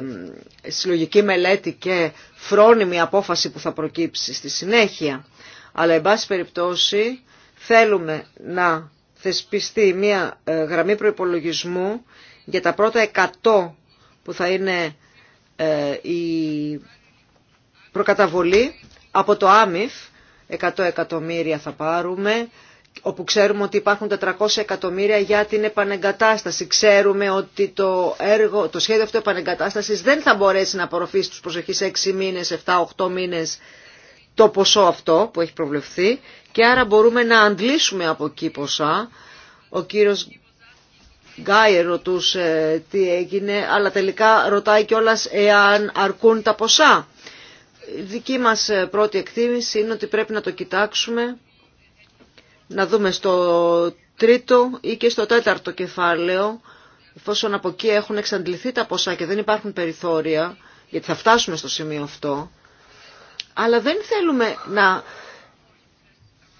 συλλογική μελέτη και φρόνιμη απόφαση που θα προκύψει στη συνέχεια. Αλλά, εν πάση περιπτώσει, θέλουμε να θεσπιστεί μια ε, γραμμή προϋπολογισμού για τα πρώτα 100 που θα είναι ε, η προκαταβολή από το ΆΜΙΦ 100 εκατομμύρια θα πάρουμε όπου ξέρουμε ότι υπάρχουν 400 εκατομμύρια για την επανεγκατάσταση. Ξέρουμε ότι το, έργο, το σχέδιο αυτό επανεγκατάστασης δεν θα μπορέσει να απορροφήσει τους προσεχείς 6 μήνες, 7-8 μήνες το ποσό αυτό που έχει προβλεφθεί και άρα μπορούμε να αντλήσουμε από εκεί ποσά. Ο κύριος Γκάιερ ρωτούσε τι έγινε, αλλά τελικά ρωτάει κιόλας εάν αρκούν τα ποσά. Η δική μας πρώτη εκτίμηση είναι ότι πρέπει να το κοιτάξουμε, να δούμε στο τρίτο ή και στο τέταρτο κεφάλαιο, εφόσον από εκεί έχουν εξαντληθεί τα ποσά και δεν υπάρχουν περιθώρια, γιατί θα φτάσουμε στο σημείο αυτό, αλλά δεν θέλουμε να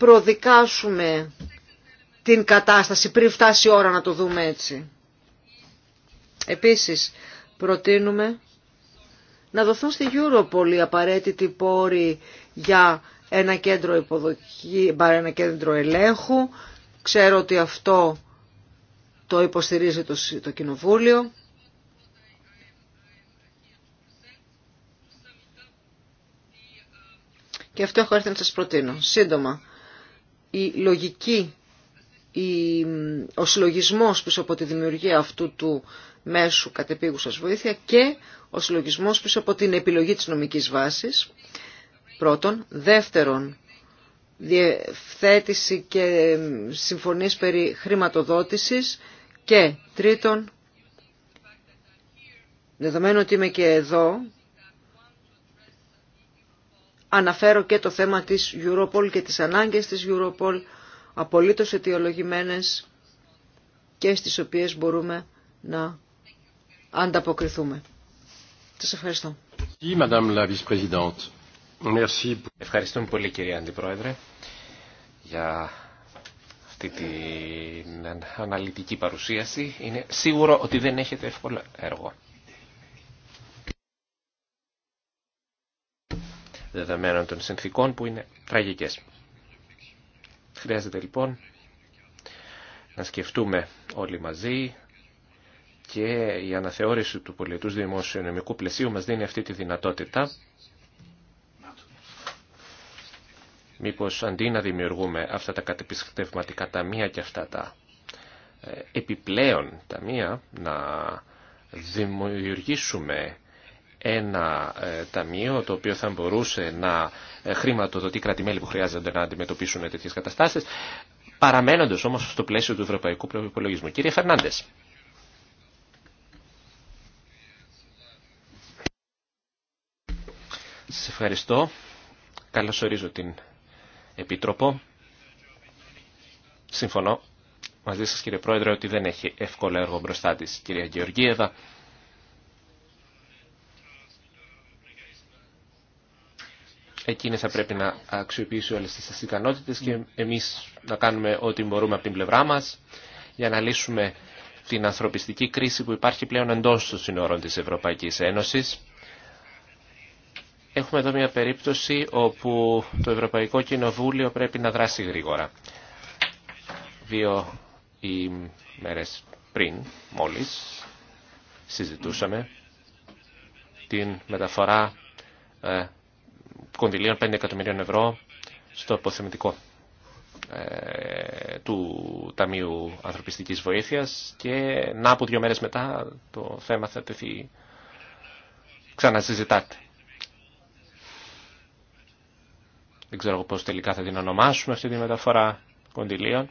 προδικάσουμε την κατάσταση πριν φτάσει η ώρα να το δούμε έτσι. Επίσης, προτείνουμε να δοθούν στη Europol οι απαραίτητοι πόροι για ένα κέντρο, υποδοχή, ένα κέντρο ελέγχου. Ξέρω ότι αυτό το υποστηρίζει το, το Κοινοβούλιο. Και αυτό έχω έρθει να σας προτείνω. Σύντομα, η λογική, η, ο συλλογισμός πίσω από τη δημιουργία αυτού του μέσου κατεπίγουσας βοήθεια και ο συλλογισμός πίσω από την επιλογή της νομικής βάσης, πρώτον. Δεύτερον, διευθέτηση και συμφωνίες περί χρηματοδότησης και τρίτον, δεδομένου ότι είμαι και εδώ αναφέρω και το θέμα της Europol και τις ανάγκες της Europol απολύτως αιτιολογημένες και στις οποίες μπορούμε να ανταποκριθούμε. Σας ευχαριστώ. Ευχαριστούμε πολύ κυρία Αντιπρόεδρε για αυτή την αναλυτική παρουσίαση. Είναι σίγουρο ότι δεν έχετε εύκολο έργο. δεδομένων των συνθήκων που είναι τραγικές. Χρειάζεται λοιπόν να σκεφτούμε όλοι μαζί και η αναθεώρηση του πολιτούς δημοσιονομικού πλαισίου μας δίνει αυτή τη δυνατότητα. Μήπως αντί να δημιουργούμε αυτά τα κατεπιστευματικά ταμεία και αυτά τα ε, επιπλέον ταμεία, να δημιουργήσουμε ένα ε, ταμείο το οποίο θα μπορούσε να ε, χρηματοδοτεί κρατημέλη που χρειάζονται να αντιμετωπίσουν τέτοιες καταστάσεις, παραμένοντας όμως στο πλαίσιο του ευρωπαϊκού προϋπολογισμού. Κύριε Φερνάντες. Σας ευχαριστώ. Καλώς ορίζω την Επίτροπο. Συμφωνώ μαζί σας κύριε Πρόεδρε ότι δεν έχει εύκολο έργο μπροστά της κυρία Γεωργίεδα. Εκείνη θα πρέπει να αξιοποιήσει όλες τις ικανότητες και εμείς να κάνουμε ό,τι μπορούμε από την πλευρά μας για να λύσουμε την ανθρωπιστική κρίση που υπάρχει πλέον εντός των σύνορων της Ευρωπαϊκής Ένωσης. Έχουμε εδώ μια περίπτωση όπου το Ευρωπαϊκό Κοινοβούλιο πρέπει να δράσει γρήγορα. Δύο ημέρες πριν, μόλις, συζητούσαμε την μεταφορά ε, κονδυλίων 5 εκατομμυρίων ευρώ στο ε, του Ταμείου Ανθρωπιστικής Βοήθειας και να από δύο μέρες μετά το θέμα θα τεθεί ξανασυζητάτε. Δεν ξέρω πώς τελικά θα την ονομάσουμε αυτή τη μεταφορά κονδυλίων.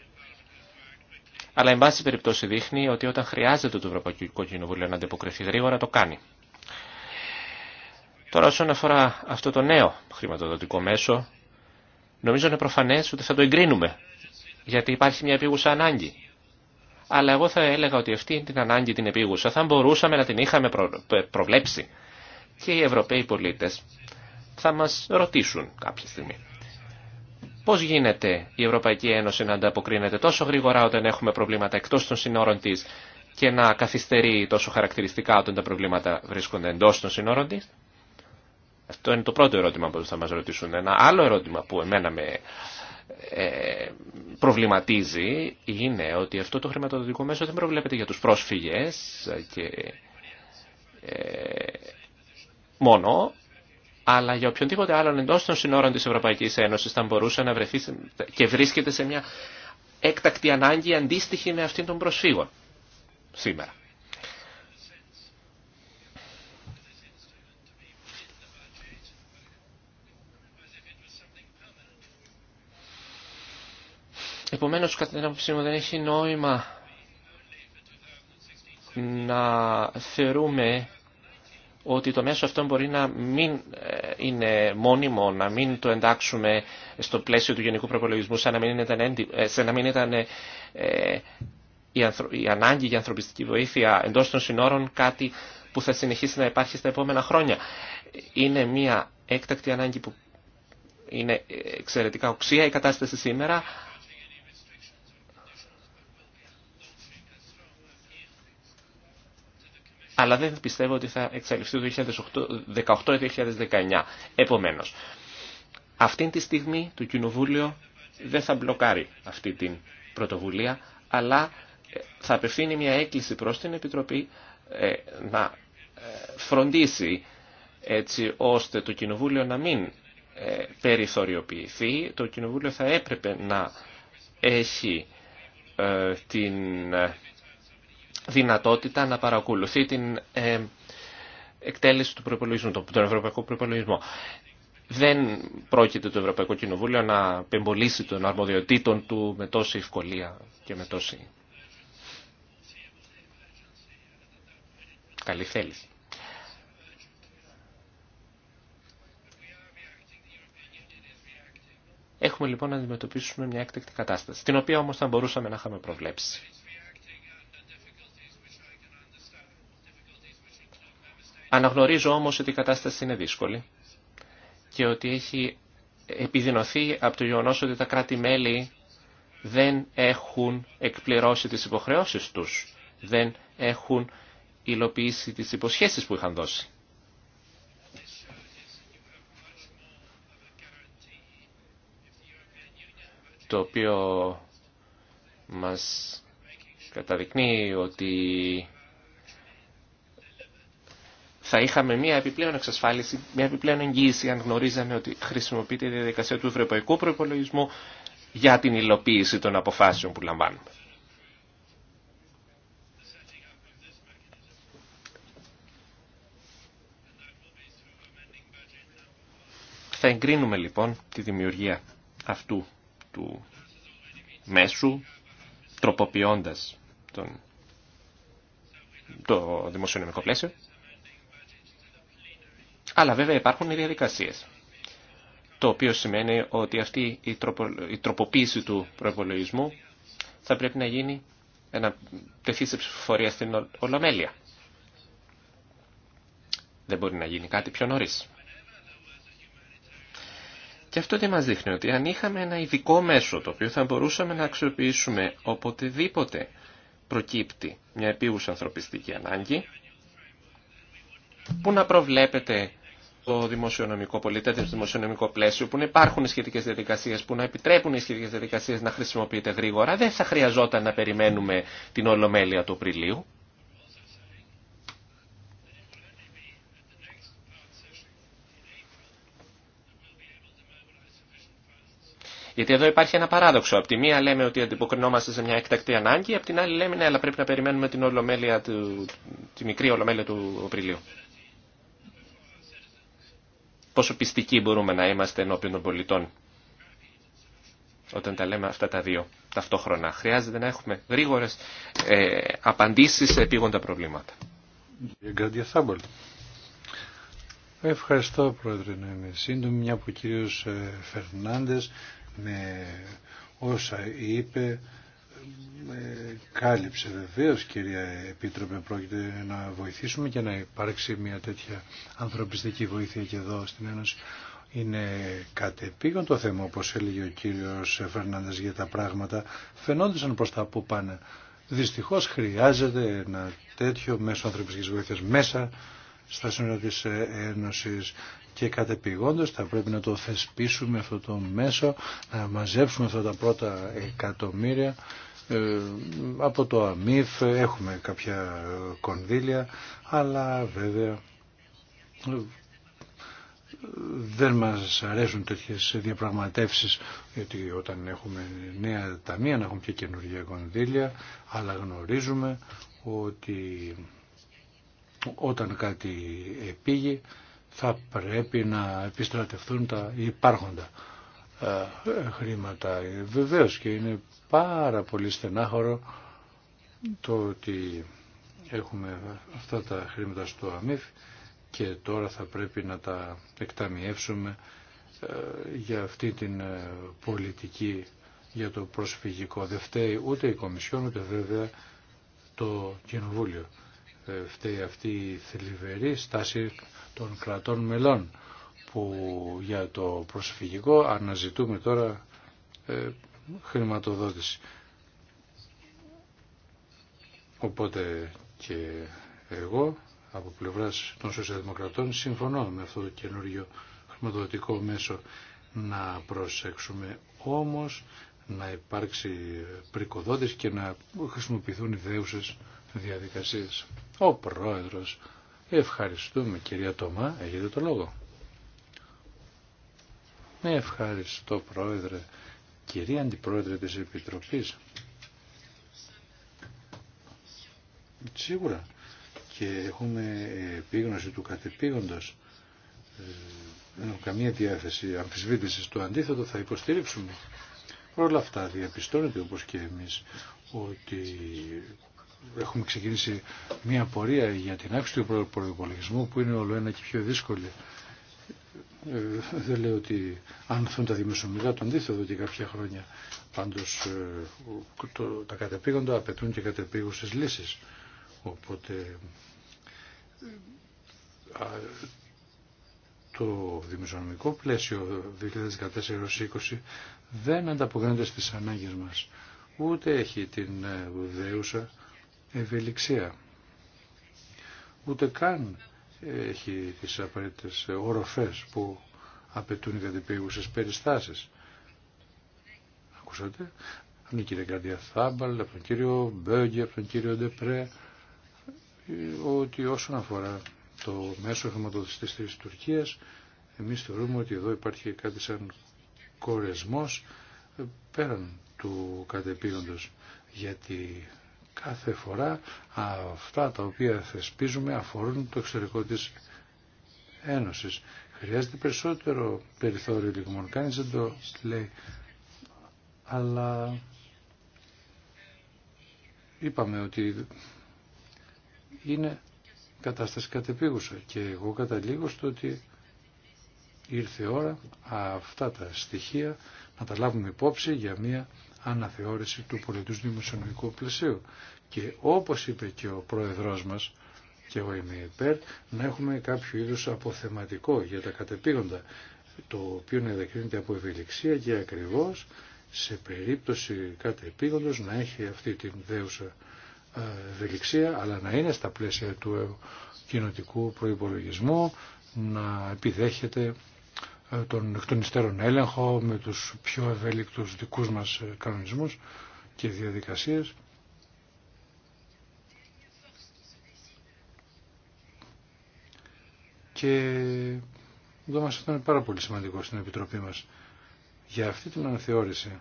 Αλλά, εν πάση περιπτώσει, δείχνει ότι όταν χρειάζεται το Ευρωπαϊκό Κοινοβούλιο να αντιποκριθεί γρήγορα, το κάνει. Τώρα όσον αφορά αυτό το νέο χρηματοδοτικό μέσο, νομίζω είναι προφανές ότι θα το εγκρίνουμε, γιατί υπάρχει μια επίγουσα ανάγκη. Αλλά εγώ θα έλεγα ότι αυτή την ανάγκη την επίγουσα θα μπορούσαμε να την είχαμε προβλέψει. Και οι Ευρωπαίοι πολίτες θα μας ρωτήσουν κάποια στιγμή. Πώς γίνεται η Ευρωπαϊκή Ένωση να ανταποκρίνεται τόσο γρήγορα όταν έχουμε προβλήματα εκτός των συνόρων της και να καθυστερεί τόσο χαρακτηριστικά όταν τα προβλήματα βρίσκονται εντός των συνόρων της. Αυτό είναι το πρώτο ερώτημα που θα μας ρωτήσουν. Ένα άλλο ερώτημα που εμένα με ε, προβληματίζει είναι ότι αυτό το χρηματοδοτικό μέσο δεν προβλέπεται για τους πρόσφυγες και ε, μόνο, αλλά για οποιονδήποτε άλλον εντό των συνόρων της Ευρωπαϊκής Ένωσης θα μπορούσε να βρεθεί και βρίσκεται σε μια έκτακτη ανάγκη αντίστοιχη με αυτήν των προσφύγων σήμερα. Επομένως, κατά την άποψή μου δεν έχει νόημα να θεωρούμε ότι το μέσο αυτό μπορεί να μην ε, είναι μόνιμο, να μην το εντάξουμε στο πλαίσιο του γενικού προπολογισμού, σαν να μην ήταν, ε, σαν να μην ήταν ε, η, η ανάγκη για ανθρωπιστική βοήθεια εντός των συνόρων κάτι που θα συνεχίσει να υπάρχει στα επόμενα χρόνια. Είναι μια έκτακτη ανάγκη που είναι εξαιρετικά οξία η κατάσταση σήμερα, αλλά δεν πιστεύω ότι θα εξαλειφθεί το 2018 ή 2019. επομένω. αυτή τη στιγμή το Κοινοβούλιο δεν θα μπλοκάρει αυτή την πρωτοβουλία, αλλά ε, θα απευθύνει μια έκκληση προς την Επιτροπή ε, να ε, φροντίσει έτσι ώστε το Κοινοβούλιο να μην περιθωριοποιηθεί. Το Κοινοβούλιο θα έπρεπε να έχει την δυνατότητα να παρακολουθεί την ε, εκτέλεση του προπολογισμού, τον ευρωπαϊκό προπολογισμό. Δεν πρόκειται το Ευρωπαϊκό Κοινοβούλιο να πεμπολίσει των αρμοδιοτήτων του με τόση ευκολία και με τόση καλή θέληση. Έχουμε λοιπόν να αντιμετωπίσουμε μια έκτακτη κατάσταση, την οποία όμως θα μπορούσαμε να είχαμε προβλέψει. Αναγνωρίζω όμως ότι η κατάσταση είναι δύσκολη και ότι έχει επιδεινωθεί από το γεγονός ότι τα κράτη-μέλη δεν έχουν εκπληρώσει τις υποχρεώσεις τους, δεν έχουν υλοποιήσει τις υποσχέσεις που είχαν δώσει. Το οποίο μας καταδεικνύει ότι θα είχαμε μια επιπλέον εξασφάλιση, μια επιπλέον εγγύηση αν γνωρίζαμε ότι χρησιμοποιείται η διαδικασία του ευρωπαϊκού προπολογισμού για την υλοποίηση των αποφάσεων που λαμβάνουμε. Θα εγκρίνουμε λοιπόν τη δημιουργία αυτού του μέσου τροποποιώντας τον, το δημοσιονομικό πλαίσιο αλλά βέβαια υπάρχουν οι διαδικασίες. Το οποίο σημαίνει ότι αυτή η, τροποποίηση του προπολογισμού θα πρέπει να γίνει ένα τεθεί σε ψηφοφορία στην Ολομέλεια. Δεν μπορεί να γίνει κάτι πιο νωρίς. Και αυτό τι μας δείχνει, ότι αν είχαμε ένα ειδικό μέσο το οποίο θα μπορούσαμε να αξιοποιήσουμε οποτεδήποτε προκύπτει μια επίγουσα ανθρωπιστική ανάγκη, που να προβλέπεται το δημοσιονομικό πολιτεύθυνο το δημοσιονομικό πλαίσιο, που να υπάρχουν σχετικέ διαδικασίε, που να επιτρέπουν οι σχετικέ διαδικασίε να χρησιμοποιείται γρήγορα, δεν θα χρειαζόταν να περιμένουμε την ολομέλεια του Απριλίου. Γιατί εδώ υπάρχει ένα παράδοξο. Απ' τη μία λέμε ότι αντιποκρινόμαστε σε μια εκτακτή ανάγκη, απ' την άλλη λέμε ναι, αλλά πρέπει να περιμένουμε την, ολομέλεια του, τη μικρή ολομέλεια του Απριλίου πόσο πιστικοί μπορούμε να είμαστε ενώπιον των πολιτών όταν τα λέμε αυτά τα δύο ταυτόχρονα. Χρειάζεται να έχουμε γρήγορες ε, απαντήσεις σε επίγοντα προβλήματα. Ευχαριστώ πρόεδρε να είμαι σύντομη μια που ο κύριος ε, Φερνάντες με όσα είπε κάλυψε βεβαίω κυρία Επίτροπε πρόκειται να βοηθήσουμε και να υπάρξει μια τέτοια ανθρωπιστική βοήθεια και εδώ στην Ένωση είναι κατεπήγον το θέμα όπως έλεγε ο κύριος Φερνάνδε για τα πράγματα φαινόντουσαν προς τα που πάνε δυστυχώς χρειάζεται ένα τέτοιο μέσο ανθρωπιστικής βοήθειας μέσα στα σύνορα της Ένωσης και κατεπηγόντως θα πρέπει να το θεσπίσουμε αυτό το μέσο, να μαζέψουμε αυτά τα πρώτα εκατομμύρια ε, από το ΑΜΙΦ έχουμε κάποια κονδύλια, αλλά βέβαια ε, δεν μας αρέσουν τέτοιες διαπραγματεύσεις γιατί όταν έχουμε νέα ταμεία να έχουμε και καινούργια κονδύλια αλλά γνωρίζουμε ότι όταν κάτι επήγει θα πρέπει να επιστρατευτούν τα υπάρχοντα χρήματα. Βεβαίως και είναι πάρα πολύ στενάχωρο το ότι έχουμε αυτά τα χρήματα στο ΑΜΕΦ και τώρα θα πρέπει να τα εκταμιεύσουμε ε, για αυτή την ε, πολιτική για το προσφυγικό. Δεν φταίει ούτε η Κομισιόν ούτε βέβαια το Κοινοβούλιο. Ε, φταίει αυτή η θλιβερή στάση των κρατών μελών που για το προσφυγικό αναζητούμε τώρα ε, χρηματοδότηση. Οπότε και εγώ από πλευράς των Σοσιαδημοκρατών συμφωνώ με αυτό το καινούριο χρηματοδοτικό μέσο να προσέξουμε όμως να υπάρξει πρικοδότηση και να χρησιμοποιηθούν ιδέουσες διαδικασίες. Ο Πρόεδρος, ευχαριστούμε κυρία Τόμα. έχετε το λόγο. Με ευχαριστώ Πρόεδρε. Κυρία Αντιπρόεδρε της Επιτροπής. Σίγουρα. Και έχουμε επίγνωση του κατεπήγοντος. Δεν έχω καμία διάθεση αμφισβήτησης. του αντίθετο θα υποστηρίξουμε. Όλα αυτά διαπιστώνεται όπως και εμείς ότι έχουμε ξεκινήσει μια πορεία για την άξιση του προϋπολογισμού που είναι όλο ένα και πιο δύσκολη. Ε, δεν λέω ότι άνθουν τα δημοσιονομικά τον αντίθετο εδώ και κάποια χρόνια. Πάντως ε, το, τα κατεπήγοντα απαιτούν και κατεπήγουσες λύσεις. Οπότε ε, το δημοσιονομικό πλαίσιο 2014-2020 δεν ανταποκρίνεται στις ανάγκες μας. Ούτε έχει την ουδέουσα ευελιξία. Ούτε καν έχει τις απαραίτητες οροφές που απαιτούν οι κατεπίγουσες περιστάσεις. Ακούσατε, από τον κυρία Καρδιά Θάμπαλ, από τον κύριο Μπέγκε, από τον κύριο Ντεπρέ, ότι όσον αφορά το μέσο χρηματοδοτιστής της Τουρκίας, εμείς θεωρούμε ότι εδώ υπάρχει κάτι σαν κορεσμός ε, πέραν του κατεπίγοντος, γιατί κάθε φορά αυτά τα οποία θεσπίζουμε αφορούν το εξωτερικό της Ένωσης. Χρειάζεται περισσότερο περιθώριο λιγμών. Κανείς δεν το λέει. Αλλά είπαμε ότι είναι κατάσταση κατεπίγουσα και εγώ καταλήγω στο ότι ήρθε η ώρα αυτά τα στοιχεία να τα λάβουμε υπόψη για μια αναθεώρηση του πολιτού δημοσιονομικού πλαισίου. Και όπως είπε και ο πρόεδρός μας, και εγώ είμαι υπέρ, να έχουμε κάποιο είδους αποθεματικό για τα κατεπήγοντα, το οποίο να διακρίνεται από ευελιξία και ακριβώς σε περίπτωση κατεπήγοντος να έχει αυτή την δέουσα ε, ευελιξία, αλλά να είναι στα πλαίσια του κοινοτικού προϋπολογισμού, να επιδέχεται ε, τον εκ των έλεγχο, με τους πιο ευέλικτους δικούς μας ε, κανονισμούς και διαδικασίες. Και εδώ μας ήταν πάρα πολύ σημαντικό στην Επιτροπή μας. Για αυτή την αναθεώρηση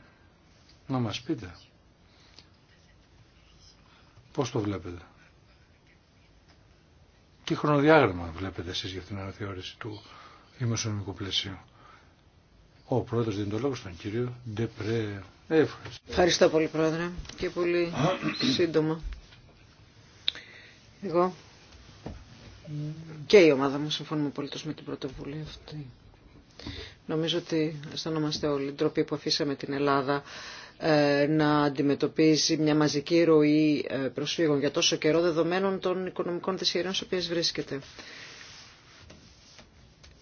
να μας πείτε πώς το βλέπετε. Τι χρονοδιάγραμμα βλέπετε εσείς για την αναθεώρηση του μεσονομικό πλαίσιο. Ο πρόεδρος δίνει το λόγο στον κύριο Ντεπρέ. Ευχαριστώ. Ευχαριστώ πολύ πρόεδρε και πολύ σύντομα. Εγώ και η ομάδα μου συμφωνούμε πολύ με την πρωτοβουλία αυτή. Νομίζω ότι αισθανόμαστε όλοι ντροπή που αφήσαμε την Ελλάδα ε, να αντιμετωπίζει μια μαζική ροή ε, προσφύγων για τόσο καιρό δεδομένων των οικονομικών δυσχεριών στις οποίες βρίσκεται.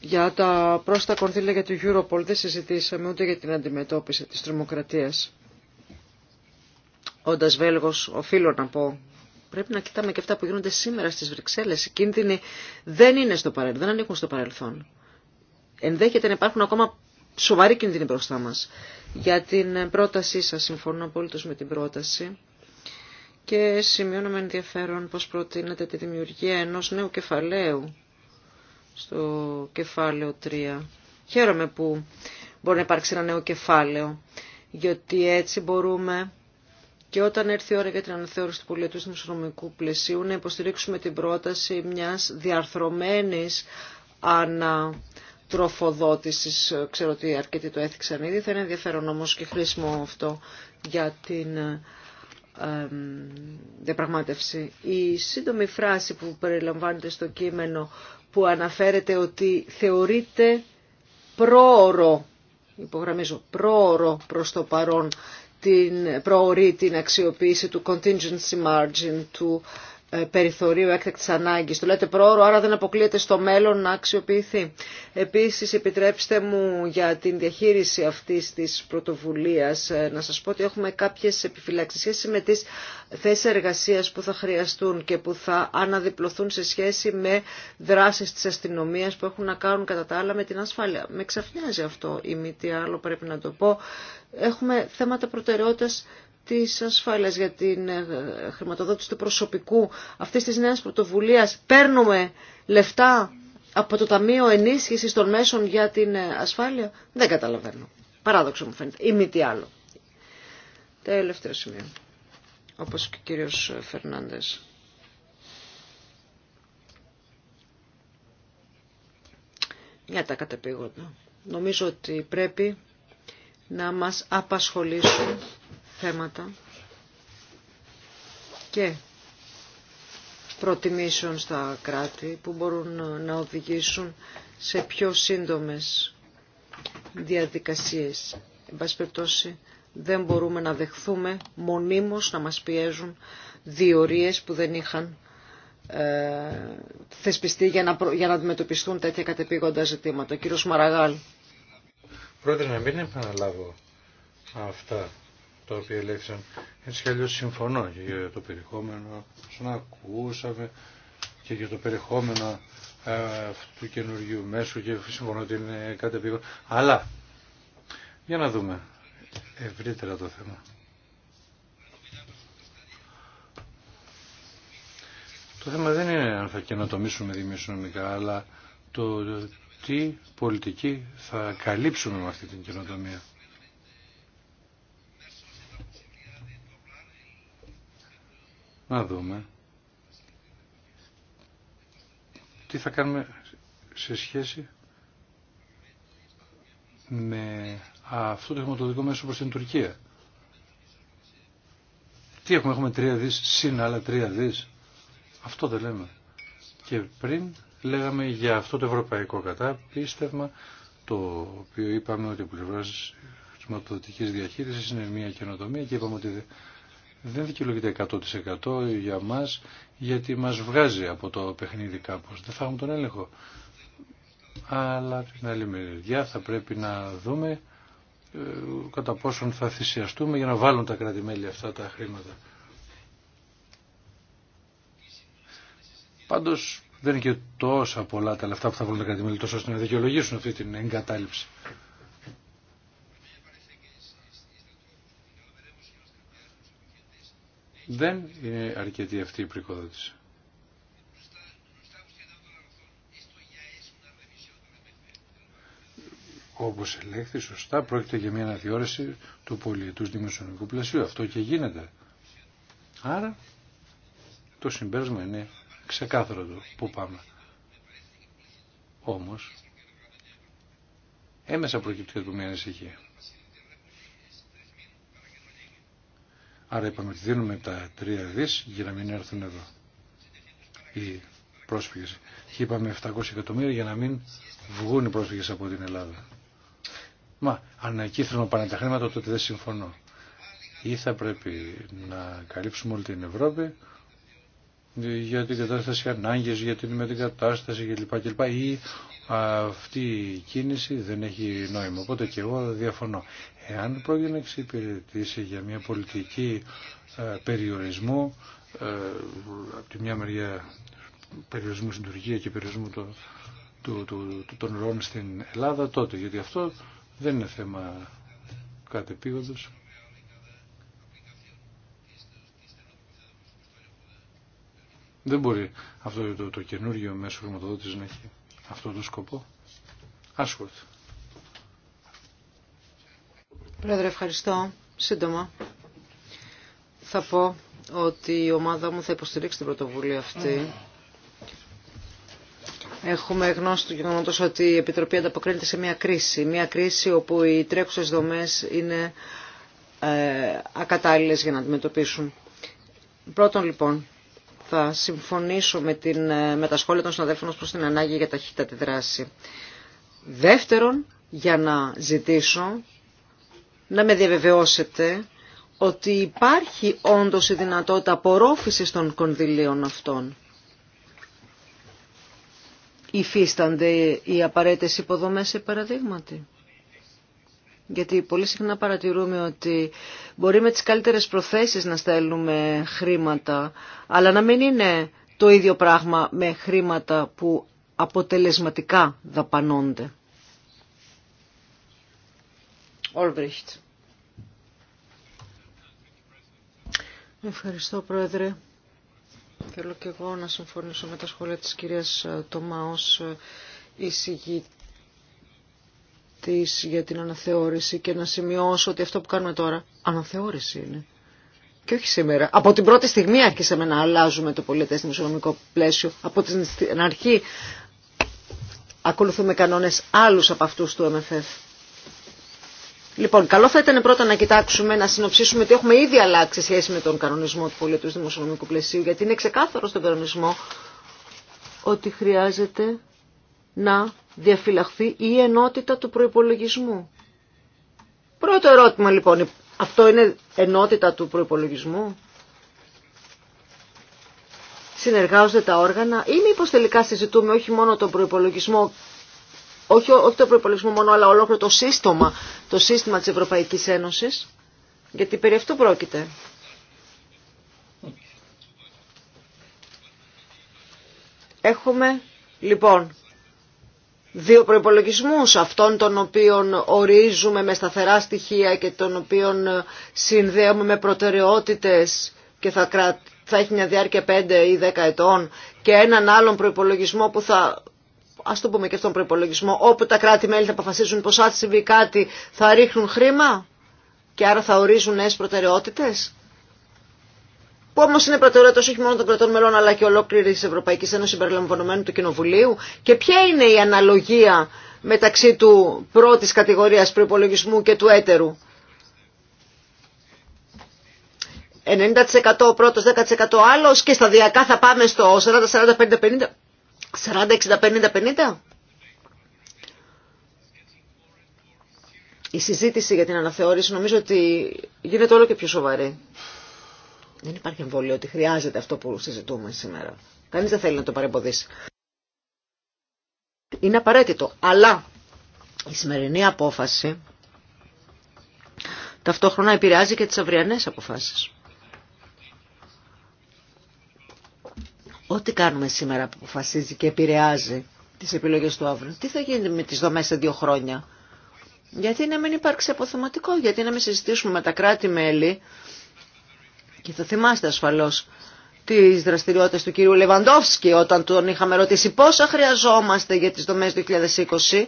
Για τα πρόστα κονδύλια για το Europol δεν συζητήσαμε ούτε για την αντιμετώπιση της τρομοκρατίας. Όντας Βέλγος, οφείλω να πω, πρέπει να κοιτάμε και αυτά που γίνονται σήμερα στις Βρυξέλλες. Οι κίνδυνοι δεν είναι στο παρελθόν, δεν ανήκουν στο παρελθόν. Ενδέχεται να υπάρχουν ακόμα σοβαροί κίνδυνοι μπροστά μας. Για την πρότασή σας, συμφωνώ απόλυτος με την πρόταση και σημειώνω με ενδιαφέρον πως προτείνετε τη δημιουργία ενός νέου κεφαλαίου στο κεφάλαιο 3. Χαίρομαι που μπορεί να υπάρξει ένα νέο κεφάλαιο, γιατί έτσι μπορούμε και όταν έρθει η ώρα για την αναθεώρηση του του οικονομικού πλαισίου να υποστηρίξουμε την πρόταση μιας διαρθρωμένης ανατροφοδότησης. Ξέρω ότι αρκετοί το έθιξαν ήδη, θα είναι ενδιαφέρον όμως και χρήσιμο αυτό για την διαπραγμάτευση. Η σύντομη φράση που περιλαμβάνεται στο κείμενο που αναφέρεται ότι θεωρείται πρόωρο, υπογραμμίζω, πρόωρο προς το παρόν, την την αξιοποίηση του contingency margin, του ε, περιθωρίου έκτακτη ανάγκης. Το λέτε πρόωρο, άρα δεν αποκλείεται στο μέλλον να αξιοποιηθεί. Επίση, επιτρέψτε μου για την διαχείριση αυτή τη πρωτοβουλία ε, να σα πω ότι έχουμε κάποιε επιφυλάξει σχέση με τι θέσει εργασία που θα χρειαστούν και που θα αναδιπλωθούν σε σχέση με δράσει τη αστυνομία που έχουν να κάνουν κατά τα άλλα με την ασφάλεια. Με ξαφνιάζει αυτό ή μη τι άλλο πρέπει να το πω. Έχουμε θέματα προτεραιότητα της ασφάλειας, για την ε, χρηματοδότηση του προσωπικού αυτής της νέας πρωτοβουλίας. Παίρνουμε λεφτά από το Ταμείο Ενίσχυσης των Μέσων για την ε, ασφάλεια. Δεν καταλαβαίνω. Παράδοξο μου φαίνεται. Ή μη τι άλλο. Τελευταίο σημείο. Όπως και ο κύριος Φερνάντες. Για τα κατεπήγοντα. Νομίζω ότι πρέπει να μας απασχολήσουν θέματα και προτιμήσεων στα κράτη που μπορούν να οδηγήσουν σε πιο σύντομες διαδικασίες. Εν πάση περιπτώσει, δεν μπορούμε να δεχθούμε μονίμως να μας πιέζουν διορίες που δεν είχαν ε, θεσπιστεί για να, για να αντιμετωπιστούν τέτοια κατεπήγοντα ζητήματα. κύριος Μαραγάλ. Πρόεδρε, να μην επαναλάβω αυτά το οποίο ελέγχθησαν. Έτσι κι αλλιώς συμφωνώ και για το περιεχόμενο, όσον ακούσαμε και για το περιεχόμενο ε, αυτού του καινούργιου μέσου και συμφωνώ ότι είναι κάτι επίπεδο. Αλλά, για να δούμε ευρύτερα το θέμα. Το θέμα δεν είναι αν θα καινοτομήσουμε δημιουργικά, αλλά το τι πολιτική θα καλύψουμε με αυτή την καινοτομία. να δούμε τι θα κάνουμε σε σχέση με αυτό το χρηματοδοτικό μέσο προς την Τουρκία. Τι έχουμε, έχουμε τρία δις, συν άλλα τρία δις. Αυτό δεν λέμε. Και πριν λέγαμε για αυτό το ευρωπαϊκό κατάπίστευμα, το οποίο είπαμε ότι ο πλευρά χρηματοδοτικής διαχείρισης είναι μια καινοτομία και είπαμε ότι δεν δικαιολογείται 100% για μας γιατί μας βγάζει από το παιχνίδι κάπως. Δεν θα έχουμε τον έλεγχο. Αλλά την άλλη μεριά θα πρέπει να δούμε ε, κατά πόσον θα θυσιαστούμε για να βάλουν τα κράτη-μέλη αυτά τα χρήματα. Πάντως δεν είναι και τόσα πολλά τα λεφτά που θα βάλουν τα κράτη-μέλη τόσο ώστε να δικαιολογήσουν αυτή την εγκατάλειψη. Δεν είναι αρκετή αυτή η πρικοδότηση. Όπω ελέγχθη σωστά, πρόκειται για μια αναδιόρεση του πολιετούς δημοσιονομικού πλαισίου. Αυτό και γίνεται. Άρα, το συμπέρασμα είναι ξεκάθαρο το που πάμε. Όμως, έμεσα προκύπτει από μια ανησυχία. Άρα είπαμε ότι δίνουμε τα 3 δις για να μην έρθουν εδώ οι πρόσφυγες. Και είπαμε 700 εκατομμύρια για να μην βγουν οι πρόσφυγες από την Ελλάδα. Μα αν εκεί θέλουμε πάνε τα χρήματα τότε δεν συμφωνώ. Ή θα πρέπει να καλύψουμε όλη την Ευρώπη για την κατάσταση ανάγκες, για την μετεγκατάσταση κλπ. η κίνηση δεν έχει νόημα. Οπότε και εγώ διαφωνώ. Εάν πρόκειται να εξυπηρετήσει για μια πολιτική ε, περιορισμού, ε, από τη μια μεριά περιορισμού στην Τουρκία και περιορισμού των, του, του, ροών στην Ελλάδα, τότε. Γιατί αυτό δεν είναι θέμα κατεπίγοντος. Δεν μπορεί αυτό το, το καινούργιο μέσο χρηματοδότησης να έχει αυτό το σκοπό. Άσχολτ. Πρόεδρε, ευχαριστώ. Σύντομα θα πω ότι η ομάδα μου θα υποστηρίξει την πρωτοβουλία αυτή. Έχουμε γνώση του γεγονότο ότι η Επιτροπή ανταποκρίνεται σε μια κρίση. Μια κρίση όπου οι τρέχουσε δομέ είναι ε, ακατάλληλε για να αντιμετωπίσουν. Πρώτον λοιπόν, θα συμφωνήσω με, την, ε, με τα σχόλια των συναδέλφων προς την ανάγκη για ταχύτατη δράση. Δεύτερον, για να ζητήσω να με διαβεβαιώσετε ότι υπάρχει όντως η δυνατότητα απορρόφησης των κονδυλίων αυτών. Υφίστανται οι απαραίτητες υποδομές σε παραδείγματι. Γιατί πολύ συχνά παρατηρούμε ότι μπορεί με τις καλύτερες προθέσεις να στέλνουμε χρήματα, αλλά να μην είναι το ίδιο πράγμα με χρήματα που αποτελεσματικά δαπανώνται. Ολβρίχτ. Ευχαριστώ Πρόεδρε. Θέλω και εγώ να συμφωνήσω με τα σχόλια της κυρίας Τωμά η ε, εισηγήτη της για την αναθεώρηση και να σημειώσω ότι αυτό που κάνουμε τώρα αναθεώρηση είναι. Και όχι σήμερα. Από την πρώτη στιγμή άρχισαμε να αλλάζουμε το πολιτές δημοσιονομικό πλαίσιο. Από την αρχή ακολουθούμε κανόνες άλλους από αυτούς του MFF. Λοιπόν, καλό θα ήταν πρώτα να κοιτάξουμε, να συνοψίσουμε ότι έχουμε ήδη αλλάξει σχέση με τον κανονισμό του πολιτού δημοσιονομικού πλαισίου, γιατί είναι ξεκάθαρο στον κανονισμό ότι χρειάζεται να διαφυλαχθεί η ενότητα του προϋπολογισμού. Πρώτο ερώτημα λοιπόν, αυτό είναι ενότητα του προϋπολογισμού. Συνεργάζονται τα όργανα ή μήπω τελικά συζητούμε όχι μόνο τον προϋπολογισμό, όχι, όχι τον προϋπολογισμό μόνο, αλλά ολόκληρο το σύστημα, το σύστημα της Ευρωπαϊκής Ένωσης, γιατί περί αυτού πρόκειται. Έχουμε λοιπόν δύο προϋπολογισμούς, αυτών των οποίων ορίζουμε με σταθερά στοιχεία και των οποίων ε, συνδέουμε με προτεραιότητες και θα, έχει μια διάρκεια 5 ή 10 ετών και έναν άλλον προϋπολογισμό που θα ας το πούμε και αυτόν τον προπολογισμό, όπου τα κράτη-μέλη θα αποφασίζουν πως αν συμβεί κάτι θα ρίχνουν χρήμα και άρα θα ορίζουν νέες προτεραιότητες που όμω είναι προτεραιότητα όχι μόνο των κρατών μελών αλλά και ολόκληρη τη Ευρωπαϊκή Ένωση συμπεριλαμβανομένου του Κοινοβουλίου και ποια είναι η αναλογία μεταξύ του πρώτη κατηγορία προπολογισμού και του έτερου. 90% ο πρώτος, 10% άλλος και σταδιακά θα πάμε στο 40-40-50-50, 40-60-50-50. Η συζήτηση για την αναθεώρηση νομίζω ότι γίνεται όλο και πιο σοβαρή. Δεν υπάρχει εμβόλιο ότι χρειάζεται αυτό που συζητούμε σήμερα. Κανείς δεν θέλει να το παρεμποδίσει. Είναι απαραίτητο, αλλά η σημερινή απόφαση ταυτόχρονα επηρεάζει και τις αυριανές αποφάσεις. Ό,τι κάνουμε σήμερα που αποφασίζει και επηρεάζει τις επιλογές του αύριο, τι θα γίνει με τις δομές σε δύο χρόνια. Γιατί να μην υπάρξει αποθεματικό, γιατί να μην συζητήσουμε με τα κράτη-μέλη και θα θυμάστε ασφαλώς τις δραστηριότητες του κυρίου Λεβαντόφσκι όταν τον είχαμε ρωτήσει πόσα χρειαζόμαστε για τις δομές 2020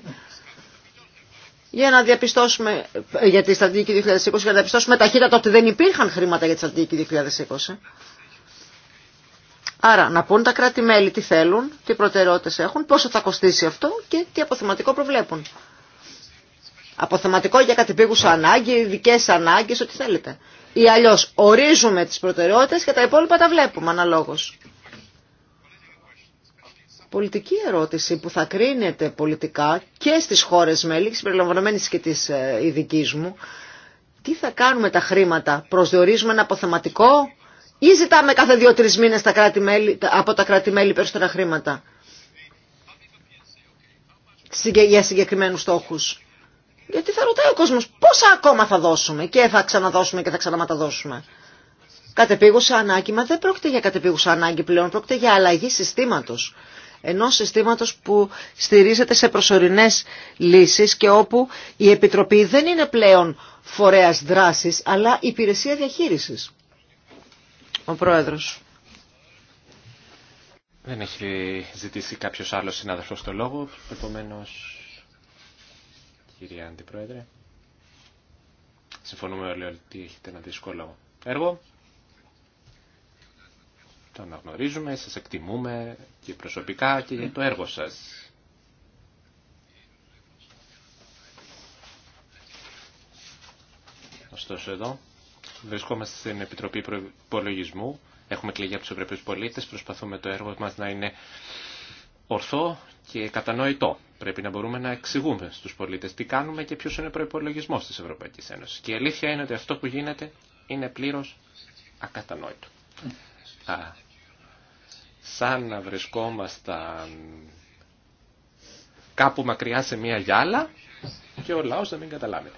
για να διαπιστώσουμε, για τη στρατηγική 2020, για να διαπιστώσουμε ταχύτατα ότι δεν υπήρχαν χρήματα για τη στρατηγική 2020. Άρα να πούν τα κράτη-μέλη τι θέλουν, τι προτεραιότητες έχουν, πόσο θα κοστίσει αυτό και τι αποθεματικό προβλέπουν. Αποθεματικό για κατεπίγουσα ανάγκη, ειδικέ ανάγκες, ό,τι θέλετε. Ή αλλιώς ορίζουμε τις προτεραιότητες και τα υπόλοιπα τα βλέπουμε αναλόγως. Πολιτική ερώτηση που θα κρίνεται πολιτικά και στις χώρες μέλη, συμπεριλαμβανομένης και της ε, ειδική μου, τι θα κάνουμε τα χρήματα, προσδιορίζουμε ένα αποθεματικό ή ζητάμε κάθε δύο-τρεις μήνες από τα κράτη-μέλη περισσότερα χρήματα για συγκεκριμένους στόχους. Γιατί θα ρωτάει ο κόσμος πόσα ακόμα θα δώσουμε και θα ξαναδώσουμε και θα ξαναματαδώσουμε. Κατεπίγουσα ανάγκη, μα δεν πρόκειται για κατεπίγουσα ανάγκη πλέον, πρόκειται για αλλαγή συστήματος. Ενό συστήματος που στηρίζεται σε προσωρινές λύσεις και όπου η Επιτροπή δεν είναι πλέον φορέας δράσης, αλλά υπηρεσία διαχείρισης. Ο Πρόεδρος. Δεν έχει ζητήσει κάποιος άλλος συνάδελφος το λόγο, επομένως κυρία Αντιπρόεδρε. Συμφωνούμε όλοι ότι έχετε ένα δύσκολο έργο. Το αναγνωρίζουμε, σας εκτιμούμε και προσωπικά και για το έργο σας. Ωστόσο εδώ βρισκόμαστε στην Επιτροπή Προπολογισμού. Έχουμε κλειδιά από του Ευρωπαίους πολίτες. Προσπαθούμε το έργο μας να είναι ορθό και κατανοητό. Πρέπει να μπορούμε να εξηγούμε στους πολίτες τι κάνουμε και ποιος είναι ο προϋπολογισμός της Ευρωπαϊκής Ένωσης. Και η αλήθεια είναι ότι αυτό που γίνεται είναι πλήρως ακατανόητο. Α, σαν να βρισκόμασταν κάπου μακριά σε μια γυάλα και ο λαός να μην καταλάβει.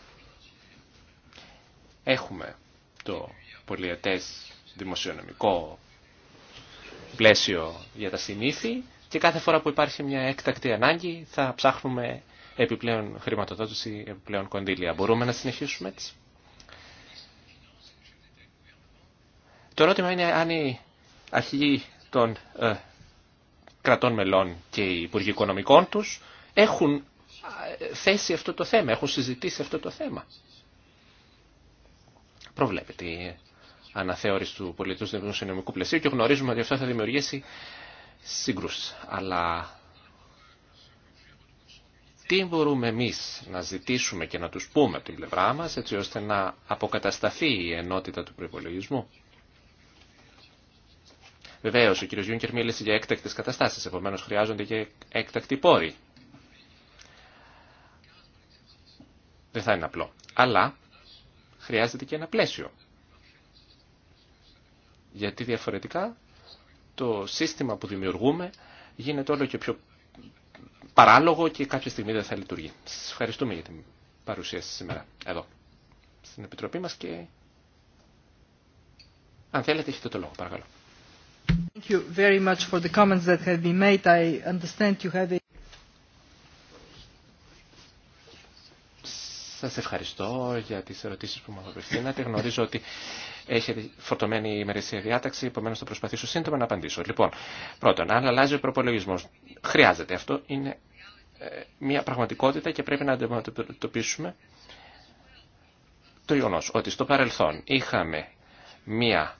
Έχουμε το πολιετές δημοσιονομικό πλαίσιο για τα συνήθεια και κάθε φορά που υπάρχει μια έκτακτη ανάγκη θα ψάχνουμε επιπλέον χρηματοδότηση, επιπλέον κονδύλια. Μπορούμε να συνεχίσουμε έτσι. Το ερώτημα είναι αν η αρχή των ε, κρατών μελών και οι υπουργοί οικονομικών τους έχουν ε, θέσει αυτό το θέμα, έχουν συζητήσει αυτό το θέμα. Προβλέπεται η αναθεώρηση του πολιτικού δημοσιονομικού πλαισίου και γνωρίζουμε ότι αυτό θα δημιουργήσει σύγκρουση. Αλλά τι μπορούμε εμείς να ζητήσουμε και να τους πούμε από την πλευρά μας έτσι ώστε να αποκατασταθεί η ενότητα του προπολογισμού. Βεβαίως, ο κ. Γιούνκερ μίλησε για έκτακτες καταστάσεις, επομένως χρειάζονται και έκτακτοι πόροι. Δεν θα είναι απλό. Αλλά χρειάζεται και ένα πλαίσιο. Γιατί διαφορετικά το σύστημα που δημιουργούμε γίνεται όλο και πιο παράλογο και κάποια στιγμή δεν θα λειτουργεί. Σας ευχαριστούμε για την παρουσία σας σήμερα εδώ στην Επιτροπή μας και αν θέλετε έχετε το λόγο παρακαλώ. Thank you very much for the comments that have been made. I understand you have Σας ευχαριστώ για τις ερωτήσεις που μου απευθύνατε. Γνωρίζω ότι έχετε φορτωμένη η ημερησία διάταξη, επομένως θα προσπαθήσω σύντομα να απαντήσω. Λοιπόν, πρώτον, αν αλλάζει ο προπολογισμό, χρειάζεται. Αυτό είναι ε, μια πραγματικότητα και πρέπει να αντιμετωπίσουμε το γεγονό ότι στο παρελθόν είχαμε μια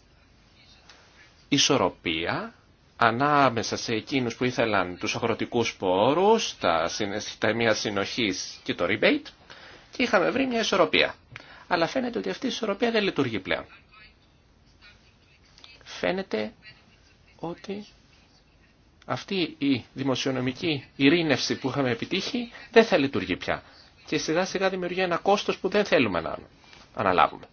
ισορροπία ανάμεσα σε εκείνους που ήθελαν τους αγροτικούς πόρους, τα ταμεία συνοχής και το rebate και είχαμε βρει μια ισορροπία. Αλλά φαίνεται ότι αυτή η ισορροπία δεν λειτουργεί πλέον. Φαίνεται ότι αυτή η δημοσιονομική ειρήνευση που είχαμε επιτύχει δεν θα λειτουργεί πια. Και σιγά σιγά δημιουργεί ένα κόστος που δεν θέλουμε να αναλάβουμε.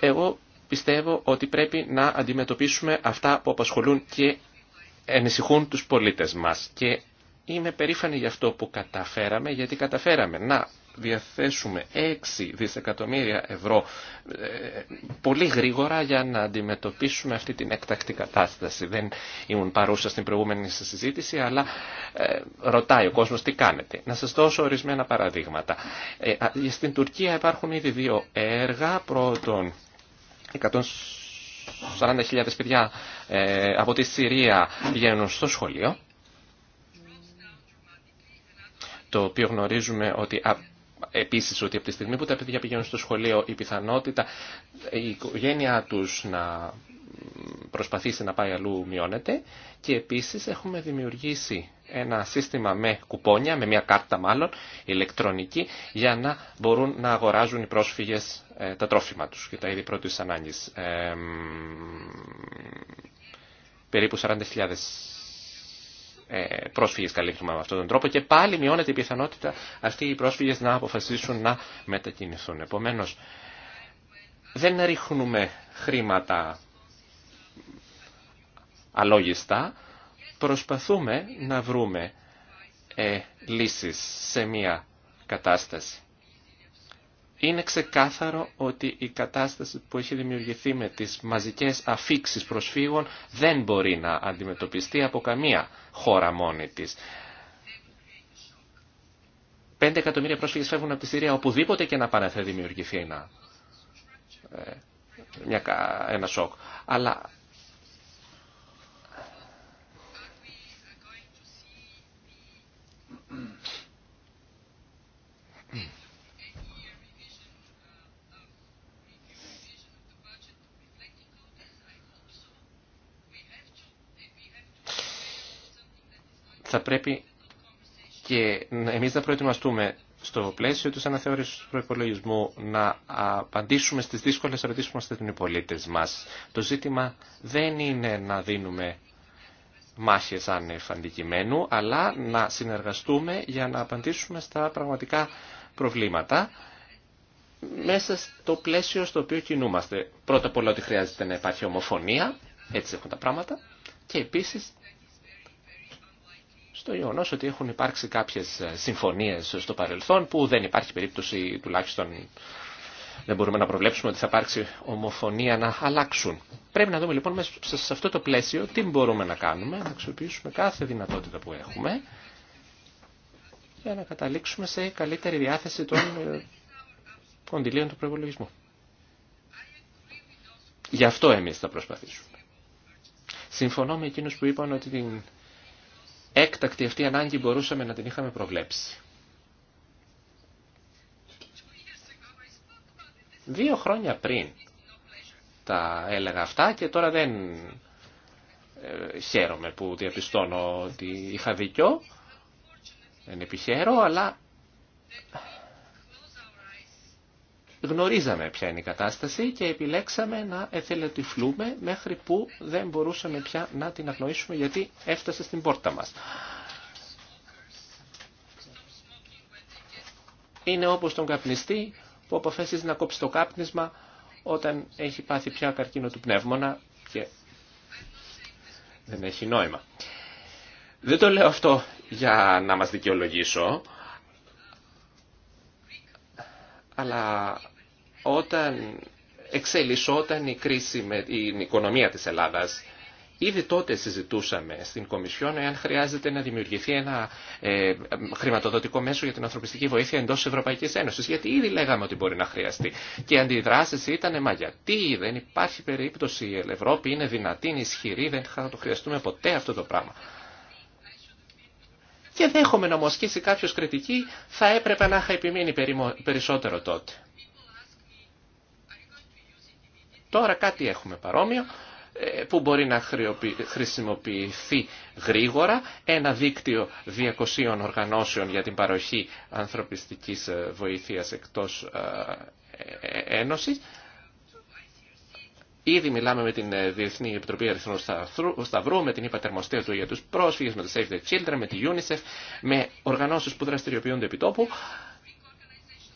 Εγώ πιστεύω ότι πρέπει να αντιμετωπίσουμε αυτά που απασχολούν και ενησυχούν τους πολίτες μας. Και είμαι περήφανη για αυτό που καταφέραμε, γιατί καταφέραμε να διαθέσουμε 6 δισεκατομμύρια ευρώ ε, πολύ γρήγορα για να αντιμετωπίσουμε αυτή την εκτακτή κατάσταση. Δεν ήμουν παρούσα στην προηγούμενη συζήτηση, αλλά ε, ρωτάει ο κόσμος τι κάνετε. Να σας δώσω ορισμένα παραδείγματα. Ε, στην Τουρκία υπάρχουν ήδη δύο έργα. Πρώτον, 140.000 παιδιά από τη Συρία πηγαίνουν στο σχολείο το οποίο γνωρίζουμε ότι επίσης ότι από τη στιγμή που τα παιδιά πηγαίνουν στο σχολείο η πιθανότητα η οικογένειά τους να προσπαθήσει να πάει αλλού μειώνεται και επίσης έχουμε δημιουργήσει ένα σύστημα με κουπόνια, με μια κάρτα μάλλον, ηλεκτρονική, για να μπορούν να αγοράζουν οι πρόσφυγες ε, τα τρόφιμα τους και τα είδη πρώτης ανάγκης. περίπου 40.000 ε, πρόσφυγες καλύπτουμε με αυτόν τον τρόπο και πάλι μειώνεται η πιθανότητα αυτοί οι πρόσφυγες να αποφασίσουν να μετακινηθούν. Επομένως, δεν ρίχνουμε χρήματα αλόγιστα, προσπαθούμε να βρούμε ε, λύσεις σε μία κατάσταση είναι ξεκάθαρο ότι η κατάσταση που έχει δημιουργηθεί με τις μαζικές αφήξεις προσφύγων δεν μπορεί να αντιμετωπιστεί από καμία χώρα μόνη της. Πέντε εκατομμύρια πρόσφυγες φεύγουν από τη Συρία οπουδήποτε και να πάνε θα δημιουργηθεί ένα, ε, ένα σοκ. Αλλά θα πρέπει και εμείς να προετοιμαστούμε στο πλαίσιο της αναθεώρησης του προπολογισμού να απαντήσουμε στις δύσκολες ερωτήσεις που μας θέτουν οι πολίτες μας. Το ζήτημα δεν είναι να δίνουμε μάχες άνευ αλλά να συνεργαστούμε για να απαντήσουμε στα πραγματικά προβλήματα μέσα στο πλαίσιο στο οποίο κινούμαστε. Πρώτα απ' όλα ότι χρειάζεται να υπάρχει ομοφωνία, έτσι έχουν τα πράγματα, και επίσης στο γεγονό ότι έχουν υπάρξει κάποιε συμφωνίε στο παρελθόν που δεν υπάρχει περίπτωση τουλάχιστον δεν μπορούμε να προβλέψουμε ότι θα υπάρξει ομοφωνία να αλλάξουν. Πρέπει να δούμε λοιπόν μέσα σε αυτό το πλαίσιο τι μπορούμε να κάνουμε, να αξιοποιήσουμε κάθε δυνατότητα που έχουμε για να καταλήξουμε σε καλύτερη διάθεση των ε, κοντιλίων του προπολογισμού. Γι' αυτό εμείς θα προσπαθήσουμε. Συμφωνώ με εκείνους που είπαν ότι την έκτακτη αυτή ανάγκη μπορούσαμε να την είχαμε προβλέψει. Δύο χρόνια πριν τα έλεγα αυτά και τώρα δεν ε, χαίρομαι που διαπιστώνω ότι είχα δίκιο. Δεν επιχαίρω, αλλά γνωρίζαμε ποια είναι η κατάσταση και επιλέξαμε να εθελετυφλούμε μέχρι που δεν μπορούσαμε πια να την αγνοήσουμε γιατί έφτασε στην πόρτα μας. Είναι όπως τον καπνιστή που αποφασίζει να κόψει το κάπνισμα όταν έχει πάθει πια καρκίνο του πνεύμονα και δεν έχει νόημα. Δεν το λέω αυτό για να μας δικαιολογήσω, αλλά όταν εξελισσόταν η κρίση με την οικονομία της Ελλάδας, Ήδη τότε συζητούσαμε στην Κομισιόν εάν χρειάζεται να δημιουργηθεί ένα ε, χρηματοδοτικό μέσο για την ανθρωπιστική βοήθεια εντό Ευρωπαϊκής Ένωσης Γιατί ήδη λέγαμε ότι μπορεί να χρειαστεί. Και οι αντιδράσει ήταν μα γιατί δεν υπάρχει περίπτωση η Ευρώπη είναι δυνατή, είναι ισχυρή, δεν θα το χρειαστούμε ποτέ αυτό το πράγμα. Και δέχομαι να μου ασκήσει κάποιο κριτική, θα έπρεπε να είχα επιμείνει περισσότερο τότε. Τώρα κάτι έχουμε παρόμοιο ε, που μπορεί να χρησιμοποιηθεί γρήγορα ένα δίκτυο 200 οργανώσεων για την παροχή ανθρωπιστικής ε, βοήθειας εκτός ε, ένωσης. Ήδη μιλάμε με την Διεθνή Επιτροπή Αριθμού Σταυρού, με την Υπατερμοστία του για τους πρόσφυγες, με το Save the Children, με τη UNICEF, με οργανώσεις που δραστηριοποιούνται επί τόπου,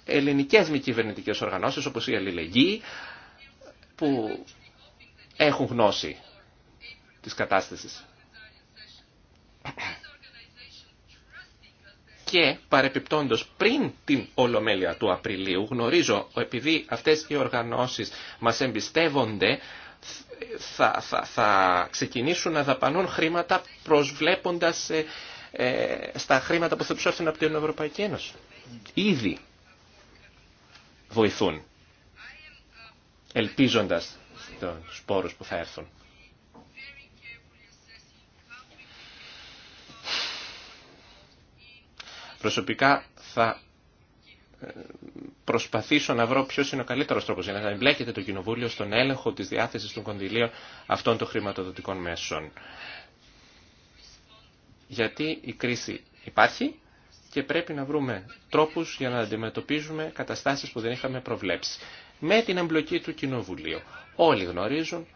ελληνικές μη κυβερνητικέ οργανώσεις όπως η Αλληλεγγύη, που έχουν γνώση της κατάστασης. Και παρεπιπτόντως πριν την Ολομέλεια του Απριλίου γνωρίζω επειδή αυτές οι οργανώσεις μας εμπιστεύονται θα, ξεκινήσουν να δαπανούν χρήματα προσβλέποντας ε, ε, στα χρήματα που θα τους έρθουν από την Ευρωπαϊκή Ένωση. Ήδη βοηθούν ελπίζοντας στους πόρους που θα έρθουν. Προσωπικά θα ε, προσπαθήσω να βρω ποιο είναι ο καλύτερο τρόπο για να εμπλέκεται το Κοινοβούλιο στον έλεγχο της διάθεσης των κονδυλίων αυτών των χρηματοδοτικών μέσων. Γιατί η κρίση υπάρχει και πρέπει να βρούμε τρόπους για να αντιμετωπίζουμε καταστάσεις που δεν είχαμε προβλέψει με την εμπλοκή του Κοινοβουλίου. Όλοι γνωρίζουν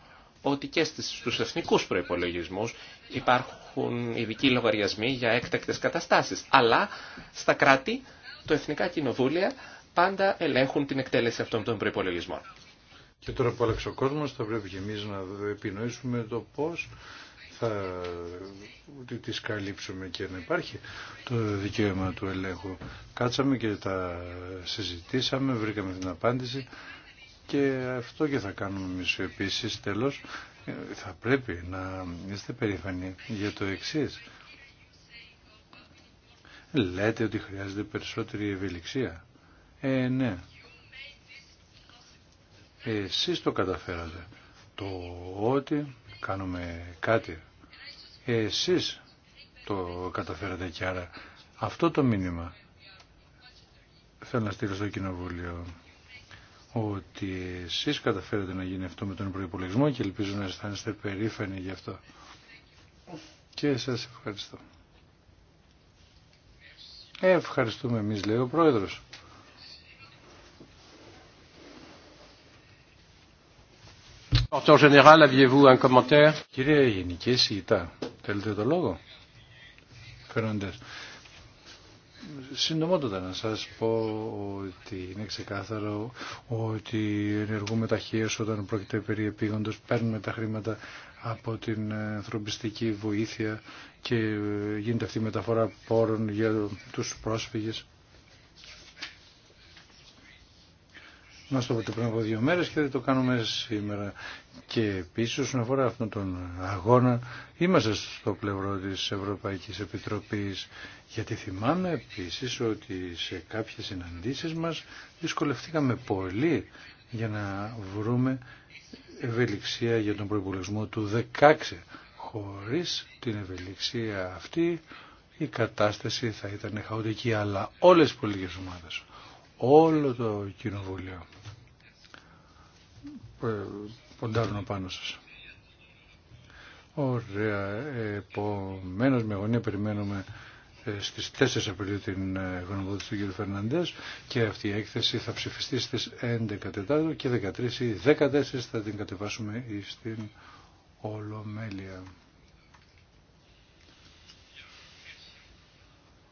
ότι και στους εθνικούς προϋπολογισμούς υπάρχουν ειδικοί λογαριασμοί για έκτακτες καταστάσεις. Αλλά στα κράτη, το εθνικά κοινοβούλια πάντα ελέγχουν την εκτέλεση αυτών των προϋπολογισμών. Και τώρα που άλλαξε ο κόσμος θα πρέπει και εμείς να επινοήσουμε το πώς θα τις καλύψουμε και να υπάρχει το δικαίωμα του ελέγχου. Κάτσαμε και τα συζητήσαμε, βρήκαμε την απάντηση και αυτό και θα κάνουμε εμείς επίσης τέλος. Ε, θα πρέπει να είστε περήφανοι για το εξής. Λέτε ότι χρειάζεται περισσότερη ευελιξία. Ε, ναι. Εσείς το καταφέρατε. Το ότι κάνουμε κάτι εσείς το καταφέρατε κι άρα. Αυτό το μήνυμα θέλω να στείλω στο Κοινοβούλιο ότι εσείς καταφέρατε να γίνει αυτό με τον προϋπολογισμό και ελπίζω να αισθάνεστε περήφανοι γι' αυτό. Και σας ευχαριστώ. Ευχαριστούμε εμείς λέει ο Πρόεδρος. Κύριε Γενική Συγητά, Θέλετε το λόγο. Φέροντες. Συντομότατα να σας πω ότι είναι ξεκάθαρο ότι ενεργούμε ταχύες όταν πρόκειται περί επίγοντος, παίρνουμε τα χρήματα από την ανθρωπιστική βοήθεια και γίνεται αυτή η μεταφορά πόρων για τους πρόσφυγες. Μας το πριν από δύο μέρες και δεν το κάνουμε σήμερα. Και επίση όσον αφορά αυτόν τον αγώνα είμαστε στο πλευρό της Ευρωπαϊκής Επιτροπής γιατί θυμάμαι επίση ότι σε κάποιες συναντήσεις μας δυσκολευτήκαμε πολύ για να βρούμε ευελιξία για τον προϋπολογισμό του 16. Χωρίς την ευελιξία αυτή η κατάσταση θα ήταν χαοτική αλλά όλες οι πολιτικές ομάδες, όλο το κοινοβούλιο ε, ποντάρουν πάνω σας. Ωραία. Επομένω, με αγωνία περιμένουμε ε, στις 4 Απριλίου την ε, γνωμοδότηση του κ. Φερναντές και αυτή η έκθεση θα ψηφιστεί στις 11 Τετάρτου και 13 ή 14 θα την κατεβάσουμε στην Ολομέλεια.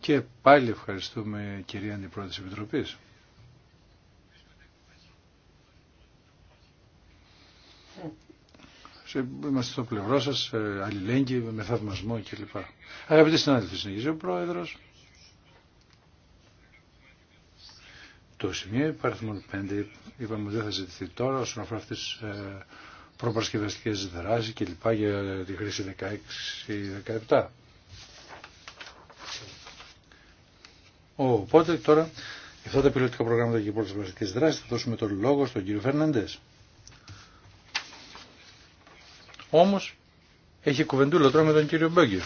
Και πάλι ευχαριστούμε κυρία Αντιπρόεδρε τη Επιτροπής. είμαστε στο πλευρό σα, αλληλέγγυοι, με θαυμασμό κλπ. Αγαπητοί συνάδελφοι, συνεχίζει ο Πρόεδρος. Το σημείο υπάρχουν 5, είπαμε ότι δεν θα ζητηθεί τώρα όσον αφορά αυτέ τι ε, προπαρασκευαστικές δράσεις κλπ. για τη χρήση 16-17. Οπότε τώρα, αυτά τα πιλωτικά προγράμματα και οι δράσεις θα δώσουμε τον λόγο στον κύριο Φερνάντε. Όμως έχει κουβεντούλα τώρα με τον κύριο Μπέγκερ.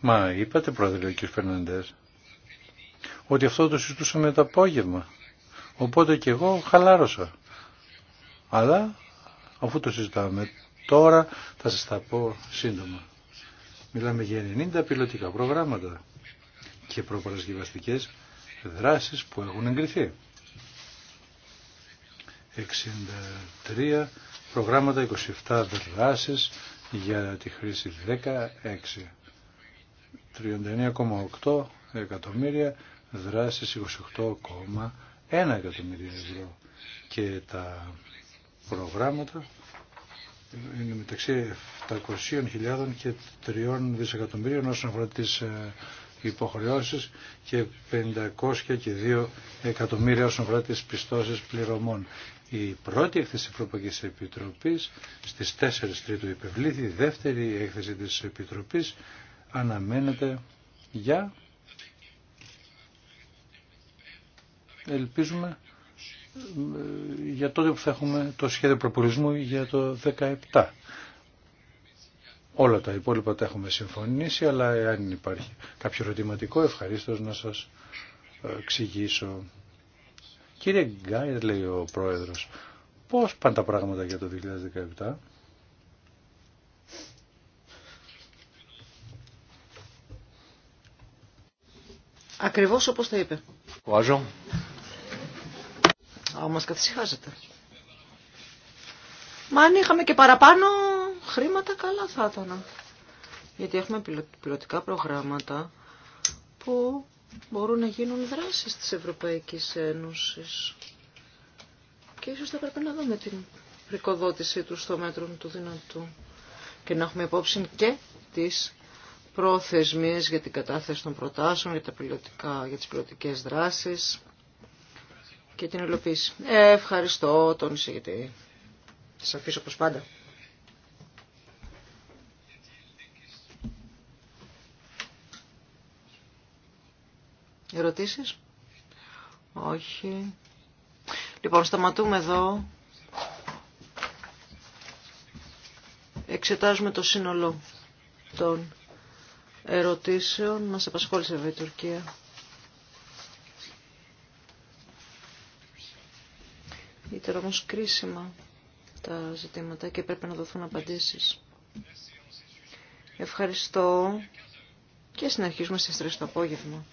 Μα είπατε, πρόεδρε, ο κύριος Φερναντές, ότι αυτό το συζητούσαμε το απόγευμα. Οπότε και εγώ χαλάρωσα. Αλλά, αφού το συζητάμε τώρα, θα σας τα πω σύντομα. Μιλάμε για 90 πιλωτικά προγράμματα και προπαρασκευαστικές δράσεις που έχουν εγκριθεί. 63 προγράμματα, 27 δράσεις για τη χρήση 16, 39,8 εκατομμύρια, δράσεις 28,1 εκατομμύρια ευρώ και τα προγράμματα είναι μεταξύ 700.000 και 3 δισεκατομμυρίων όσον αφορά τις ε, υποχρεώσεις και 502 εκατομμύρια όσον αφορά τις πιστώσεις πληρωμών. Η πρώτη έκθεση της Ευρωπαϊκής Επιτροπής στις 4 Τρίτου υπευλήθη, η δεύτερη έκθεση της Επιτροπής αναμένεται για... Ελπίζουμε ε, για τότε που θα έχουμε το σχέδιο προπολισμού για το 17. Όλα τα υπόλοιπα τα έχουμε συμφωνήσει, αλλά αν υπάρχει κάποιο ερωτηματικό, ευχαρίστω να σας ε, εξηγήσω. Κύριε Γκάιρ, λέει ο πρόεδρος, πώς πάνε τα πράγματα για το 2017. Ακριβώς όπως τα είπε. Κουάζω. Α, μας Μα αν είχαμε και παραπάνω, χρήματα καλά θα ήταν. Γιατί έχουμε πιλωτικά προγράμματα που μπορούν να γίνουν δράσεις της Ευρωπαϊκής Ένωσης. Και ίσως θα πρέπει να δούμε την πρικοδότησή του στο μέτρο του δυνατού. Και να έχουμε υπόψη και τις προθεσμίες για την κατάθεση των προτάσεων, για, τα πιλωτικά, για τις πιλωτικές δράσεις και την υλοποίηση. Ε, ευχαριστώ τον εισηγητή. σας αφήσω όπως πάντα. Ερωτήσεις? Όχι. Λοιπόν, σταματούμε εδώ. Εξετάζουμε το σύνολο των ερωτήσεων. Μας απασχόλησε βέβαια η Τουρκία. Ήταν όμως κρίσιμα τα ζητήματα και πρέπει να δοθούν απαντήσεις. Ευχαριστώ και συνεχίζουμε στις 3 το απόγευμα.